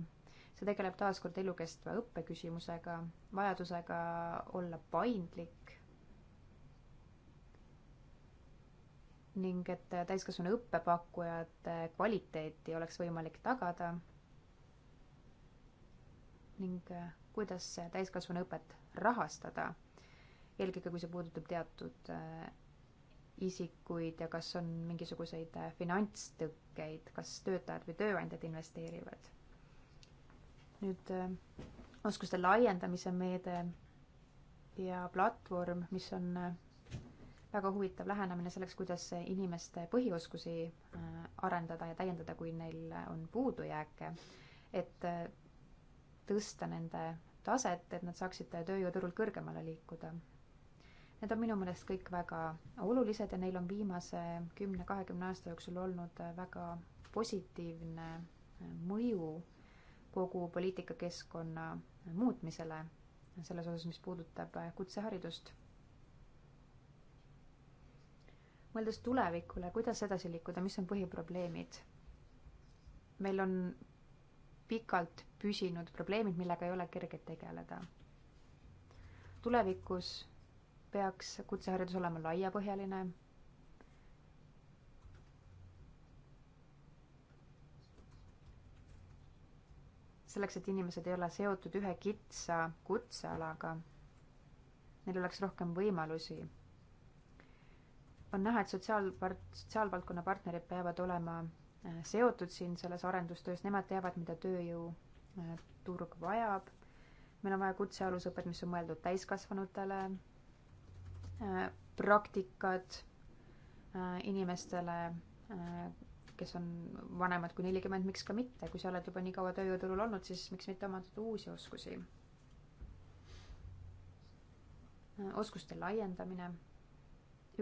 see tegeleb taaskord elukestva õppe küsimusega, vajadusega olla paindlik ning et äh, täiskasvanu õppepakkujate kvaliteeti oleks võimalik tagada ning kuidas täiskasvanu õpet rahastada eelkõige kui see puudutab teatud äh, isikuid ja kas on mingisuguseid äh, finantstõkkeid, kas töötajad või tööandjad investeerivad. nüüd äh, oskuste laiendamise meede ja platvorm, mis on väga huvitav lähenemine selleks, kuidas inimeste põhioskusi arendada ja täiendada, kui neil on puudujääke, et tõsta nende taset, et nad saaksid tööjõuturul kõrgemale liikuda Need on minu meelest kõik väga olulised ja neil on viimase kümne-kahekümne aasta jooksul olnud äh, väga positiivne äh, mõju kogu poliitikakeskkonna muutmisele selles osas, mis puudutab äh, kutseharidust. mõeldes tulevikule, kuidas edasi liikuda, mis on põhiprobleemid? meil on pikalt püsinud probleemid, millega ei ole kerge tegeleda. tulevikus peaks kutseharidus olema laiapõhjaline. selleks, et inimesed ei ole seotud ühe kitsa kutsealaga. Neil oleks rohkem võimalusi. on näha, et sotsiaalpart-, sotsiaalvaldkonna partnerid peavad olema äh, seotud siin selles arendustöös, nemad teavad, mida tööjõuturg äh, vajab. meil on vaja kutsealusõpet, mis on mõeldud täiskasvanutele Äh, praktikad äh, inimestele, äh, kes on vanemad kui nelikümmend, miks ka mitte, kui sa oled juba nii kaua tööjõuturul olnud, siis miks mitte omandada uusi oskusi. oskuste laiendamine,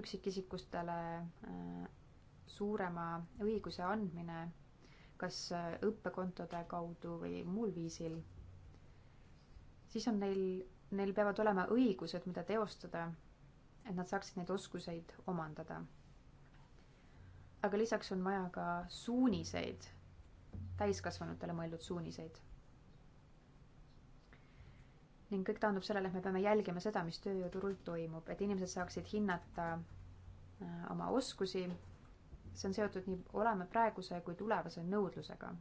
üksikisikustele suurema õiguse andmine, kas õppekontode kaudu või muul viisil, siis on neil, neil peavad olema õigused, mida teostada et nad saaksid neid oskuseid omandada. aga lisaks on vaja ka suuniseid, täiskasvanutele mõeldud suuniseid. ning kõik taandub sellele, et me peame jälgima seda, mis tööjõuturul toimub, et inimesed saaksid hinnata äh, oma oskusi. see on seotud nii oleme praeguse kui tulevase nõudlusega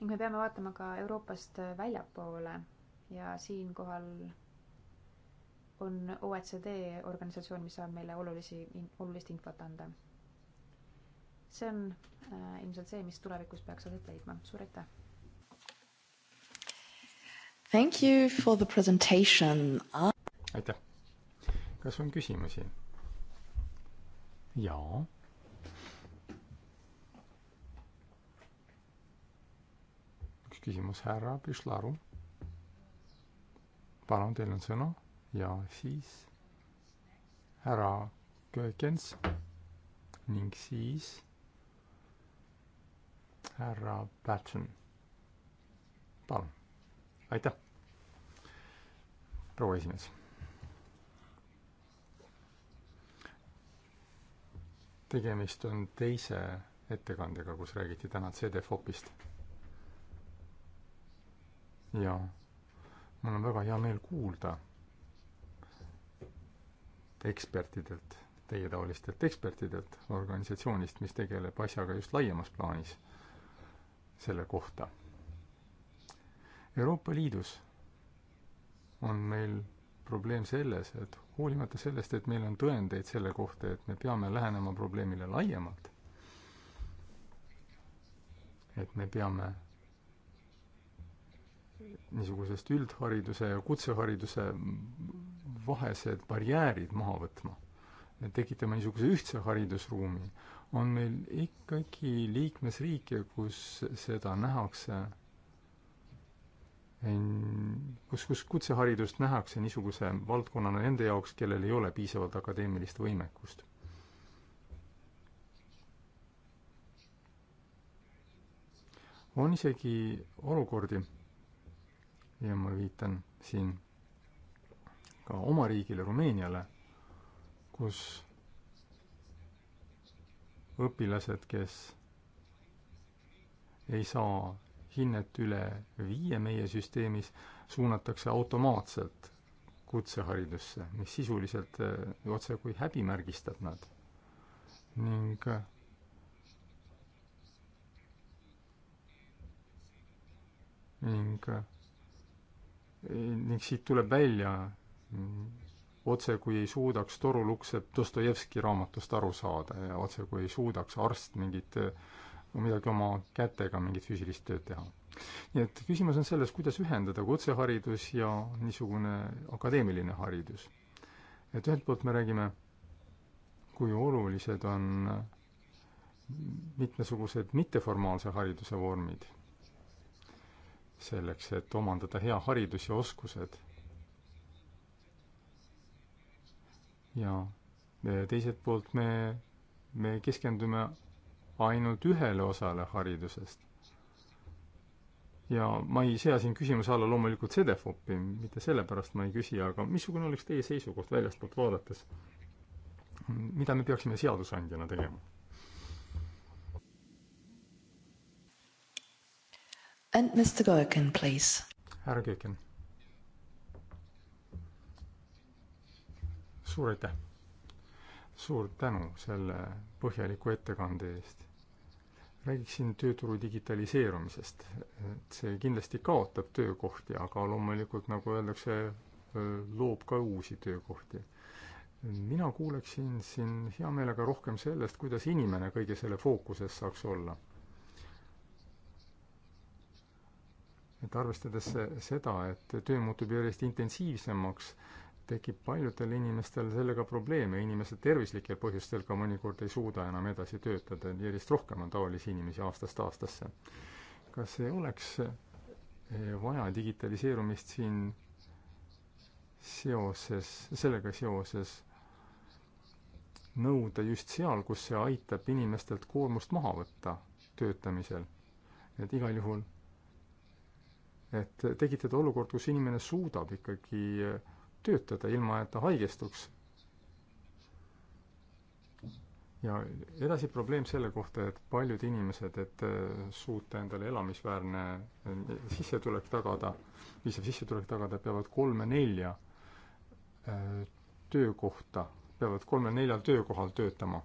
ning me peame vaatama ka Euroopast väljapoole ja siinkohal on OECD organisatsioon, mis saab meile olulisi, olulist infot anda. see on äh, ilmselt see, mis tulevikus peaks aset leidma. suur aitäh! Thank you for the presentation. aitäh! kas on küsimusi? jaa. üks küsimus härra Püšlaru palun, teil on sõna ja siis härra Köökens ning siis härra Patson. palun, aitäh, proua esimees. tegemist on teise ettekandega, kus räägiti täna CD-FOPist. ja mul on väga hea meel kuulda ekspertidelt, teietaolistelt ekspertidelt organisatsioonist, mis tegeleb asjaga just laiemas plaanis, selle kohta. Euroopa Liidus on meil probleem selles, et hoolimata sellest, et meil on tõendeid selle kohta, et me peame lähenema probleemile laiemalt, et me peame niisugusest üldhariduse ja kutsehariduse vahesed barjäärid maha võtma, tekitama niisuguse ühtse haridusruumi, on meil ikkagi liikmesriike, kus seda nähakse, kus, kus kutseharidust nähakse niisuguse valdkonnana nende jaoks, kellel ei ole piisavalt akadeemilist võimekust on isegi olukordi, ja ma viitan siin ka oma riigile, Rumeeniale, kus õpilased, kes ei saa hinnet üle viie meie süsteemis, suunatakse automaatselt kutseharidusse, mis sisuliselt eh, otsekui häbimärgistab nad. ning ning ning siit tuleb välja, mm, otse kui ei suudaks torulukse Dostojevski raamatust aru saada ja otse kui ei suudaks arst mingit, midagi oma kätega, mingit füüsilist tööd teha. nii et küsimus on selles, kuidas ühendada kutseharidus ja niisugune akadeemiline haridus. et ühelt poolt me räägime, kui olulised on mitmesugused mitteformaalse hariduse vormid selleks, et omandada hea haridus ja oskused. ja teiselt poolt me, me keskendume ainult ühele osale haridusest. ja ma ei sea siin küsimuse alla loomulikult Cedefopi, mitte sellepärast ma ei küsi, aga missugune oleks teie seisukoht väljastpoolt vaadates? mida me peaksime seadusandjana tegema? And Mr Gherkin, please. härra Gherkin. suur aitäh. suur tänu selle põhjaliku ettekande eest. räägiksin tööturu digitaliseerumisest. et see kindlasti kaotab töökohti, aga loomulikult, nagu öeldakse, loob ka uusi töökohti mina kuuleksin siin hea meelega rohkem sellest, kuidas inimene kõige selle fookuses saaks olla. et arvestades seda, et töö muutub järjest intensiivsemaks, tekib paljudel inimestel sellega probleeme, inimesed tervislikel põhjustel ka mõnikord ei suuda enam edasi töötada, järjest rohkem on taolisi inimesi aastast aastasse. kas ei oleks eh, vaja digitaliseerumist siin seoses, sellega seoses nõuda just seal, kus see aitab inimestelt koormust maha võtta töötamisel? et igal juhul et tekitada olukord, kus inimene suudab ikkagi töötada, ilma et ta haigestuks. ja edasi probleem selle kohta, et paljud inimesed, et äh, suuta endale elamisväärne äh, sissetulek tagada, piisav sissetulek tagada, peavad kolme-nelja äh, töökohta, peavad kolmel-neljal töökohal töötama.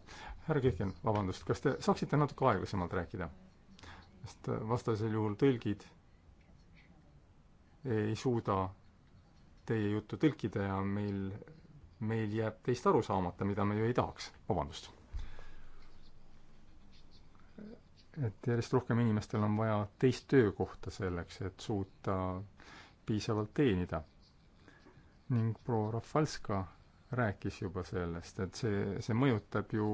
härra Kirken, vabandust, kas te saaksite natuke aeglasemalt rääkida? sest vastasel juhul tõlgid ei suuda teie juttu tõlkida ja meil, meil jääb teist aru saamata, mida me ju ei tahaks. vabandust. et järjest rohkem inimestel on vaja teist töökohta selleks, et suuta piisavalt teenida. ning proua Rafalska rääkis juba sellest, et see, see mõjutab ju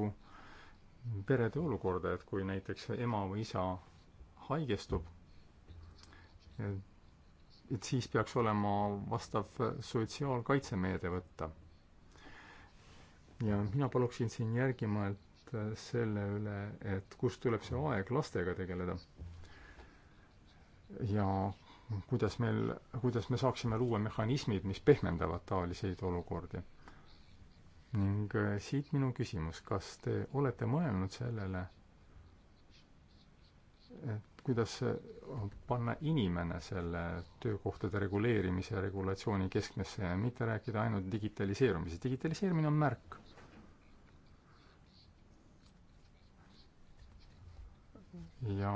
perede olukorda, et kui näiteks ema või isa haigestub, et et siis peaks olema vastav sotsiaalkaitsemeede võtta. ja mina paluksin siin järgi mõelda äh, selle üle, et kust tuleb see aeg lastega tegeleda. ja kuidas meil, kuidas me saaksime luua mehhanismid, mis pehmendavad taoliseid olukordi. ning äh, siit minu küsimus, kas te olete mõelnud sellele, et kuidas panna inimene selle töökohtade reguleerimise ja regulatsiooni keskmesse ja mitte rääkida ainult digitaliseerumisest. digitaliseerimine on märk. ja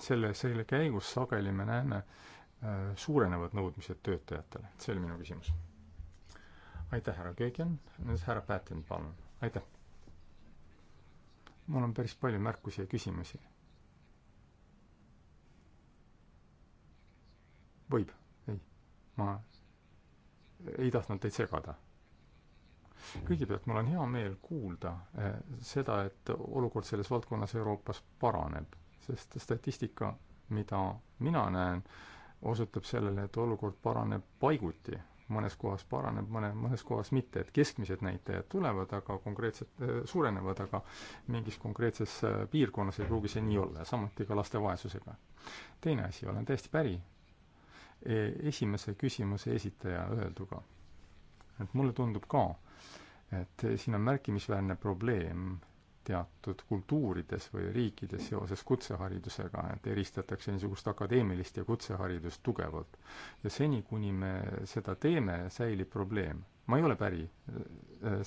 selle, selle käigus sageli me näeme äh, suurenevad nõudmised töötajatele. see oli minu küsimus. aitäh, härra Köögen. nüüd härra Päten, palun. aitäh. mul on päris palju märkusi ja küsimusi võib, ei, ma ei tahtnud teid segada. kõigepealt mul on hea meel kuulda eh, seda, et olukord selles valdkonnas Euroopas paraneb, sest statistika, mida mina näen, osutab sellele, et olukord paraneb paiguti, mõnes kohas paraneb, mõne, mõnes kohas mitte, et keskmised näitajad tulevad, aga konkreetselt äh, eh, suurenevad, aga mingis konkreetses eh, piirkonnas ei pruugi see nii olla ja samuti ka laste vaesusega. teine asi, olen täiesti päri E, esimese küsimuse esitaja öelduga. et mulle tundub ka, et siin on märkimisväärne probleem teatud kultuurides või riikides seoses kutseharidusega, et eristatakse niisugust akadeemilist ja kutseharidust tugevalt. ja seni, kuni me seda teeme, säilib probleem. ma ei ole päri e,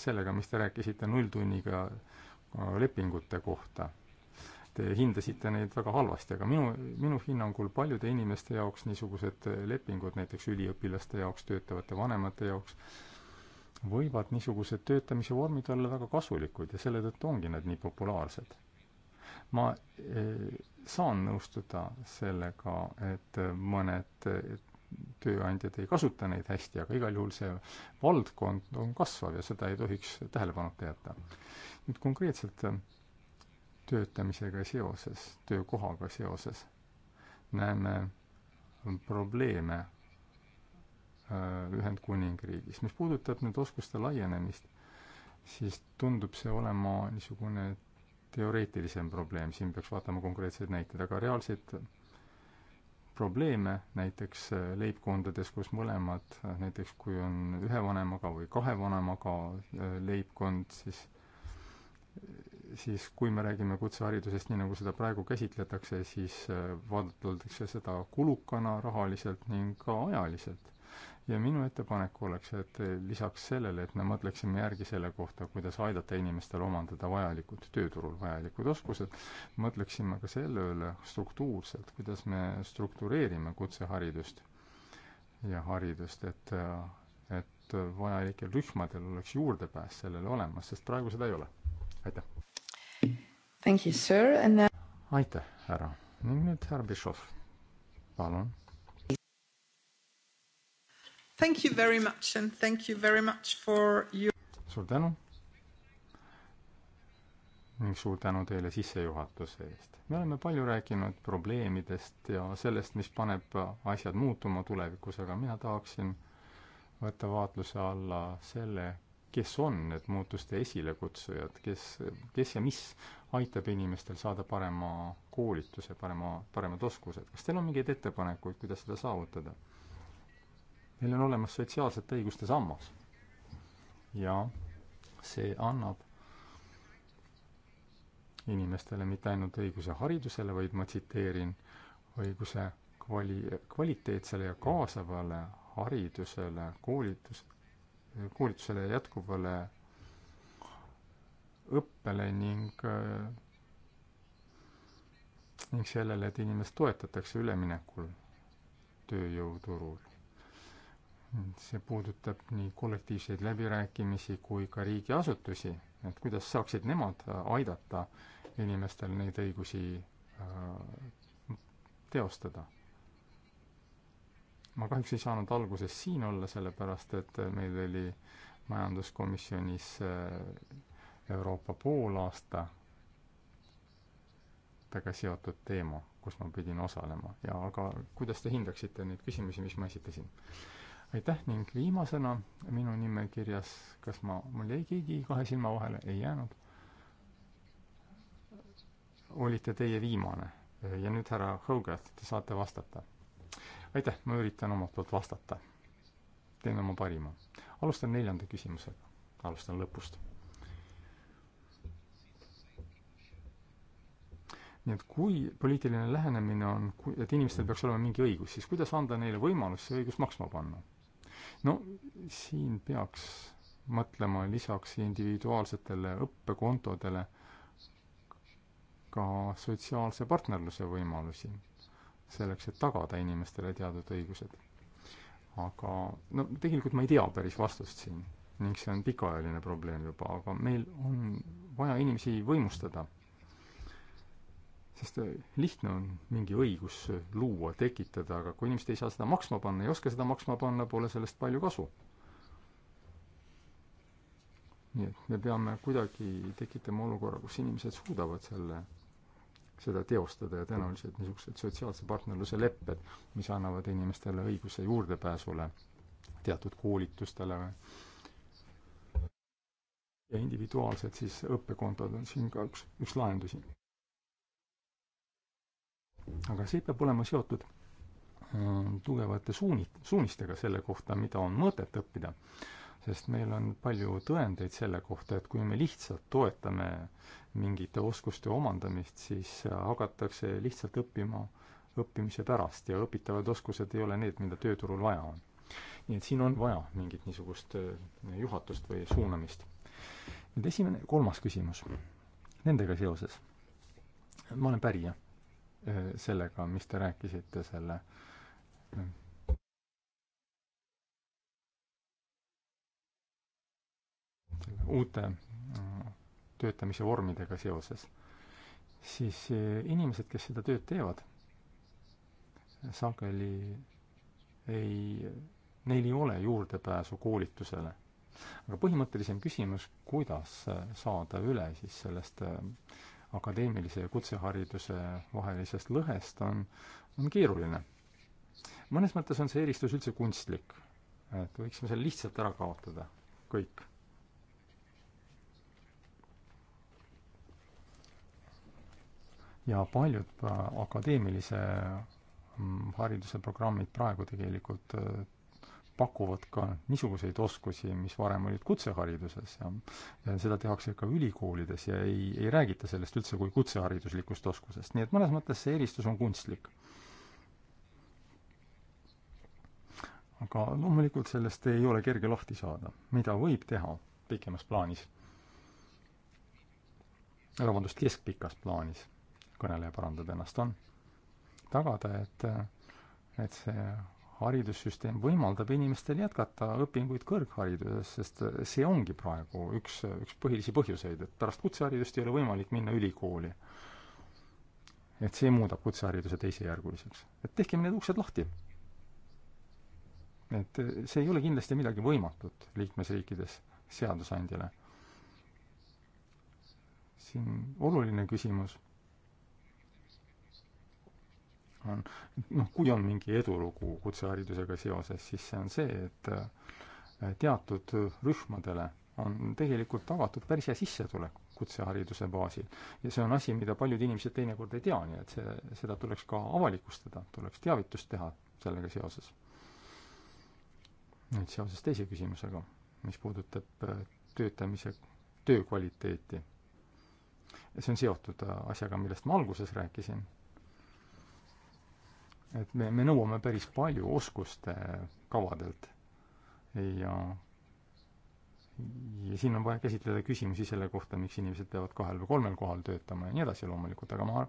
sellega, mis te rääkisite nulltunniga lepingute kohta te hindasite neid väga halvasti, aga minu, minu hinnangul paljude inimeste jaoks niisugused lepingud, näiteks üliõpilaste jaoks, töötavate vanemate jaoks, võivad niisugused töötamise vormid olla väga kasulikud ja selle tõttu ongi nad nii populaarsed. ma e, saan nõustuda sellega, et mõned tööandjad ei kasuta neid hästi, aga igal juhul see valdkond on kasvav ja seda ei tohiks tähelepanuta jätta. nüüd konkreetselt töötamisega seoses, töökohaga seoses näeme probleeme äh, Ühendkuningriigis. mis puudutab nüüd oskuste laienemist, siis tundub see olema niisugune teoreetilisem probleem, siin peaks vaatama konkreetseid näiteid, aga reaalseid probleeme näiteks äh, leibkondades, kus mõlemad, äh, näiteks kui on ühe vanemaga või kahe vanemaga leibkond, siis siis kui me räägime kutseharidusest, nii nagu seda praegu käsitletakse, siis äh, vaadatakse seda kulukana rahaliselt ning ka ajaliselt. ja minu ettepanek oleks, et äh, lisaks sellele, et me mõtleksime järgi selle kohta, kuidas aidata inimestel omandada vajalikud, tööturul vajalikud oskused, mõtleksime ka selle üle struktuurselt, kuidas me struktureerime kutseharidust ja haridust, et äh, et vajalikel rühmadel oleks juurdepääs sellele olemas, sest praegu seda ei ole. aitäh! Thank you, sir, and then... aitäh, härra. ning nüüd härra Bischoff, palun. Thank you very much and thank you very much for you. suur tänu. ning suur tänu teile sissejuhatuse eest. me oleme palju rääkinud probleemidest ja sellest, mis paneb asjad muutuma tulevikus, aga mina tahaksin võtta vaatluse alla selle, kes on need muutuste esilekutsujad, kes, kes ja mis aitab inimestel saada parema koolituse, parema, paremad oskused. kas teil on mingeid ettepanekuid, kuidas seda saavutada? meil on olemas sotsiaalsete õiguste sammas ja see annab inimestele mitte ainult õiguse haridusele, vaid ma tsiteerin, õiguse kvali-, kvaliteetsele ja kaasavale haridusele, koolitus, koolitusele ja jätkuvale õppele ning, äh, ning sellele, et inimest toetatakse üleminekul tööjõuturul. see puudutab nii kollektiivseid läbirääkimisi kui ka riigiasutusi, et kuidas saaksid nemad aidata inimestel neid õigusi äh, teostada. ma kahjuks ei saanud alguses siin olla, sellepärast et meil oli majanduskomisjonis äh, Euroopa poolaasta temaga seotud teema, kus ma pidin osalema ja aga kuidas te hindaksite neid küsimusi, mis ma esitasin? aitäh ning viimasena minu nimekirjas, kas ma, mul jäi keegi kahe silma vahele, ei jäänud. olite teie viimane ja nüüd härra Hogarth, te saate vastata. aitäh, ma üritan omalt poolt vastata. teen oma parima. alustan neljanda küsimusega, alustan lõpust nii et kui poliitiline lähenemine on, et inimestel peaks olema mingi õigus, siis kuidas anda neile võimalus see õigus maksma panna? no siin peaks mõtlema lisaks individuaalsetele õppekontodele ka sotsiaalse partnerluse võimalusi, selleks et tagada inimestele teatud õigused. aga no tegelikult ma ei tea päris vastust siin ning see on pikaajaline probleem juba, aga meil on vaja inimesi võimustada sest äh, lihtne on mingi õigus luua, tekitada, aga kui inimesed ei saa seda maksma panna, ei oska seda maksma panna, pole sellest palju kasu. nii et me peame kuidagi tekitama olukorra, kus inimesed suudavad selle, seda teostada ja tõenäoliselt niisugused sotsiaalse partnerluse lepped, mis annavad inimestele õiguse juurdepääsule teatud koolitustele ja individuaalselt siis õppekontod on siin ka üks, üks lahendusi aga see peab olema seotud mm, tugevate suunit-, suunistega selle kohta, mida on mõtet õppida. sest meil on palju tõendeid selle kohta, et kui me lihtsalt toetame mingite oskuste omandamist, siis hakatakse lihtsalt õppima õppimise pärast ja õpitavad oskused ei ole need, mida tööturul vaja on. nii et siin on vaja mingit niisugust äh, juhatust või suunamist. nüüd esimene, kolmas küsimus. Nendega seoses. ma olen pärija sellega, mis te rääkisite selle uute äh, töötamise vormidega seoses, siis äh, inimesed, kes seda tööd teevad, sageli ei, neil ei ole juurdepääsu koolitusele. aga põhimõttelisem küsimus, kuidas saada üle siis sellest äh, akadeemilise ja kutsehariduse vahelisest lõhest on, on keeruline. mõnes mõttes on see eristus üldse kunstlik, et võiksime selle lihtsalt ära kaotada, kõik ja paljud äh, akadeemilise mm, hariduse programmid praegu tegelikult äh, pakuvad ka niisuguseid oskusi, mis varem olid kutsehariduses ja, ja seda tehakse ka ülikoolides ja ei, ei räägita sellest üldse kui kutsehariduslikust oskusest, nii et mõnes mõttes see eristus on kunstlik. aga loomulikult sellest ei ole kerge lahti saada, mida võib teha pikemas plaanis. Äh, vabandust, keskpikas plaanis, kõneleja parandab ennast, on tagada, et, et see haridussüsteem võimaldab inimestel jätkata õpinguid kõrghariduses, sest see ongi praegu üks, üks põhilisi põhjuseid, et pärast kutseharidust ei ole võimalik minna ülikooli. et see muudab kutsehariduse teisejärguliseks. et tehkem need uksed lahti. et see ei ole kindlasti midagi võimatut liikmesriikides seadusandjale. siin oluline küsimus on, noh, kui on mingi edulugu kutseharidusega seoses, siis see on see, et äh, teatud rühmadele on tegelikult tagatud päris hea sissetulek kutsehariduse baasil. ja see on asi, mida paljud inimesed teinekord ei tea, nii et see, seda tuleks ka avalikustada, tuleks teavitust teha sellega seoses. nüüd seoses teise küsimusega, mis puudutab äh, töötamise, töö kvaliteeti. see on seotud äh, asjaga, millest ma alguses rääkisin et me, me nõuame päris palju oskuste kavadelt ja ja siin on vaja käsitleda küsimusi selle kohta, miks inimesed peavad kahel või kolmel kohal töötama ja nii edasi loomulikult, aga ma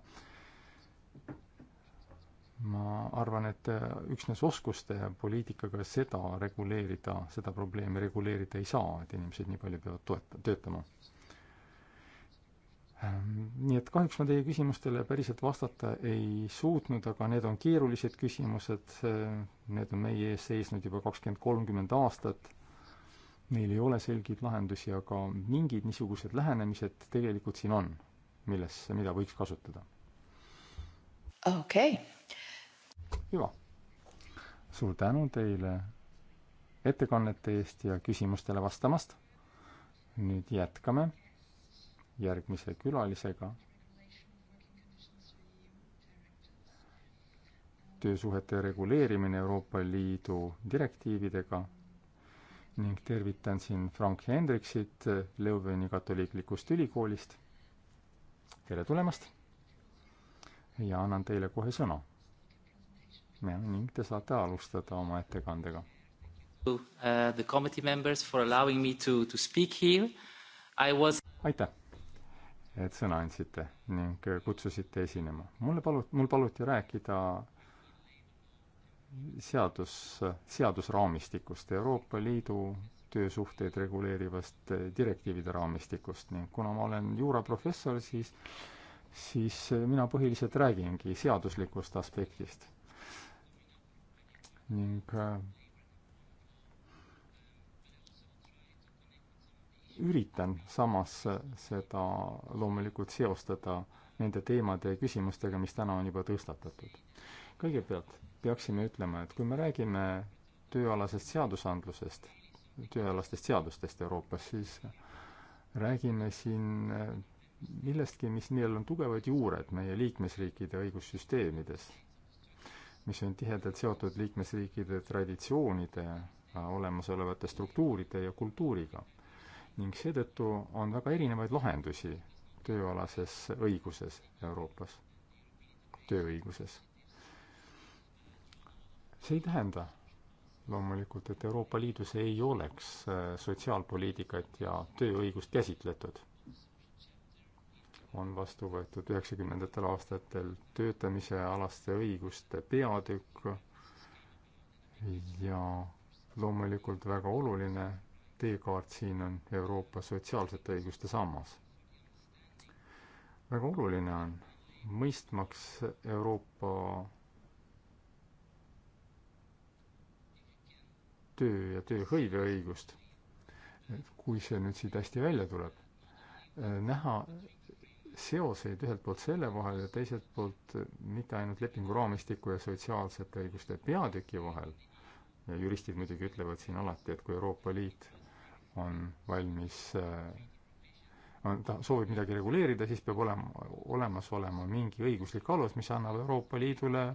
ma arvan, et üksnes oskuste ja poliitikaga seda reguleerida, seda probleemi reguleerida ei saa, et inimesed nii palju peavad toeta-, töötama. Äh, nii et kahjuks ma teie küsimustele päriselt vastata ei suutnud, aga need on keerulised küsimused, äh, need on meie ees seisnud juba kakskümmend, kolmkümmend aastat, meil ei ole selgeid lahendusi, aga mingid niisugused lähenemised tegelikult siin on, milles, mida võiks kasutada. okei okay.. hüva. suur tänu teile ettekannete eest ja küsimustele vastamast. nüüd jätkame järgmise külalisega. töösuhete reguleerimine Euroopa Liidu direktiividega ning tervitan siin Frank Hendriksit Leuveni katoliiklikust ülikoolist. tere tulemast! ja annan teile kohe sõna. ning te saate alustada oma ettekandega. Uh, the committee members for allowing me to, to speak here. I was aitäh! et sõna andsite ning kutsusite esinema. mulle palut-, mul paluti rääkida seadus, seadusraamistikust, Euroopa Liidu töösuhteid reguleerivast direktiivide raamistikust ning kuna ma olen juuraprofessor, siis siis mina põhiliselt räägingi seaduslikust aspektist. ning äh, üritan samas seda loomulikult seostada nende teemade ja küsimustega, mis täna on juba tõstatatud. kõigepealt peaksime ütlema, et kui me räägime tööalasest seadusandlusest, tööalastest seadustest Euroopas, siis räägime siin millestki, mis, millel on tugevad juured meie liikmesriikide õigussüsteemides, mis on tihedalt seotud liikmesriikide traditsioonide, äh, olemasolevate struktuuride ja kultuuriga ning seetõttu on väga erinevaid lahendusi tööalases õiguses Euroopas, tööõiguses. see ei tähenda loomulikult, et Euroopa Liidus ei oleks äh, sotsiaalpoliitikat ja tööõigust käsitletud. on vastu võetud üheksakümnendatel aastatel töötamise alaste õiguste peatükk ja loomulikult väga oluline teekaart siin on Euroopa sotsiaalsete õiguste sammas. väga oluline on mõistmaks Euroopa töö ja tööhõiveõigust, kui see nüüd siit hästi välja tuleb, äh, näha seoseid ühelt poolt selle vahel ja teiselt poolt mitte ainult lepinguraamistiku ja sotsiaalsete õiguste peatüki vahel, ja juristid muidugi ütlevad siin alati, et kui Euroopa Liit on valmis, äh, on, ta soovib midagi reguleerida, siis peab olema, olemas olema mingi õiguslik alus, mis annab Euroopa Liidule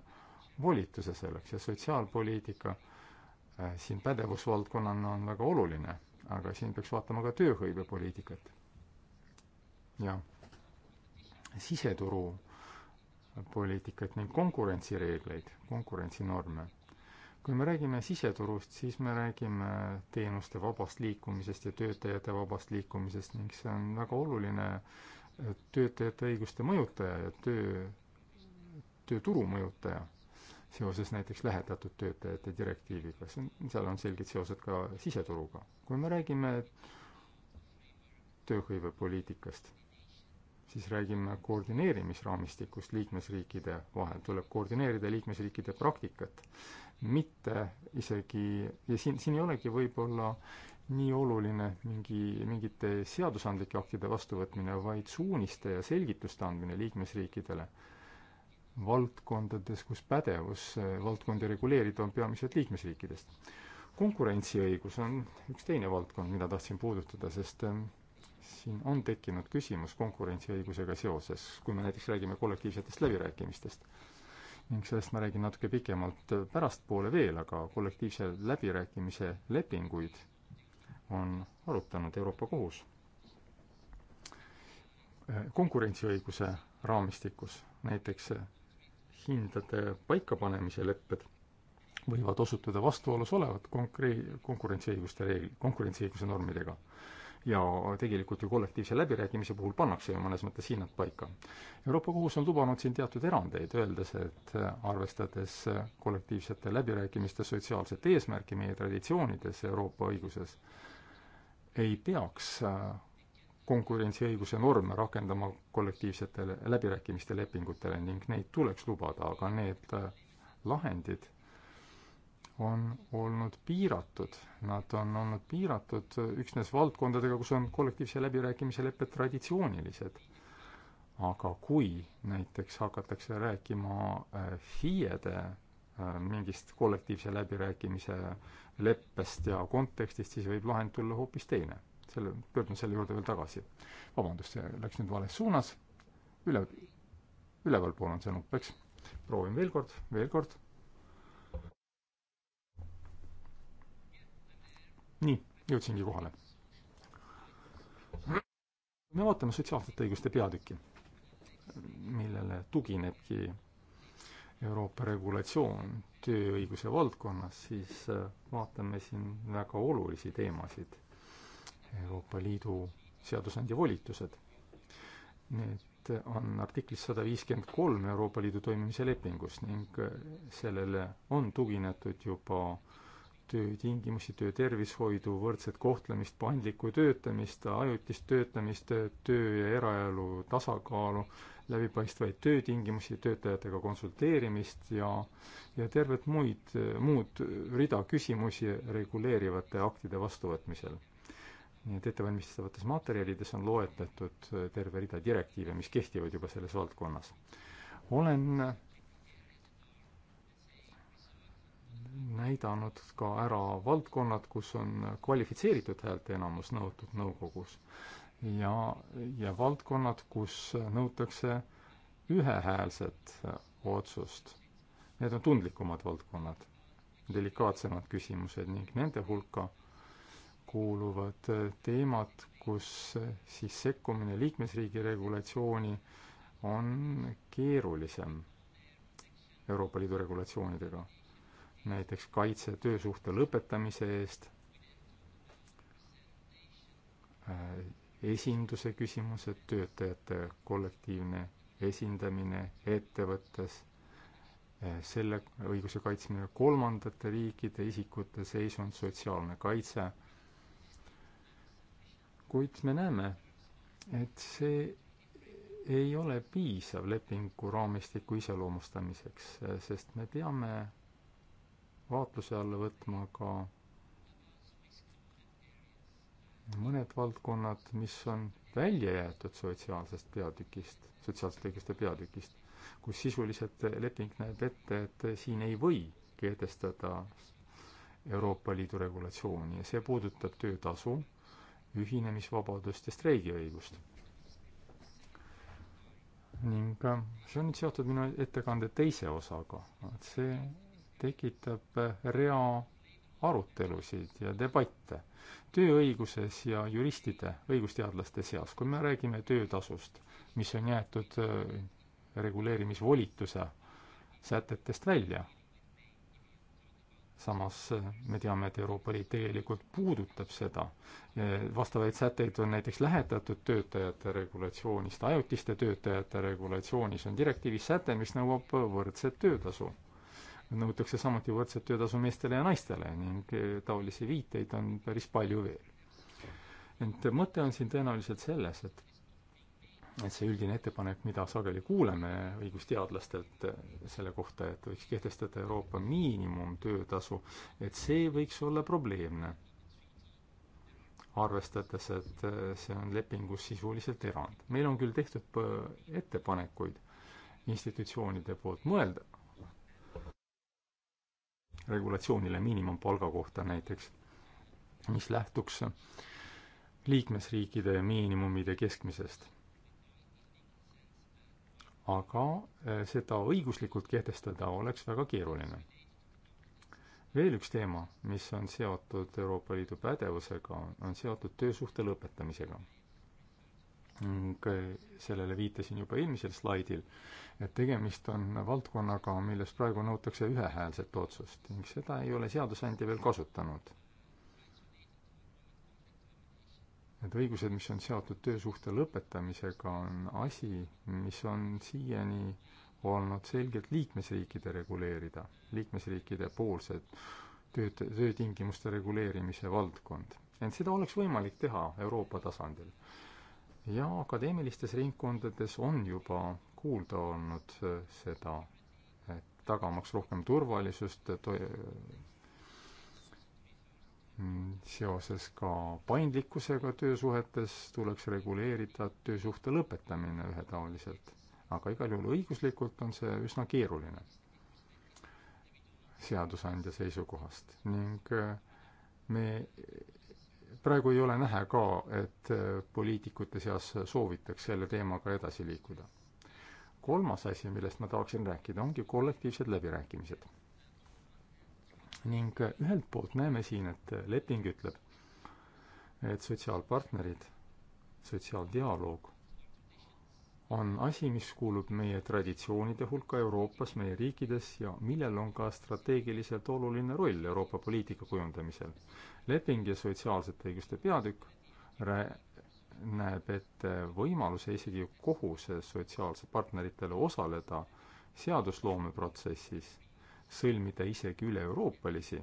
volituse selleks ja sotsiaalpoliitika äh, siin pädevusvaldkonnana on väga oluline, aga siin peaks vaatama ka tööhõivepoliitikat. ja siseturu poliitikat ning konkurentsireegleid, konkurentsinorme kui me räägime siseturust, siis me räägime teenuste vabast liikumisest ja töötajate vabast liikumisest ning see on väga oluline töötajate õiguste mõjutaja ja töö, tööturu mõjutaja seoses näiteks lähetatud töötajate direktiiviga, see on, seal on selged seosed ka siseturuga. kui me räägime tööhõivepoliitikast, siis räägime koordineerimisraamistikust liikmesriikide vahel, tuleb koordineerida liikmesriikide praktikat mitte isegi, ja siin, siin ei olegi võib-olla nii oluline mingi, mingite seadusandlike aktide vastuvõtmine, vaid suuniste ja selgituste andmine liikmesriikidele valdkondades, kus pädevus valdkondi reguleerida on peamiselt liikmesriikidest. konkurentsiõigus on üks teine valdkond, mida tahtsin puudutada, sest ähm, siin on tekkinud küsimus konkurentsiõigusega seoses, kui me näiteks räägime kollektiivsetest läbirääkimistest ning sellest ma räägin natuke pikemalt pärastpoole veel, aga kollektiivse läbirääkimise lepinguid on arutanud Euroopa Kohus konkurentsiõiguse raamistikus, näiteks hindade paikapanemise lepped võivad osutuda vastuolus olevat konkre-, konkurentsiõiguste reegl-, konkurentsiõiguse normidega ja tegelikult ju kollektiivse läbirääkimise puhul pannakse ju mõnes mõttes hinnad paika. Euroopa Kohus on lubanud siin teatud erandeid, öeldes, et arvestades kollektiivsete läbirääkimiste sotsiaalset eesmärki meie traditsioonides Euroopa õiguses, ei peaks konkurentsiõiguse norme rakendama kollektiivsetele läbirääkimiste lepingutele ning neid tuleks lubada, aga need lahendid on olnud piiratud. Nad on olnud piiratud üksnes valdkondadega, kus on kollektiivse läbirääkimise lepped traditsioonilised. aga kui näiteks hakatakse rääkima äh, FIE-de äh, mingist kollektiivse läbirääkimise leppest ja kontekstist, siis võib lahend tulla hoopis teine. selle, pöördun selle juurde veel tagasi. vabandust, see läks nüüd vales suunas, üle, ülevalpool on see nupp, eks. proovin veel kord, veel kord nii, jõudsingi kohale. me vaatame sotsiaalsete õiguste peatükki, millele tuginebki Euroopa regulatsioon tööõiguse valdkonnas, siis äh, vaatame siin väga olulisi teemasid. Euroopa Liidu seadusandja volitused. Need on artiklis sada viiskümmend kolm Euroopa Liidu toimimise lepingus ning äh, sellele on tuginetud juba töötingimusi, töötervishoidu, võrdset kohtlemist, paindlikku töötamist, ajutist töötamist, töö ja eraelu tasakaalu, läbipaistvaid töötingimusi, töötajatega konsulteerimist ja, ja tervet muid, muud rida küsimusi reguleerivate aktide vastuvõtmisel. nii et ettevalmistatavates materjalides on loetletud terve rida direktiive, mis kehtivad juba selles valdkonnas. olen näidanud ka ära valdkonnad, kus on kvalifitseeritud häälteenamus nõutud nõukogus ja, ja valdkonnad, kus nõutakse ühehäälset otsust. Need on tundlikumad valdkonnad, delikaatsemad küsimused ning nende hulka kuuluvad teemad, kus siis sekkumine liikmesriigi regulatsiooni on keerulisem Euroopa Liidu regulatsioonidega näiteks kaitse töösuhte lõpetamise eest, äh, esinduse küsimused, töötajate kollektiivne esindamine ettevõttes, äh, selle õiguse kaitsmine kolmandate riikide isikute seisund, sotsiaalne kaitse, kuid me näeme, et see ei ole piisav lepinguraamistiku iseloomustamiseks, äh, sest me peame vaatluse alla võtma ka mõned valdkonnad, mis on välja jäetud sotsiaalsest peatükist, sotsiaalsete õiguste peatükist, kus sisuliselt leping näeb ette, et siin ei või kehtestada Euroopa Liidu regulatsiooni ja see puudutab töötasu, ühinemisvabadust ja streigiõigust. ning see on nüüd seotud minu ettekande teise osaga, et see tekitab rea arutelusid ja debatte tööõiguses ja juristide, õigusteadlaste seas, kui me räägime töötasust, mis on jäetud äh, reguleerimisvolituse sätetest välja. samas äh, me teame, et Euroopa Liit tegelikult puudutab seda. Äh, vastavaid sätteid on näiteks lähetatud töötajate regulatsioonist, ajutiste töötajate regulatsioonis on direktiivis säte, mis nõuab võrdset töötasu nõutakse nagu samuti võrdset töötasu meestele ja naistele ning eh, taolisi viiteid on päris palju veel. ent mõte on siin tõenäoliselt selles, et et see üldine ettepanek, mida sageli kuuleme õigusteadlastelt eh, selle kohta, et võiks kehtestada Euroopa miinimumtöötasu, et see võiks olla probleemne. arvestades, et eh, see on lepingus sisuliselt erand. meil on küll tehtud ettepanekuid institutsioonide poolt mõelda, regulatsioonile miinimumpalga kohta näiteks, mis lähtuks liikmesriikide miinimumide keskmisest. aga eh, seda õiguslikult kehtestada oleks väga keeruline. veel üks teema, mis on seotud Euroopa Liidu pädevusega, on seotud töösuhte lõpetamisega Eh, sellele viitasin juba eelmisel slaidil, et tegemist on valdkonnaga, milles praegu nõutakse ühehäälset otsust ning seda ei ole seadusandja veel kasutanud. Need õigused, mis on seotud töösuhte lõpetamisega, on asi, mis on siiani olnud selgelt liikmesriikide reguleerida, liikmesriikide poolsed tööd, töötingimuste reguleerimise valdkond. ent seda oleks võimalik teha Euroopa tasandil ja akadeemilistes ringkondades on juba kuulda olnud äh, seda, et tagamaks rohkem turvalisust äh, to-, mm, seoses ka paindlikkusega töösuhetes tuleks reguleerida töösuhte lõpetamine ühetaoliselt. aga igal juhul õiguslikult on see üsna keeruline seadusandja seisukohast ning äh, me praegu ei ole näha ka, et äh, poliitikute seas soovitaks selle teemaga edasi liikuda. kolmas asi, millest ma tahaksin rääkida, ongi kollektiivsed läbirääkimised. ning äh, ühelt poolt näeme siin, et äh, leping ütleb, et sotsiaalpartnerid, sotsiaaldialoog on asi, mis kuulub meie traditsioonide hulka Euroopas, meie riikides ja millel on ka strateegiliselt oluline roll Euroopa poliitika kujundamisel. leping ja sotsiaalsete õiguste peatükk näeb ette võimaluse isegi kohuse sotsiaalse partneritele osaleda seadusloomeprotsessis, sõlmida isegi üle-euroopalisi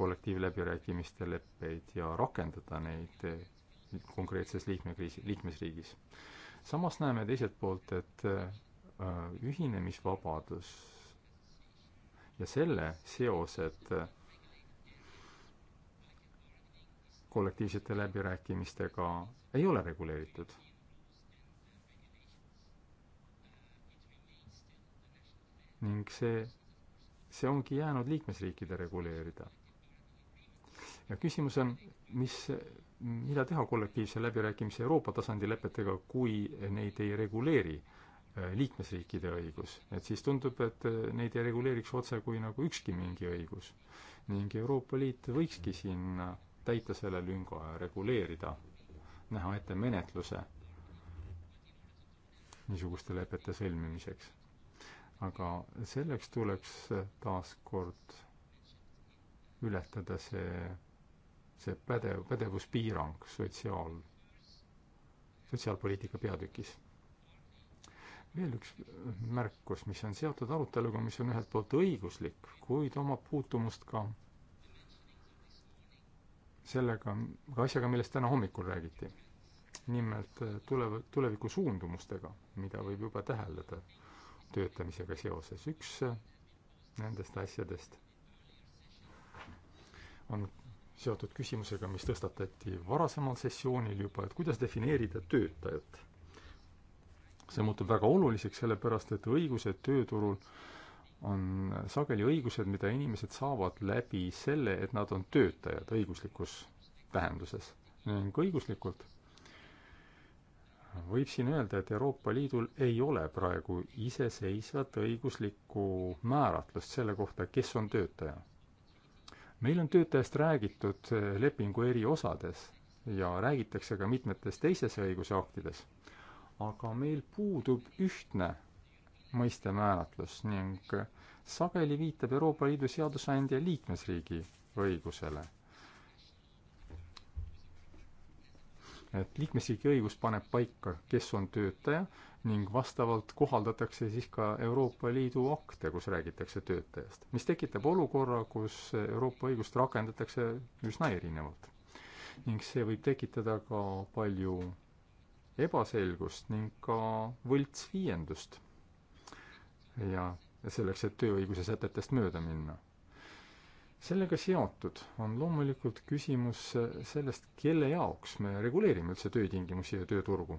kollektiivläbirääkimiste leppeid ja rakendada neid konkreetses liikmekriisi, liikmesriigis samas näeme teiselt poolt, et äh, ühinemisvabadus ja selle seosed äh, kollektiivsete läbirääkimistega ei ole reguleeritud. ning see, see ongi jäänud liikmesriikide reguleerida. ja küsimus on, mis mida teha kollektiivse läbirääkimise Euroopa tasandi lepetega, kui neid ei reguleeri äh, liikmesriikide õigus, et siis tundub, et äh, neid ei reguleeriks otse kui nagu ükski mingi õigus. ning Euroopa Liit võikski siin täita selle lünga ja reguleerida, näha ette menetluse niisuguste lepete sõlmimiseks. aga selleks tuleks äh, taaskord ületada see see pädev, pädevuspiirang sotsiaal, sotsiaalpoliitika peatükis. veel üks märkus, mis on seotud aruteluga, mis on ühelt poolt õiguslik, kuid omab puutumust ka sellega, asjaga, millest täna hommikul räägiti. nimelt eh, tulev, tuleviku suundumustega, mida võib juba täheldada töötamisega seoses. üks eh, nendest asjadest on seotud küsimusega, mis tõstatati varasemal sessioonil juba, et kuidas defineerida töötajat. see muutub väga oluliseks, sellepärast et õigused tööturul on sageli õigused, mida inimesed saavad läbi selle, et nad on töötajad õiguslikus tähenduses. ning õiguslikult võib siin öelda, et Euroopa Liidul ei ole praegu iseseisvat õiguslikku määratlust selle kohta, kes on töötaja meil on töötajast räägitud eh, lepingu eri osades ja räägitakse ka mitmetes teises õigusaktides, aga meil puudub ühtne mõiste määratlus ning eh, sageli viitab Euroopa Liidu seadusandja liikmesriigi õigusele. et liikmesriigi õigus paneb paika, kes on töötaja ning vastavalt kohaldatakse siis ka Euroopa Liidu akte, kus räägitakse töötajast, mis tekitab olukorra, kus Euroopa õigust rakendatakse üsna erinevalt. ning see võib tekitada ka palju ebaselgust ning ka võltsviiendust. ja selleks, et tööõiguse sätetest mööda minna sellega seotud on loomulikult küsimus sellest, kelle jaoks me reguleerime üldse töötingimusi ja tööturgu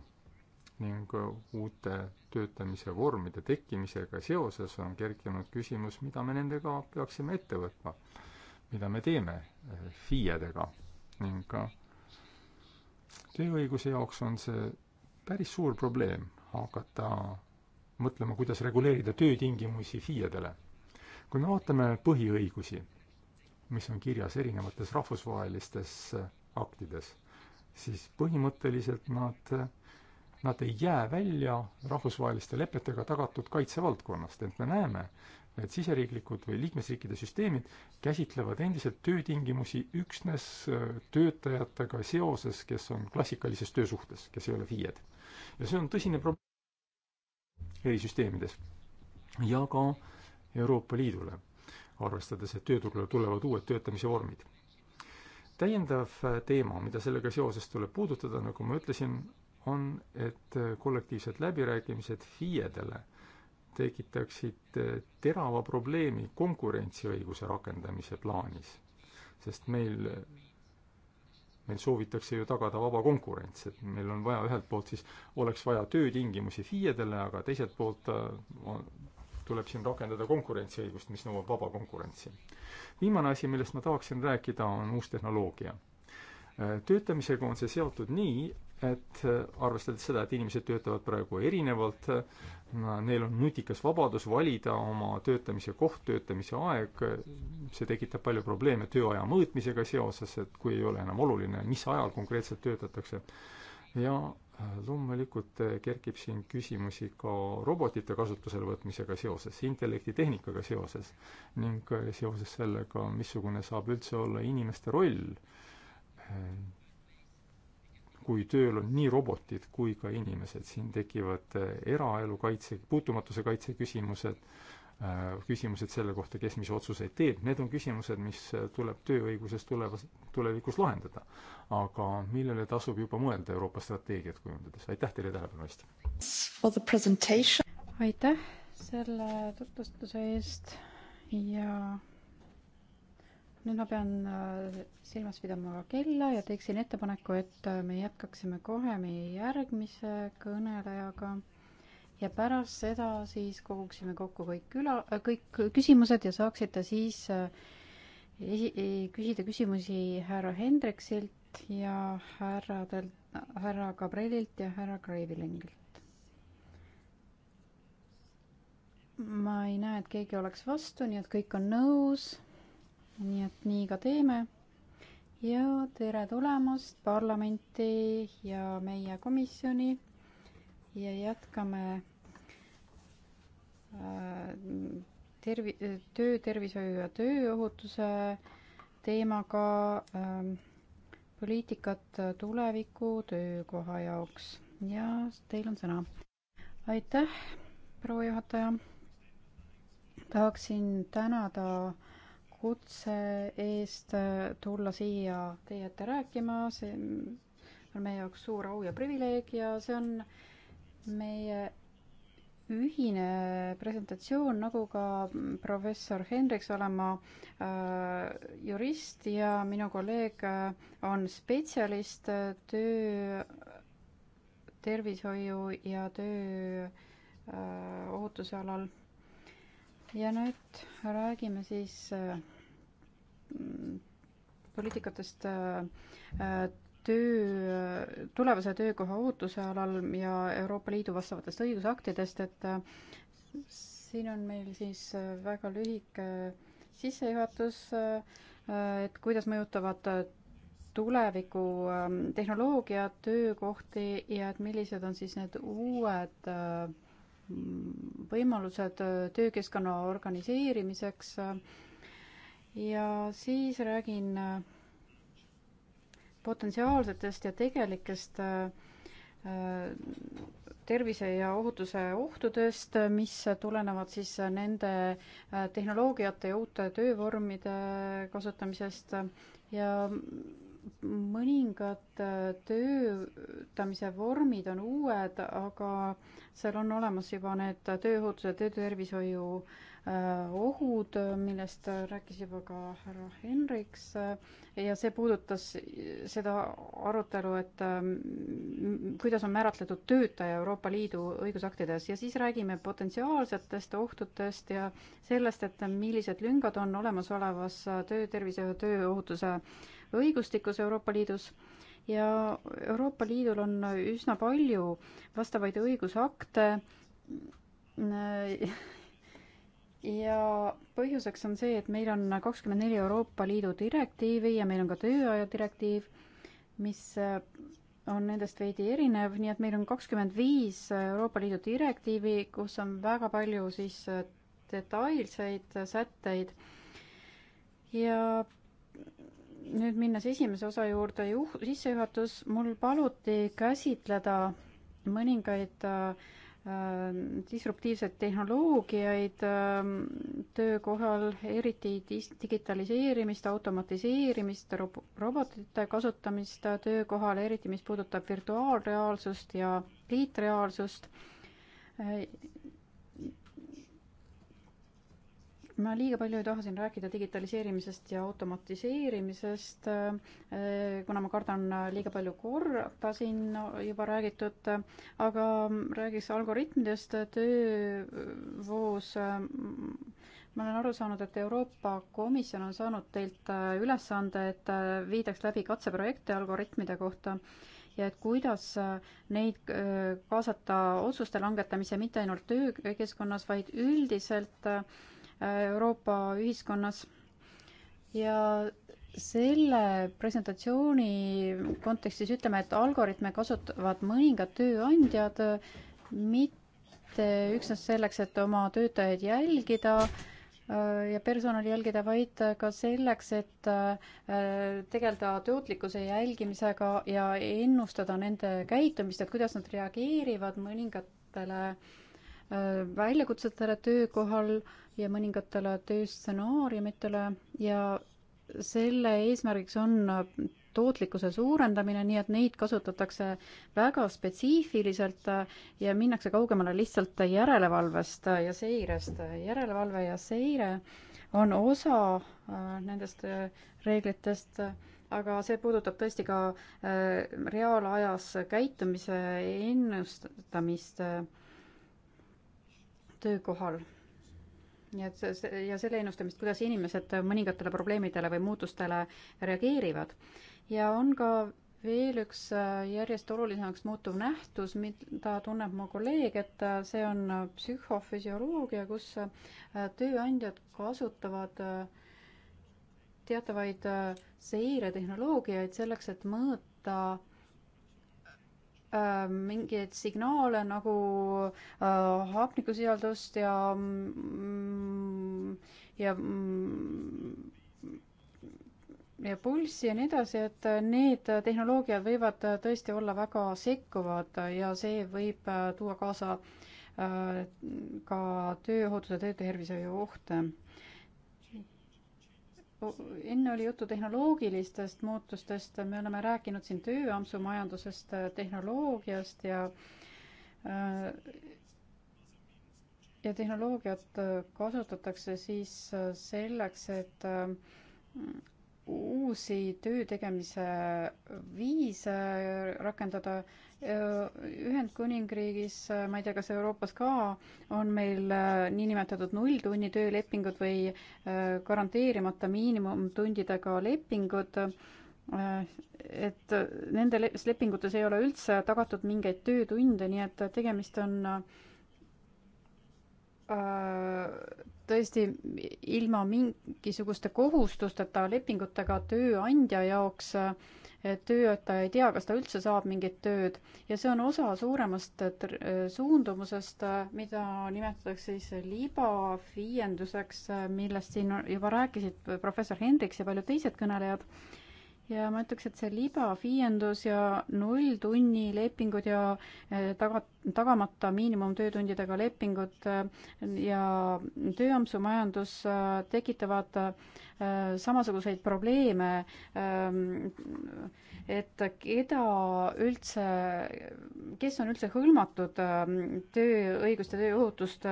ning äh, uute töötamise vormide tekkimisega seoses on kerkinud küsimus, mida me nendega peaksime ette võtma, mida me teeme äh, FIE-dega ning ka äh, tööõiguse jaoks on see päris suur probleem hakata mõtlema, kuidas reguleerida töötingimusi FIE-dele. kui me vaatame põhiõigusi, mis on kirjas erinevates rahvusvahelistes aktides, siis põhimõtteliselt nad nad ei jää välja rahvusvaheliste lepetega tagatud kaitsevaldkonnast, ent me näeme, et siseriiklikud või liikmesriikide süsteemid käsitlevad endiselt töötingimusi üksnes äh, töötajatega seoses, kes on klassikalises töösuhtes, kes ei ole FIE-d. ja see on tõsine probleem eri süsteemides ja ka Euroopa Liidule, arvestades, et tööturule tulevad uued töötamise vormid. täiendav äh, teema, mida sellega seoses tuleb puudutada, nagu ma ütlesin, on, et äh, kollektiivsed läbirääkimised FIE-dele tekitaksid äh, terava probleemi konkurentsiõiguse rakendamise plaanis. sest meil, meil soovitakse ju tagada vaba konkurents, et meil on vaja ühelt poolt siis, oleks vaja töötingimusi FIE-dele, aga teiselt poolt äh, on, tuleb siin rakendada konkurentsiõigust, mis nõuab vaba konkurentsi. viimane asi, millest ma tahaksin rääkida, on uus tehnoloogia. töötamisega on see seotud nii, et äh, arvestades seda, et inimesed töötavad praegu erinevalt, äh, neil on nutikas vabadus valida oma töötamise koht, töötamise aeg, see tekitab palju probleeme tööaja mõõtmisega seoses, et kui ei ole enam oluline, mis ajal konkreetselt töötatakse. ja äh, loomulikult kerkib siin küsimusi ka robotite kasutusele võtmisega seoses, intellektitehnikaga seoses ning seoses sellega, missugune saab üldse olla inimeste roll kui tööl on nii robotid kui ka inimesed, siin tekivad äh, eraelu kaitse, puutumatuse kaitse küsimused, äh, küsimused selle kohta, kes mis otsuseid teeb, need on küsimused, mis äh, tuleb tööõiguses tulevas, tulevikus lahendada. aga millele tasub juba mõelda Euroopa strateegiat kujundades, aitäh teile tähelepanu eest! aitäh selle tutvustuse eest ja nüüd ma pean äh, silmas pidama ka kella ja teeksin ettepaneku, et äh, me jätkaksime kohe meie järgmise kõnelejaga ja pärast seda siis koguksime kokku kõik küla, äh, kõik küsimused ja saaksite siis esi-, küsida küsimusi härra Hendriksilt ja härradelt, härra Gabrielilt ja härra Kreivilingilt. ma ei näe, et keegi oleks vastu, nii et kõik on nõus nii et nii ka teeme. ja tere tulemast parlamenti ja meie komisjoni ja jätkame äh, tervi-, töötervishoiu ja tööohutuse teemaga ähm, poliitikat tuleviku töökoha jaoks ja teil on sõna. aitäh, proua juhataja. tahaksin tänada kutse eest äh, tulla siia teie ette rääkima, see on meie jaoks suur au ja privileeg ja see on meie ühine presentatsioon, nagu ka professor Hendriks olen ma äh, jurist ja minu kolleeg äh, on spetsialist äh, töö, tervishoiu ja töö äh, ootuse alal ja nüüd räägime siis äh, poliitikatest äh, äh, töö, tulevase töökoha ootuse alal ja Euroopa Liidu vastavatest õigusaktidest, et siin on meil siis väga lühike sissejuhatus, et kuidas mõjutavad tuleviku tehnoloogiad, töökohti ja et millised on siis need uued äh, võimalused äh, töökeskkonna organiseerimiseks. Äh, ja siis räägin äh, potentsiaalsetest ja tegelikest tervise ja ohutuse ohtudest, mis tulenevad siis nende tehnoloogiate ja uute töövormide kasutamisest ja mõningad äh, töötamise vormid on uued, aga seal on olemas juba need tööohutuse, töötervishoiu äh, ohud, millest rääkis juba ka härra Henriks ja see puudutas seda arutelu, et äh, kuidas on määratletud töötaja Euroopa Liidu õigusaktides ja siis räägime potentsiaalsetest ohtudest ja sellest, et millised lüngad on olemasolevas töötervishoiu ja tööohutuse töö õigustikus Euroopa Liidus ja Euroopa Liidul on üsna palju vastavaid õigusakte ja põhjuseks on see, et meil on kakskümmend neli Euroopa Liidu direktiivi ja meil on ka tööaja direktiiv, mis äh, on nendest veidi erinev, nii et meil on kakskümmend viis Euroopa Liidu direktiivi, kus on väga palju siis äh, detailseid sätteid ja nüüd minnes esimese osa juurde, juh-, sissejuhatus, mul paluti käsitleda mõningaid äh, disruptiivseid tehnoloogiaid äh, töökohal, eriti dis-, digitaliseerimist, automatiseerimist, rob-, robotite kasutamist töökohal, eriti mis puudutab virtuaalreaalsust ja liitreaalsust äh,, ma liiga palju ei taha siin rääkida digitaliseerimisest ja automatiseerimisest, eh, kuna ma kardan eh, liiga palju korda siin juba räägitud, eh, aga räägiks algoritmidest töövoos. ma olen aru saanud, et Euroopa Komisjon on saanud teilt ülesande, et viidaks läbi katseprojekte algoritmide kohta ja et kuidas neid kaasata otsuste langetamise mitte ainult töökeskkonnas, vaid üldiselt äh, Euroopa ühiskonnas ja selle presentatsiooni kontekstis ütleme, et algoritme kasutavad mõningad tööandjad, mitte üksnes selleks, et oma töötajaid jälgida äh, ja personali jälgida, vaid ka selleks, et äh, tegeleda tootlikkuse jälgimisega ja ennustada nende käitumist, et kuidas nad reageerivad mõningatele äh, väljakutsetele töökohal äh, ja mõningatele tööstsenaariumitele ja selle eesmärgiks on tootlikkuse suurendamine, nii et neid kasutatakse väga spetsiifiliselt ja minnakse kaugemale lihtsalt järelevalvest ja seirest. järelevalve ja seire on osa äh, nendest äh, reeglitest, aga see puudutab tõesti ka äh, reaalajas käitumise ennustamist töökohal nii et see, ja selle ennustamist, kuidas inimesed mõningatele probleemidele või muutustele reageerivad. ja on ka veel üks äh, järjest olulisemaks muutuv nähtus, mida tunneb mu kolleeg, et äh, see on äh, psühhofüsioloogia, kus tööandjad kasutavad teatavaid seiretehnoloogiaid selleks, et mõõta Äh, mingeid signaale nagu äh, hapnikusisaldust ja mm, ja mm, ja pulssi ja nii edasi, et need tehnoloogiad võivad tõesti olla väga sekkuvad ja see võib äh, tuua kaasa äh, ka tööohutuse, töötervishoiu ohte enne oli juttu tehnoloogilistest muutustest, me oleme rääkinud siin tööampsumajandusest, äh, tehnoloogiast ja äh, ja tehnoloogiat äh, kasutatakse siis selleks, et uusi töö tegemise viise rakendada Ühendkuningriigis, ma ei tea, kas Euroopas ka, on meil äh, niinimetatud nulltunni töölepingud või äh, garanteerimata miinimumtundidega lepingud, äh, et nendes lepingutes ei ole üldse tagatud mingeid töötunde, nii et tegemist on tõesti ilma mingisuguste kohustusteta lepingutega tööandja jaoks äh, töötaja ei tea, kas ta üldse saab mingit tööd ja see on osa suuremast suundumusest, mida nimetatakse siis libaviienduseks, millest siin juba rääkisid professor Hendriks ja paljud teised kõnelejad ja ma ütleks, et see libaviiendus ja nulltunni lepingud ja eh, taga, tagamata miinimumtöötundidega lepingud eh, ja tööampsumajandus eh, tekitavad samasuguseid probleeme, et keda üldse, kes on üldse hõlmatud tööõiguste, tööohutust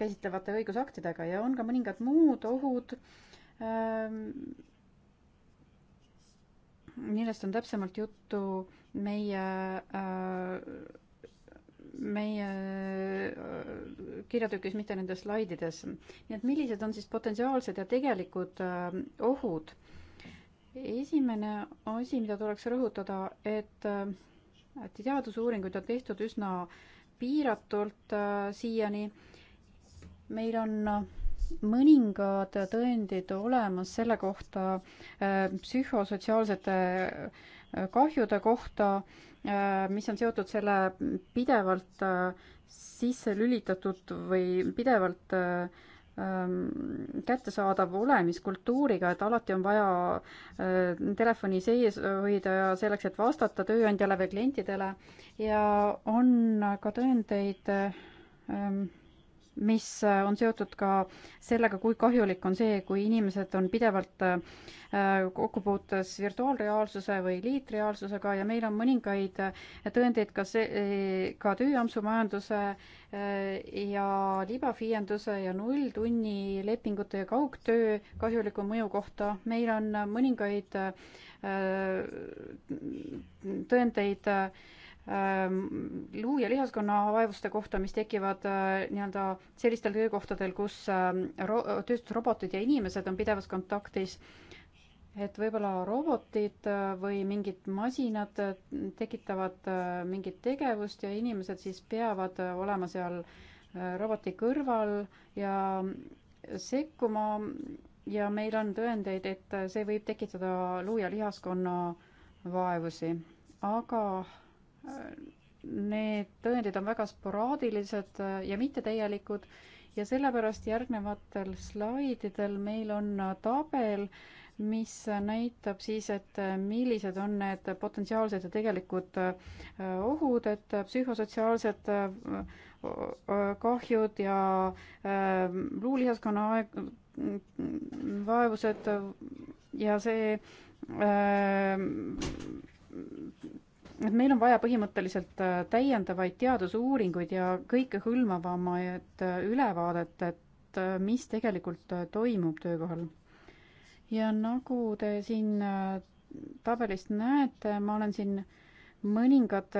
käsitlevate õigusaktidega ja on ka mõningad muud ohud millest on täpsemalt juttu meie äh, meie äh, kirjatükis, mitte nendes slaidides. nii et millised on siis potentsiaalsed ja tegelikud äh, ohud? esimene asi, mida tuleks rõhutada, et, et teadusuuringuid on tehtud üsna piiratult siiani. meil on mõningad tõendid olemas selle kohta äh, psühhosotsiaalsete äh, kahjude kohta, äh, mis on seotud selle pidevalt sisse lülitatud või pidevalt ähm, kättesaadav olemiskultuuriga, et alati on vaja telefoni sees hoida ja selleks, et vastata tööandjale või klientidele ja on ka tõendeid ähm, mis äh, on seotud ka sellega, kui kahjulik on see, kui inimesed on pidevalt äh, kokkupuutes virtuaalreaalsuse või liitreaalsusega ja meil on mõningaid äh, tõendeid ka see, ka tööampsumajanduse ja libafiienduse ja nulltunni lepingute ja kaugtöö kahjuliku mõju kohta. meil on mõningaid tõendeid Ehm, luu- ja lihaskonna vaevuste kohta, mis tekivad äh, nii-öelda sellistel töökohtadel, kus ähm, ro-, äh, tööstusrobotid ja inimesed on pidevas kontaktis, et võib-olla robotid äh, või mingid masinad tekitavad mingit tegevust ja inimesed siis peavad olema seal roboti kõrval ja mm, sekkuma ja meil on tõendeid, et see võib tekitada luu- ja lihaskonna vaevusi. aga need tõendid on väga sporaadilised äh, ja mittetäielikud ja sellepärast järgnevatel slaididel meil on äh, tabel, mis näitab siis, et äh, millised on need potentsiaalsed ja tegelikud ohud, et psühhosotsiaalsed kahjud ja luulihaskonna aeg, vaevused ja see et meil on vaja põhimõtteliselt äh, täiendavaid teadusuuringuid ja kõikehõlmavamaid äh, ülevaadet, et äh, mis tegelikult toimub töökohal. ja nagu te siin tabelist näete, ma olen siin mõningad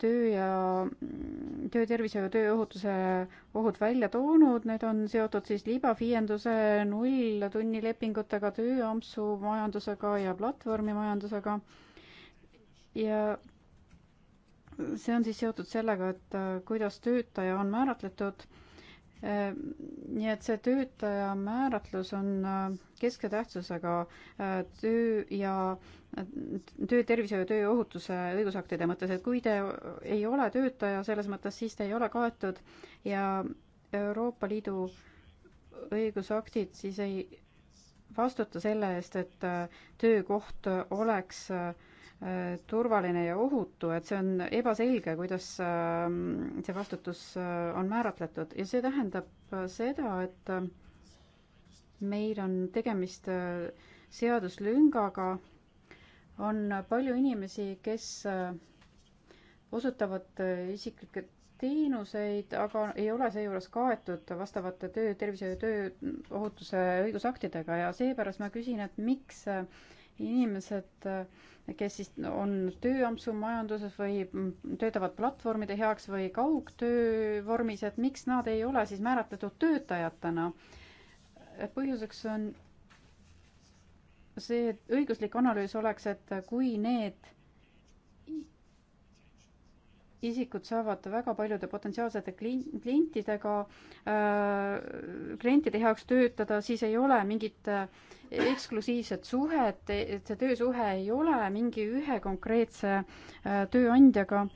töö ja, mm, töötervishoiu, tööohutuse ohud välja toonud, need on seotud siis libafiienduse, nulltunnilepingutega, tööampsu majandusega ja platvormimajandusega ja see on siis seotud sellega, et äh, kuidas töötaja on määratletud. Äh, nii et see töötaja määratlus on äh, keskse tähtsusega töö ja töötervishoiu ja tööohutuse õigusaktide mõttes, et kui te ei ole töötaja selles mõttes, siis te ei ole kaetud ja Euroopa Liidu õigusaktid siis ei vastuta selle eest, et töökoht oleks äh, Äh, turvaline ja ohutu, et see on ebaselge, kuidas ähm, see vastutus äh, on määratletud ja see tähendab äh, seda, et meil on tegemist seaduslüngaga, on palju inimesi, kes osutavad isiklikke teenuseid, aga ei ole seejuures kaetud vastavate töö, tervise ja tööohutuse õigusaktidega ja seepärast ma küsin, et miks äh, inimesed, kes siis on tööampsu majanduses või töötavad platvormide heaks või kaugtöö vormis, et miks nad ei ole siis määratletud töötajatena. põhjuseks on see õiguslik analüüs oleks, et kui need isikud saavad väga paljude potentsiaalsete klientidega, äh, klientide heaks töötada, siis ei ole mingit äh, eksklusiivset suhet, et see töösuhe ei ole mingi ühe konkreetse äh, tööandjaga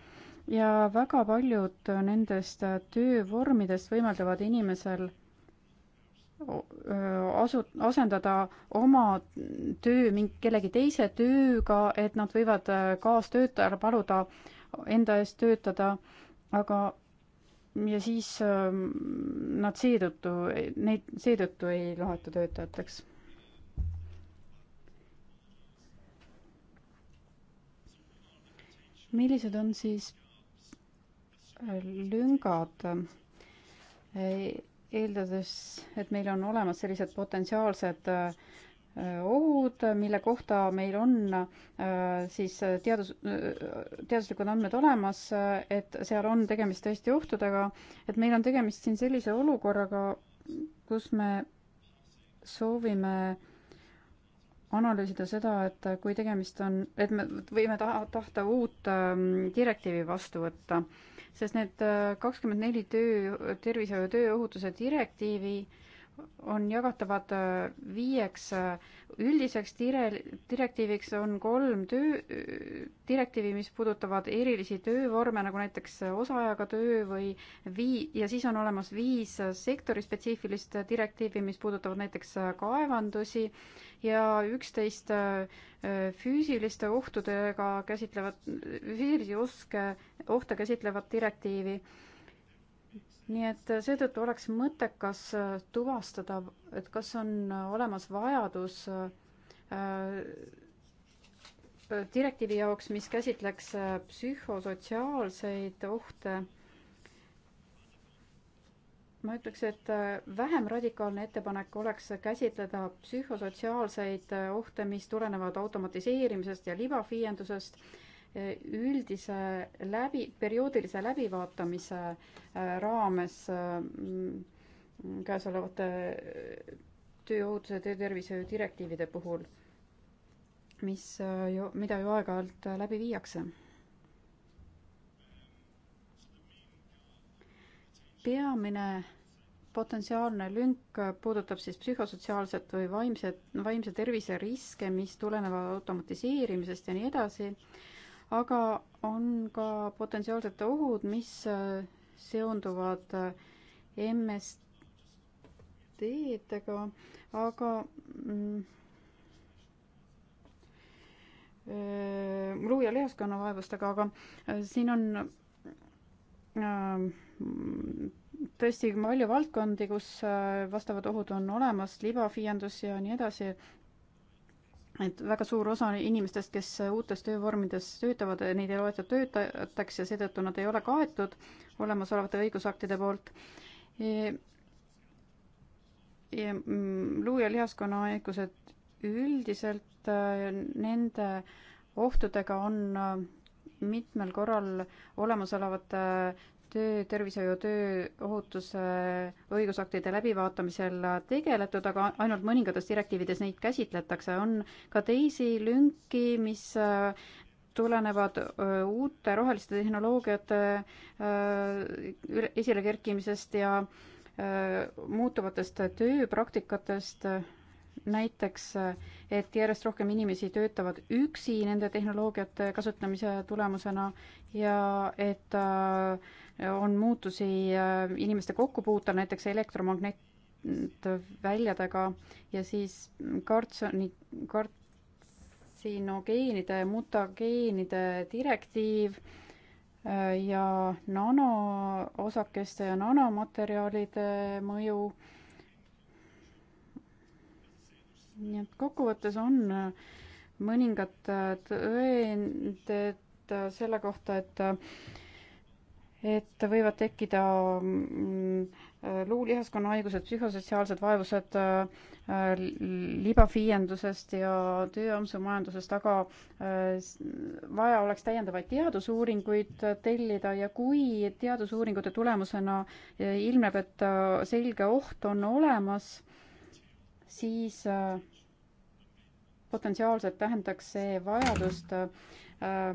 ja väga paljud nendest töövormidest võimaldavad inimesel asu-, asendada oma töö mingi, kellegi teise tööga, et nad võivad kaastöötajale paluda äh, enda eest töötada, aga ja siis ähm, nad seetõttu, neid seetõttu ei loheta töötajateks. millised on siis lüngad, eeldades, et meil on olemas sellised potentsiaalsed äh, ohud, mille kohta meil on äh, siis äh, teadus, äh, teaduslikud andmed olemas, et seal on tegemist tõesti ohtudega, et meil on tegemist siin sellise olukorraga, kus me soovime analüüsida seda, et kui tegemist on, et me võime taha, tahta uut ähm, direktiivi vastu võtta, sest need kakskümmend neli töö, tervishoiu tööohutuse direktiivi äh, on jagatavad äh, viieks äh, üldiseks dire-, direktiiviks on kolm töö, direktiivi, mis puudutavad erilisi töövorme, nagu näiteks äh, osaajaga töö või vii-, ja siis on olemas viis sektorispetsiifilist direktiivi, mis puudutavad näiteks kaevandusi ja üksteist füüsiliste ohtudega käsitlevat, füüsilisi oske, ohte käsitlevat direktiivi nii et seetõttu oleks mõttekas äh, tuvastada, et kas on äh, olemas vajadus äh, direktiivi jaoks, mis käsitleks psühhosotsiaalseid ohte. ma ütleks, et vähem radikaalne ettepanek oleks käsitleda psühhosotsiaalseid ohte, mis tulenevad automatiseerimisest ja libafiiendusest üldise läbi, perioodilise läbivaatamise äh, raames äh, käesolevate äh, tööohutuse, töötervishoiu direktiivide puhul, mis ju, mida ju aeg-ajalt läbi viiakse. peamine potentsiaalne lünk puudutab siis psühhosotsiaalset või vaimset, vaimse tervise riske, mis tulenevad automatiseerimisest ja nii edasi aga on ka potentsiaalsed ohud, mis äh, seonduvad äh, MSD-dega, aga mm, luu- äh, ja lihaskonnavaevustega, aga siin on tõesti palju valdkondi, kus vastavad ohud on olemas, libafiendus ja nii edasi, et väga suur osa inimestest, kes uutes töövormides töötavad, neid ei loeta töötajateks ja seetõttu nad ei ole kaetud olemasolevate õigusaktide poolt e. ja mm, luu- ja lihaskonna haigused üldiselt äh, nende ohtudega on äh, mitmel korral olemasolevate töötervishoiu, tööohutuse õigusaktide läbivaatamisel tegeletud, aga ainult mõningates direktiivides neid käsitletakse, on ka teisi lünki, mis äh, tulenevad äh, uute roheliste tehnoloogiate äh, esile kerkimisest ja muutuvatest tööpraktikatest, näiteks et järjest rohkem inimesi töötavad üksi nende tehnoloogiate kasutamise tulemusena ja et äh, on muutusi äh, inimeste kokkupuutel, näiteks elektromagnetväljadega ja siis kartsoni, kartsinogeenide, mutageenide direktiiv äh, ja nanoosakeste ja nanomaterjalide mõju. nii et kokkuvõttes on äh, mõningad tõendid selle kohta, et et võivad tekkida mm, luulihaskonna haigused, psühhosotsiaalsed vaevused äh, libafiiendusest ja tööampsu majandusest, aga äh, vaja oleks täiendavaid teadusuuringuid tellida ja kui teadusuuringute tulemusena äh, ilmneb, et selge oht on olemas, siis potentsiaalselt tähendaks see vajadust äh,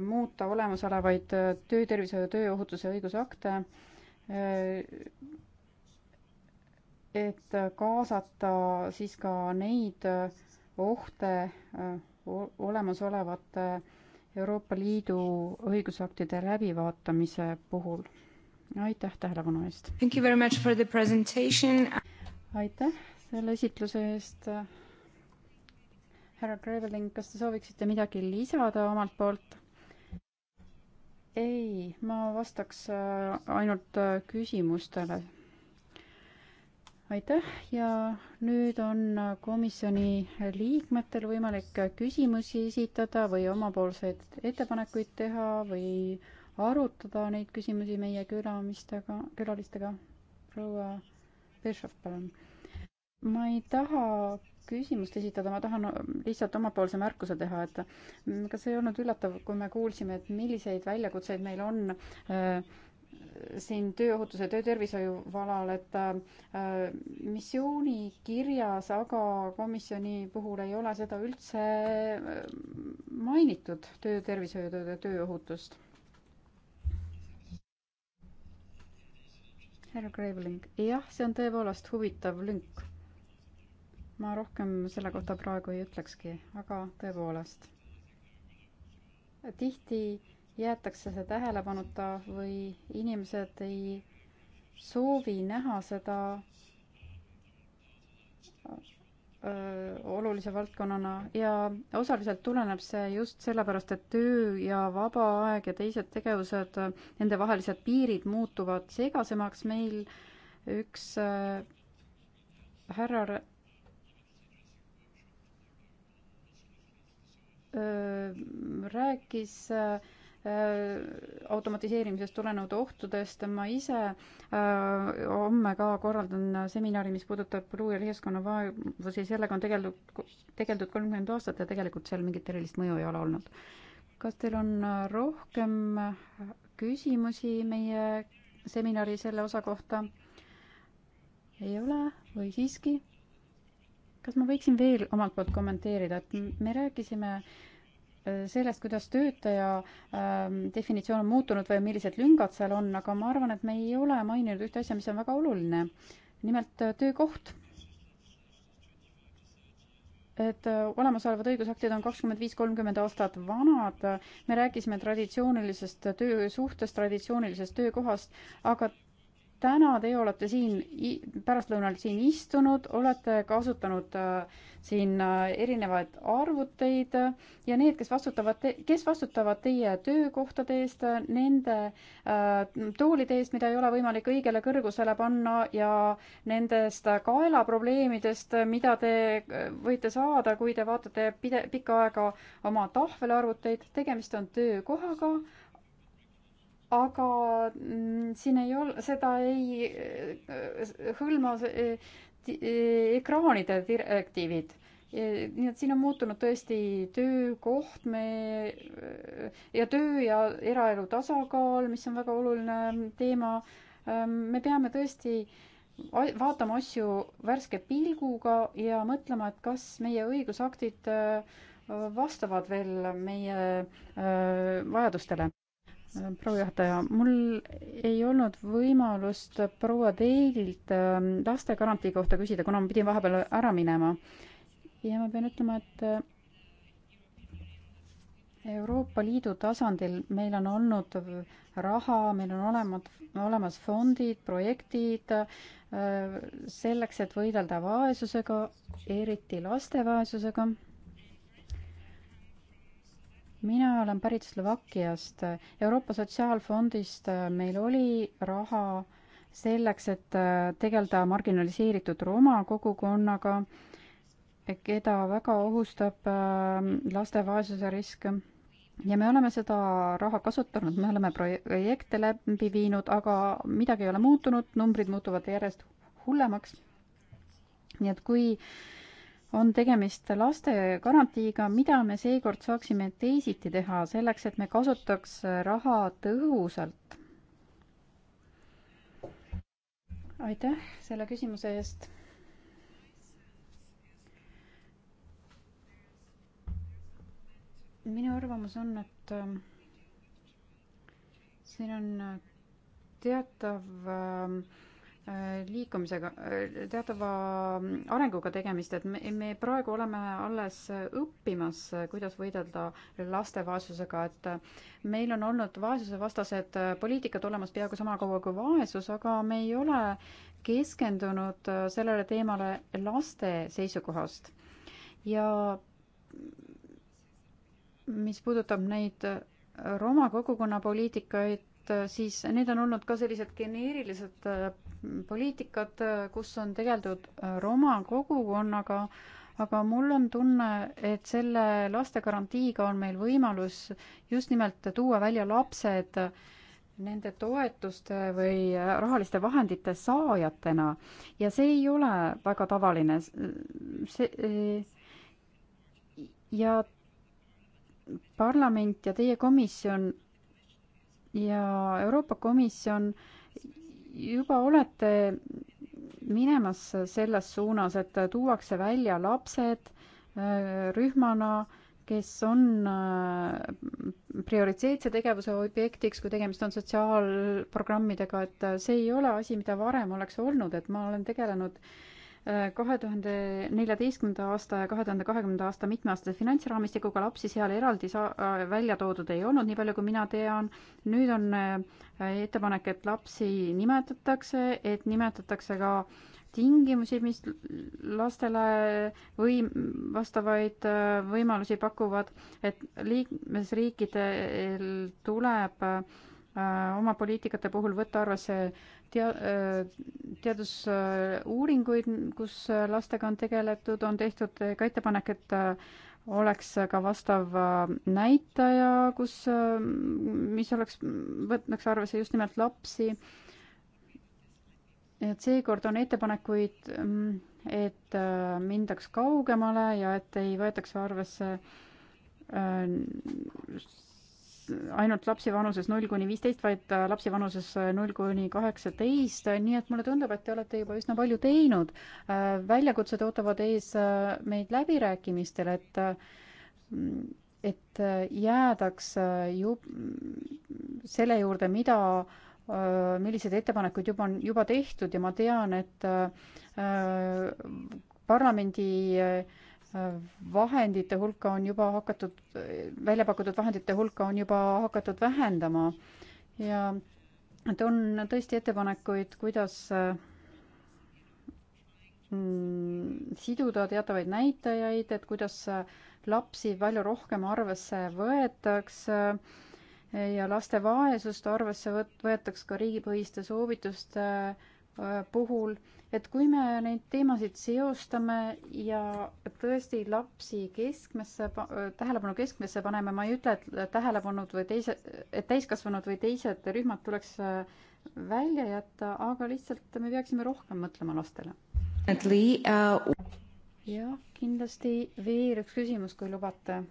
muuta olemasolevaid äh, töötervishoiu, tööohutuse õigusakte äh,, et kaasata siis ka neid äh, ohte äh, olemasolevate Euroopa Liidu õigusaktide läbivaatamise puhul. aitäh tähelepanu eest! aitäh selle esitluse eest! härra Kreeveling, kas te sooviksite midagi lisada omalt poolt? ei, ma vastaks äh, ainult äh, küsimustele. aitäh ja nüüd on äh, komisjoni liikmetel võimalik küsimusi esitada või omapoolseid ettepanekuid teha või arutada neid küsimusi meie külamistega, külalistega. proua Pešov, palun. ma ei taha küsimust esitada, ma tahan lihtsalt omapoolse märkuse teha, et mm, kas ei olnud üllatav, kui me kuulsime, et milliseid väljakutseid meil on äh, siin tööohutuse, töötervishoiu valal, et äh, missioonikirjas, aga komisjoni puhul ei ole seda üldse äh, mainitud, töötervishoiu ja tööohutust. härra Kreivling, jah, see on tõepoolest huvitav lünk ma rohkem selle kohta praegu ei ütlekski, aga tõepoolest. tihti jäetakse see tähelepanuta või inimesed ei soovi näha seda öö, olulise valdkonnana ja osaliselt tuleneb see just sellepärast, et töö ja vaba aeg ja teised tegevused, nende vahelised piirid muutuvad segasemaks meil. üks äh, härra rääkis automatiseerimisest tulenenud ohtudest. ma ise homme ka korraldan seminari, mis puudutab puru- ja lihaskonna vaevusi, sellega on tegeldud, tegeldud kolmkümmend aastat ja tegelikult seal mingit erilist mõju ei ole olnud. kas teil on rohkem küsimusi meie seminari selle osa kohta? ei ole või siiski? kas ma võiksin veel omalt poolt kommenteerida, et me rääkisime äh, sellest, kuidas töötaja ähm, definitsioon on muutunud või millised lüngad seal on, aga ma arvan, et me ei ole maininud ühte asja, mis on väga oluline. nimelt äh, töökoht. et äh, olemasolevad õigusaktid on kakskümmend viis, kolmkümmend aastat vanad, me rääkisime traditsioonilisest äh, töösuhtest, traditsioonilisest töökohast, aga täna teie olete siin pärastlõunal siin istunud, olete kasutanud äh, siin äh, erinevaid arvuteid ja need, kes vastutavad, kes vastutavad teie töökohtade eest, nende äh, toolide eest, mida ei ole võimalik õigele kõrgusele panna ja nendest kaelaprobleemidest, mida te võite saada, kui te vaatate pide-, pikka aega oma tahvelarvuteid, tegemist on töökohaga aga mm, siin ei ole, seda ei äh, hõlma äh, äh, ekraanide direktiivid nii et siin on muutunud tõesti töökoht, me ja töö ja eraelu tasakaal, mis on väga oluline teema. Ähm, me peame tõesti vaatama asju värske pilguga ja mõtlema, et kas meie õigusaktid vastavad veel meie vajadustele. Äh, proua juhataja, mul ei olnud võimalust proua teilt ähm, lastegarantii kohta küsida, kuna ma pidin vahepeal ära minema. ja ma pean ütlema, et äh, Euroopa Liidu tasandil meil on olnud raha, meil on olemas, olemas fondid, projektid äh, selleks, et võidelda vaesusega, eriti laste vaesusega mina olen pärit Slovakkiast. Euroopa Sotsiaalfondist äh, meil oli raha selleks, et äh, tegeleda marginaliseeritud roma kogukonnaga, keda väga ohustab äh, laste vaesuse risk. ja me oleme seda raha kasutanud, me oleme projekte läbi viinud, aga midagi ei ole muutunud, numbrid muutuvad järjest hullemaks. nii et kui äh, on tegemist laste garantiiga, mida me seekord saaksime teisiti teha, selleks et me kasutaks raha tõhusalt? aitäh selle küsimuse eest minu arvamus on, et ähm, siin on äh, teatav ähm, liikumisega, teatava arenguga tegemist, et me, me praegu oleme alles õppimas, kuidas võidelda laste vaesusega, et meil on olnud vaesusevastased poliitikad olemas peaaegu sama kaua kui vaesus, aga me ei ole keskendunud sellele teemale laste seisukohast. ja mis puudutab neid Roma kogukonna poliitikaid, siis need on olnud ka sellised geneerilised poliitikat, kus on tegeldud äh, roma kogukonnaga, aga mul on tunne, et selle lastegarantiiga on meil võimalus just nimelt tuua välja lapsed nende toetuste või äh, rahaliste vahendite saajatena ja see ei ole väga tavaline. see äh, ja parlament ja teie komisjon ja Euroopa Komisjon äh, juba olete minemas selles suunas, et tuuakse välja lapsed äh, rühmana, kes on äh, prioriteetse tegevuse objektiks, kui tegemist on sotsiaalprogrammidega, et see ei ole asi, mida varem oleks olnud, et ma olen tegelenud äh, kahe tuhande neljateistkümnenda aasta ja kahe tuhande kahekümnenda aasta mitmeaastase finantsraamistikuga lapsi seal eraldi saa-, välja toodud ei olnud, nii palju kui mina tean. nüüd on äh, ettepanek, et lapsi nimetatakse, et nimetatakse ka tingimusi, mis lastele või vastavaid äh, võimalusi pakuvad, et liikmesriikidel tuleb äh, oma poliitikate puhul võtta arvesse tea-, äh, teadusuuringuid, kus äh, lastega on tegeletud, on tehtud ka ettepanek, et äh, oleks ka vastav näitaja, kus, mis oleks, võtnaks arvesse just nimelt lapsi. et seekord on ettepanekuid, mm, et mindaks kaugemale ja et ei võetaks arvesse ainult lapsi vanuses null kuni viisteist, vaid äh, lapsi vanuses äh, null kuni kaheksateist, nii et mulle tundub, et te olete juba üsna palju teinud. Äh, väljakutsed ootavad ees meid läbirääkimistel, et et jäädaks ju selle juurde, mida milliseid ettepanekuid juba on, juba tehtud ja ma tean, et parlamendi äh, vahendite hulka on juba hakatud, välja pakutud vahendite hulka on juba hakatud vähendama ja et on tõesti ettepanekuid, kuidas mm, siduda teatavaid näitajaid, et kuidas lapsi palju rohkem arvesse võetakse ja laste vaesust arvesse võt-, võetaks ka riigipõhiste soovituste äh, Äh, puhul, et kui me neid teemasid seostame ja tõesti lapsi keskmesse, äh, tähelepanu keskmesse paneme, ma ei ütle, et tähelepannud või teise, et täiskasvanud või teised rühmad tuleks äh, välja jätta, aga lihtsalt me peaksime rohkem mõtlema lastele. Uh, jah, kindlasti veel üks küsimus, kui lubate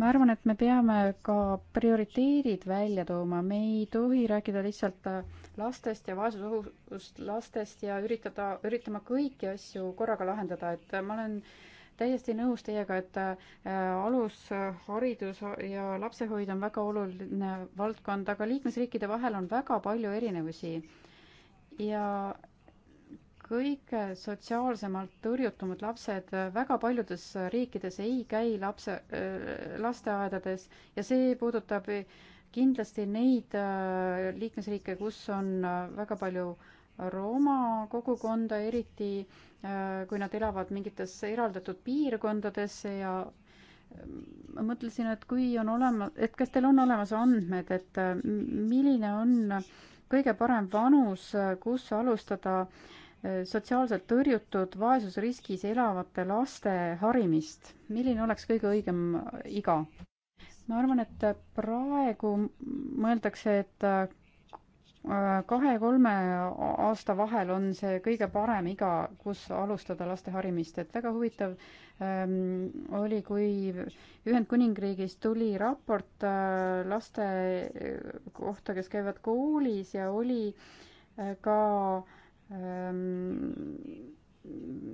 ma arvan, et me peame ka prioriteedid välja tooma, me ei tohi rääkida lihtsalt äh, lastest ja vaesusohust lastest ja üritada, üritama kõiki asju korraga lahendada, et äh, ma olen täiesti nõus teiega, et äh, alusharidus ja lapsehoid on väga oluline valdkond, aga liikmesriikide vahel on väga palju erinevusi. ja kõige sotsiaalsemalt tõrjutumad lapsed väga paljudes riikides ei käi lapse, äh, lasteaedades ja see puudutab kindlasti neid äh, liikmesriike, kus on äh, väga palju Rooma kogukonda, eriti kui nad elavad mingites eraldatud piirkondades ja mõtlesin, et kui on olemas, et kas teil on olemas andmed, et milline on kõige parem vanus, kus alustada äh, sotsiaalselt tõrjutud vaesusriskis elavate laste harimist. milline oleks kõige õigem iga? ma arvan, et praegu mõeldakse, et äh, kahe-kolme aasta vahel on see kõige parem iga, kus alustada laste harimist, et väga huvitav ähm, oli, kui Ühendkuningriigis tuli raport äh, laste kohta, kes käivad koolis ja oli äh, ka äh, Ehm,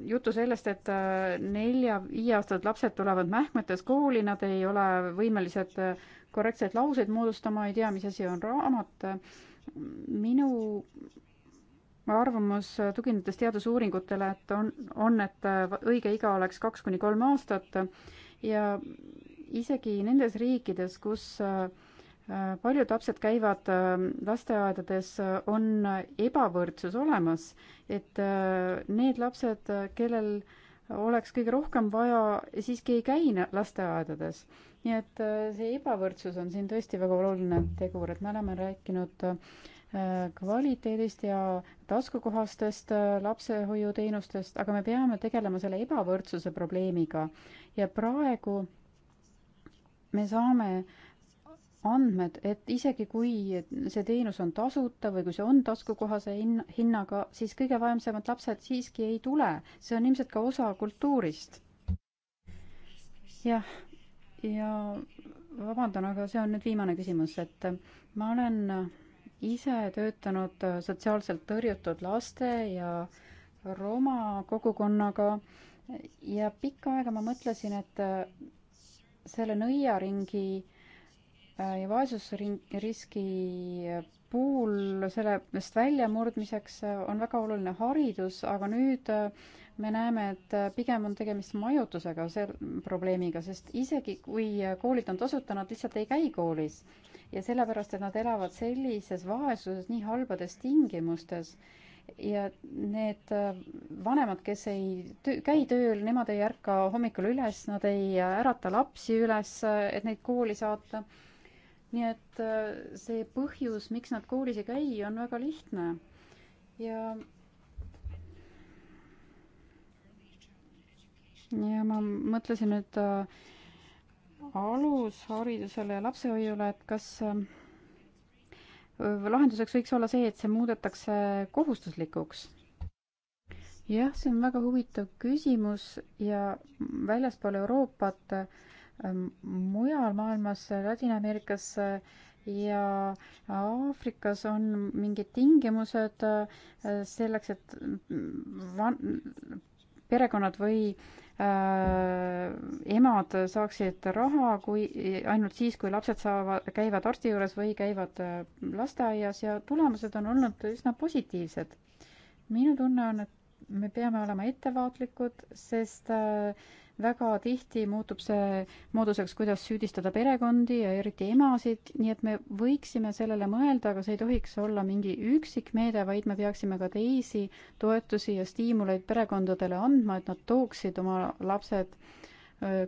juttu sellest, et äh, nelja-viieaastased lapsed tulevad mähkmetes kooli, nad ei ole võimelised äh, korrektseid lauseid moodustama, ei tea, mis asi on raamat. minu arvamus, äh, tuginedes teadusuuringutele, et on, on, et õige iga oleks kaks kuni kolm aastat ja isegi nendes riikides, kus äh, paljud lapsed käivad ähm, lasteaedades, äh, on ebavõrdsus olemas, et äh, need lapsed, äh, kellel oleks kõige rohkem vaja, siiski ei käi lasteaedades. nii et see ebavõrdsus on siin tõesti väga oluline tegur, et me oleme rääkinud kvaliteedist ja taskukohastest lapsehoiuteenustest, aga me peame tegelema selle ebavõrdsuse probleemiga ja praegu me saame äh, andmed, et isegi kui see teenus on tasuta või kui see on taskukohase hinnaga, siis kõige vaesemad lapsed siiski ei tule. see on ilmselt ka osa kultuurist. jah, ja vabandan, aga see on nüüd viimane küsimus, et ma olen ise töötanud sotsiaalselt tõrjutud laste ja roma kogukonnaga ja pikka aega ma mõtlesin, et selle nõiaringi äh, ja vaesusriski puhul sellest väljamurdmiseks on väga oluline haridus, aga nüüd äh, me näeme, et äh, pigem on tegemist majutusega, see probleemiga, sest isegi kui koolid on tasuta, nad lihtsalt ei käi koolis. ja sellepärast, et nad elavad sellises vaesuses, nii halbades tingimustes ja need äh, vanemad, kes ei töö, käi tööl, nemad ei ärka hommikul üles, nad ei ärata lapsi üles, et neid kooli saata nii et äh, see põhjus, miks nad koolis ei käi, on väga lihtne ja ja ma mõtlesin nüüd äh, alusharidusele ja lapsehoiule, et kas äh, lahenduseks võiks olla see, et see muudetakse kohustuslikuks? jah, see on väga huvitav küsimus ja väljaspool Euroopat äh, Ähm, mujal maailmas, äh, Ladina-Ameerikas ja Aafrikas on mingid tingimused äh, selleks, et mm, van-, perekonnad või äh, emad saaksid raha, kui ainult siis, kui lapsed saavad, käivad arsti juures või käivad äh, lasteaias ja tulemused on olnud üsna positiivsed. minu tunne on, et me peame olema ettevaatlikud, sest äh, väga tihti muutub see mooduseks, kuidas süüdistada perekondi ja eriti emasid, nii et me võiksime sellele mõelda, aga see ei tohiks olla mingi üksik meede, vaid me peaksime ka teisi toetusi ja stiimuleid perekondadele andma, et nad tooksid oma lapsed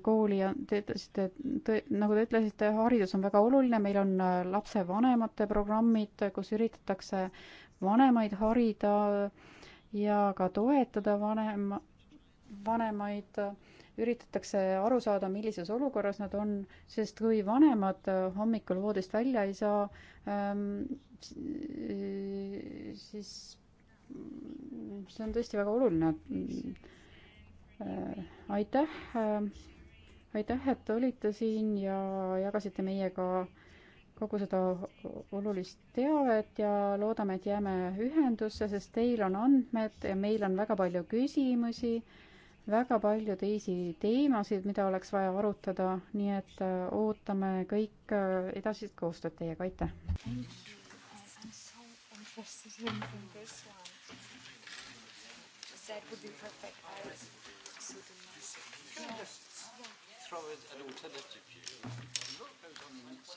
kooli ja te ütlesite, et nagu te ütlesite, haridus on väga oluline, meil on lapsevanemate programmid, kus üritatakse vanemaid harida ja ka toetada vanem, vanemaid üritatakse aru saada, millises olukorras nad on, sest kui vanemad äh, hommikul voodist välja ei saa, ähm, siis see on tõesti väga oluline. Äh, aitäh, äh, aitäh, et olite siin ja jagasite meiega kogu seda olulist teavet ja loodame, et jääme ühendusse, sest teil on andmed ja meil on väga palju küsimusi väga palju teisi teemasid, mida oleks vaja arutada, nii et äh, ootame kõik äh, edasist koostööd teiega, aitäh! That would be perfect. So the massive. Yeah. Throw it an alternative view.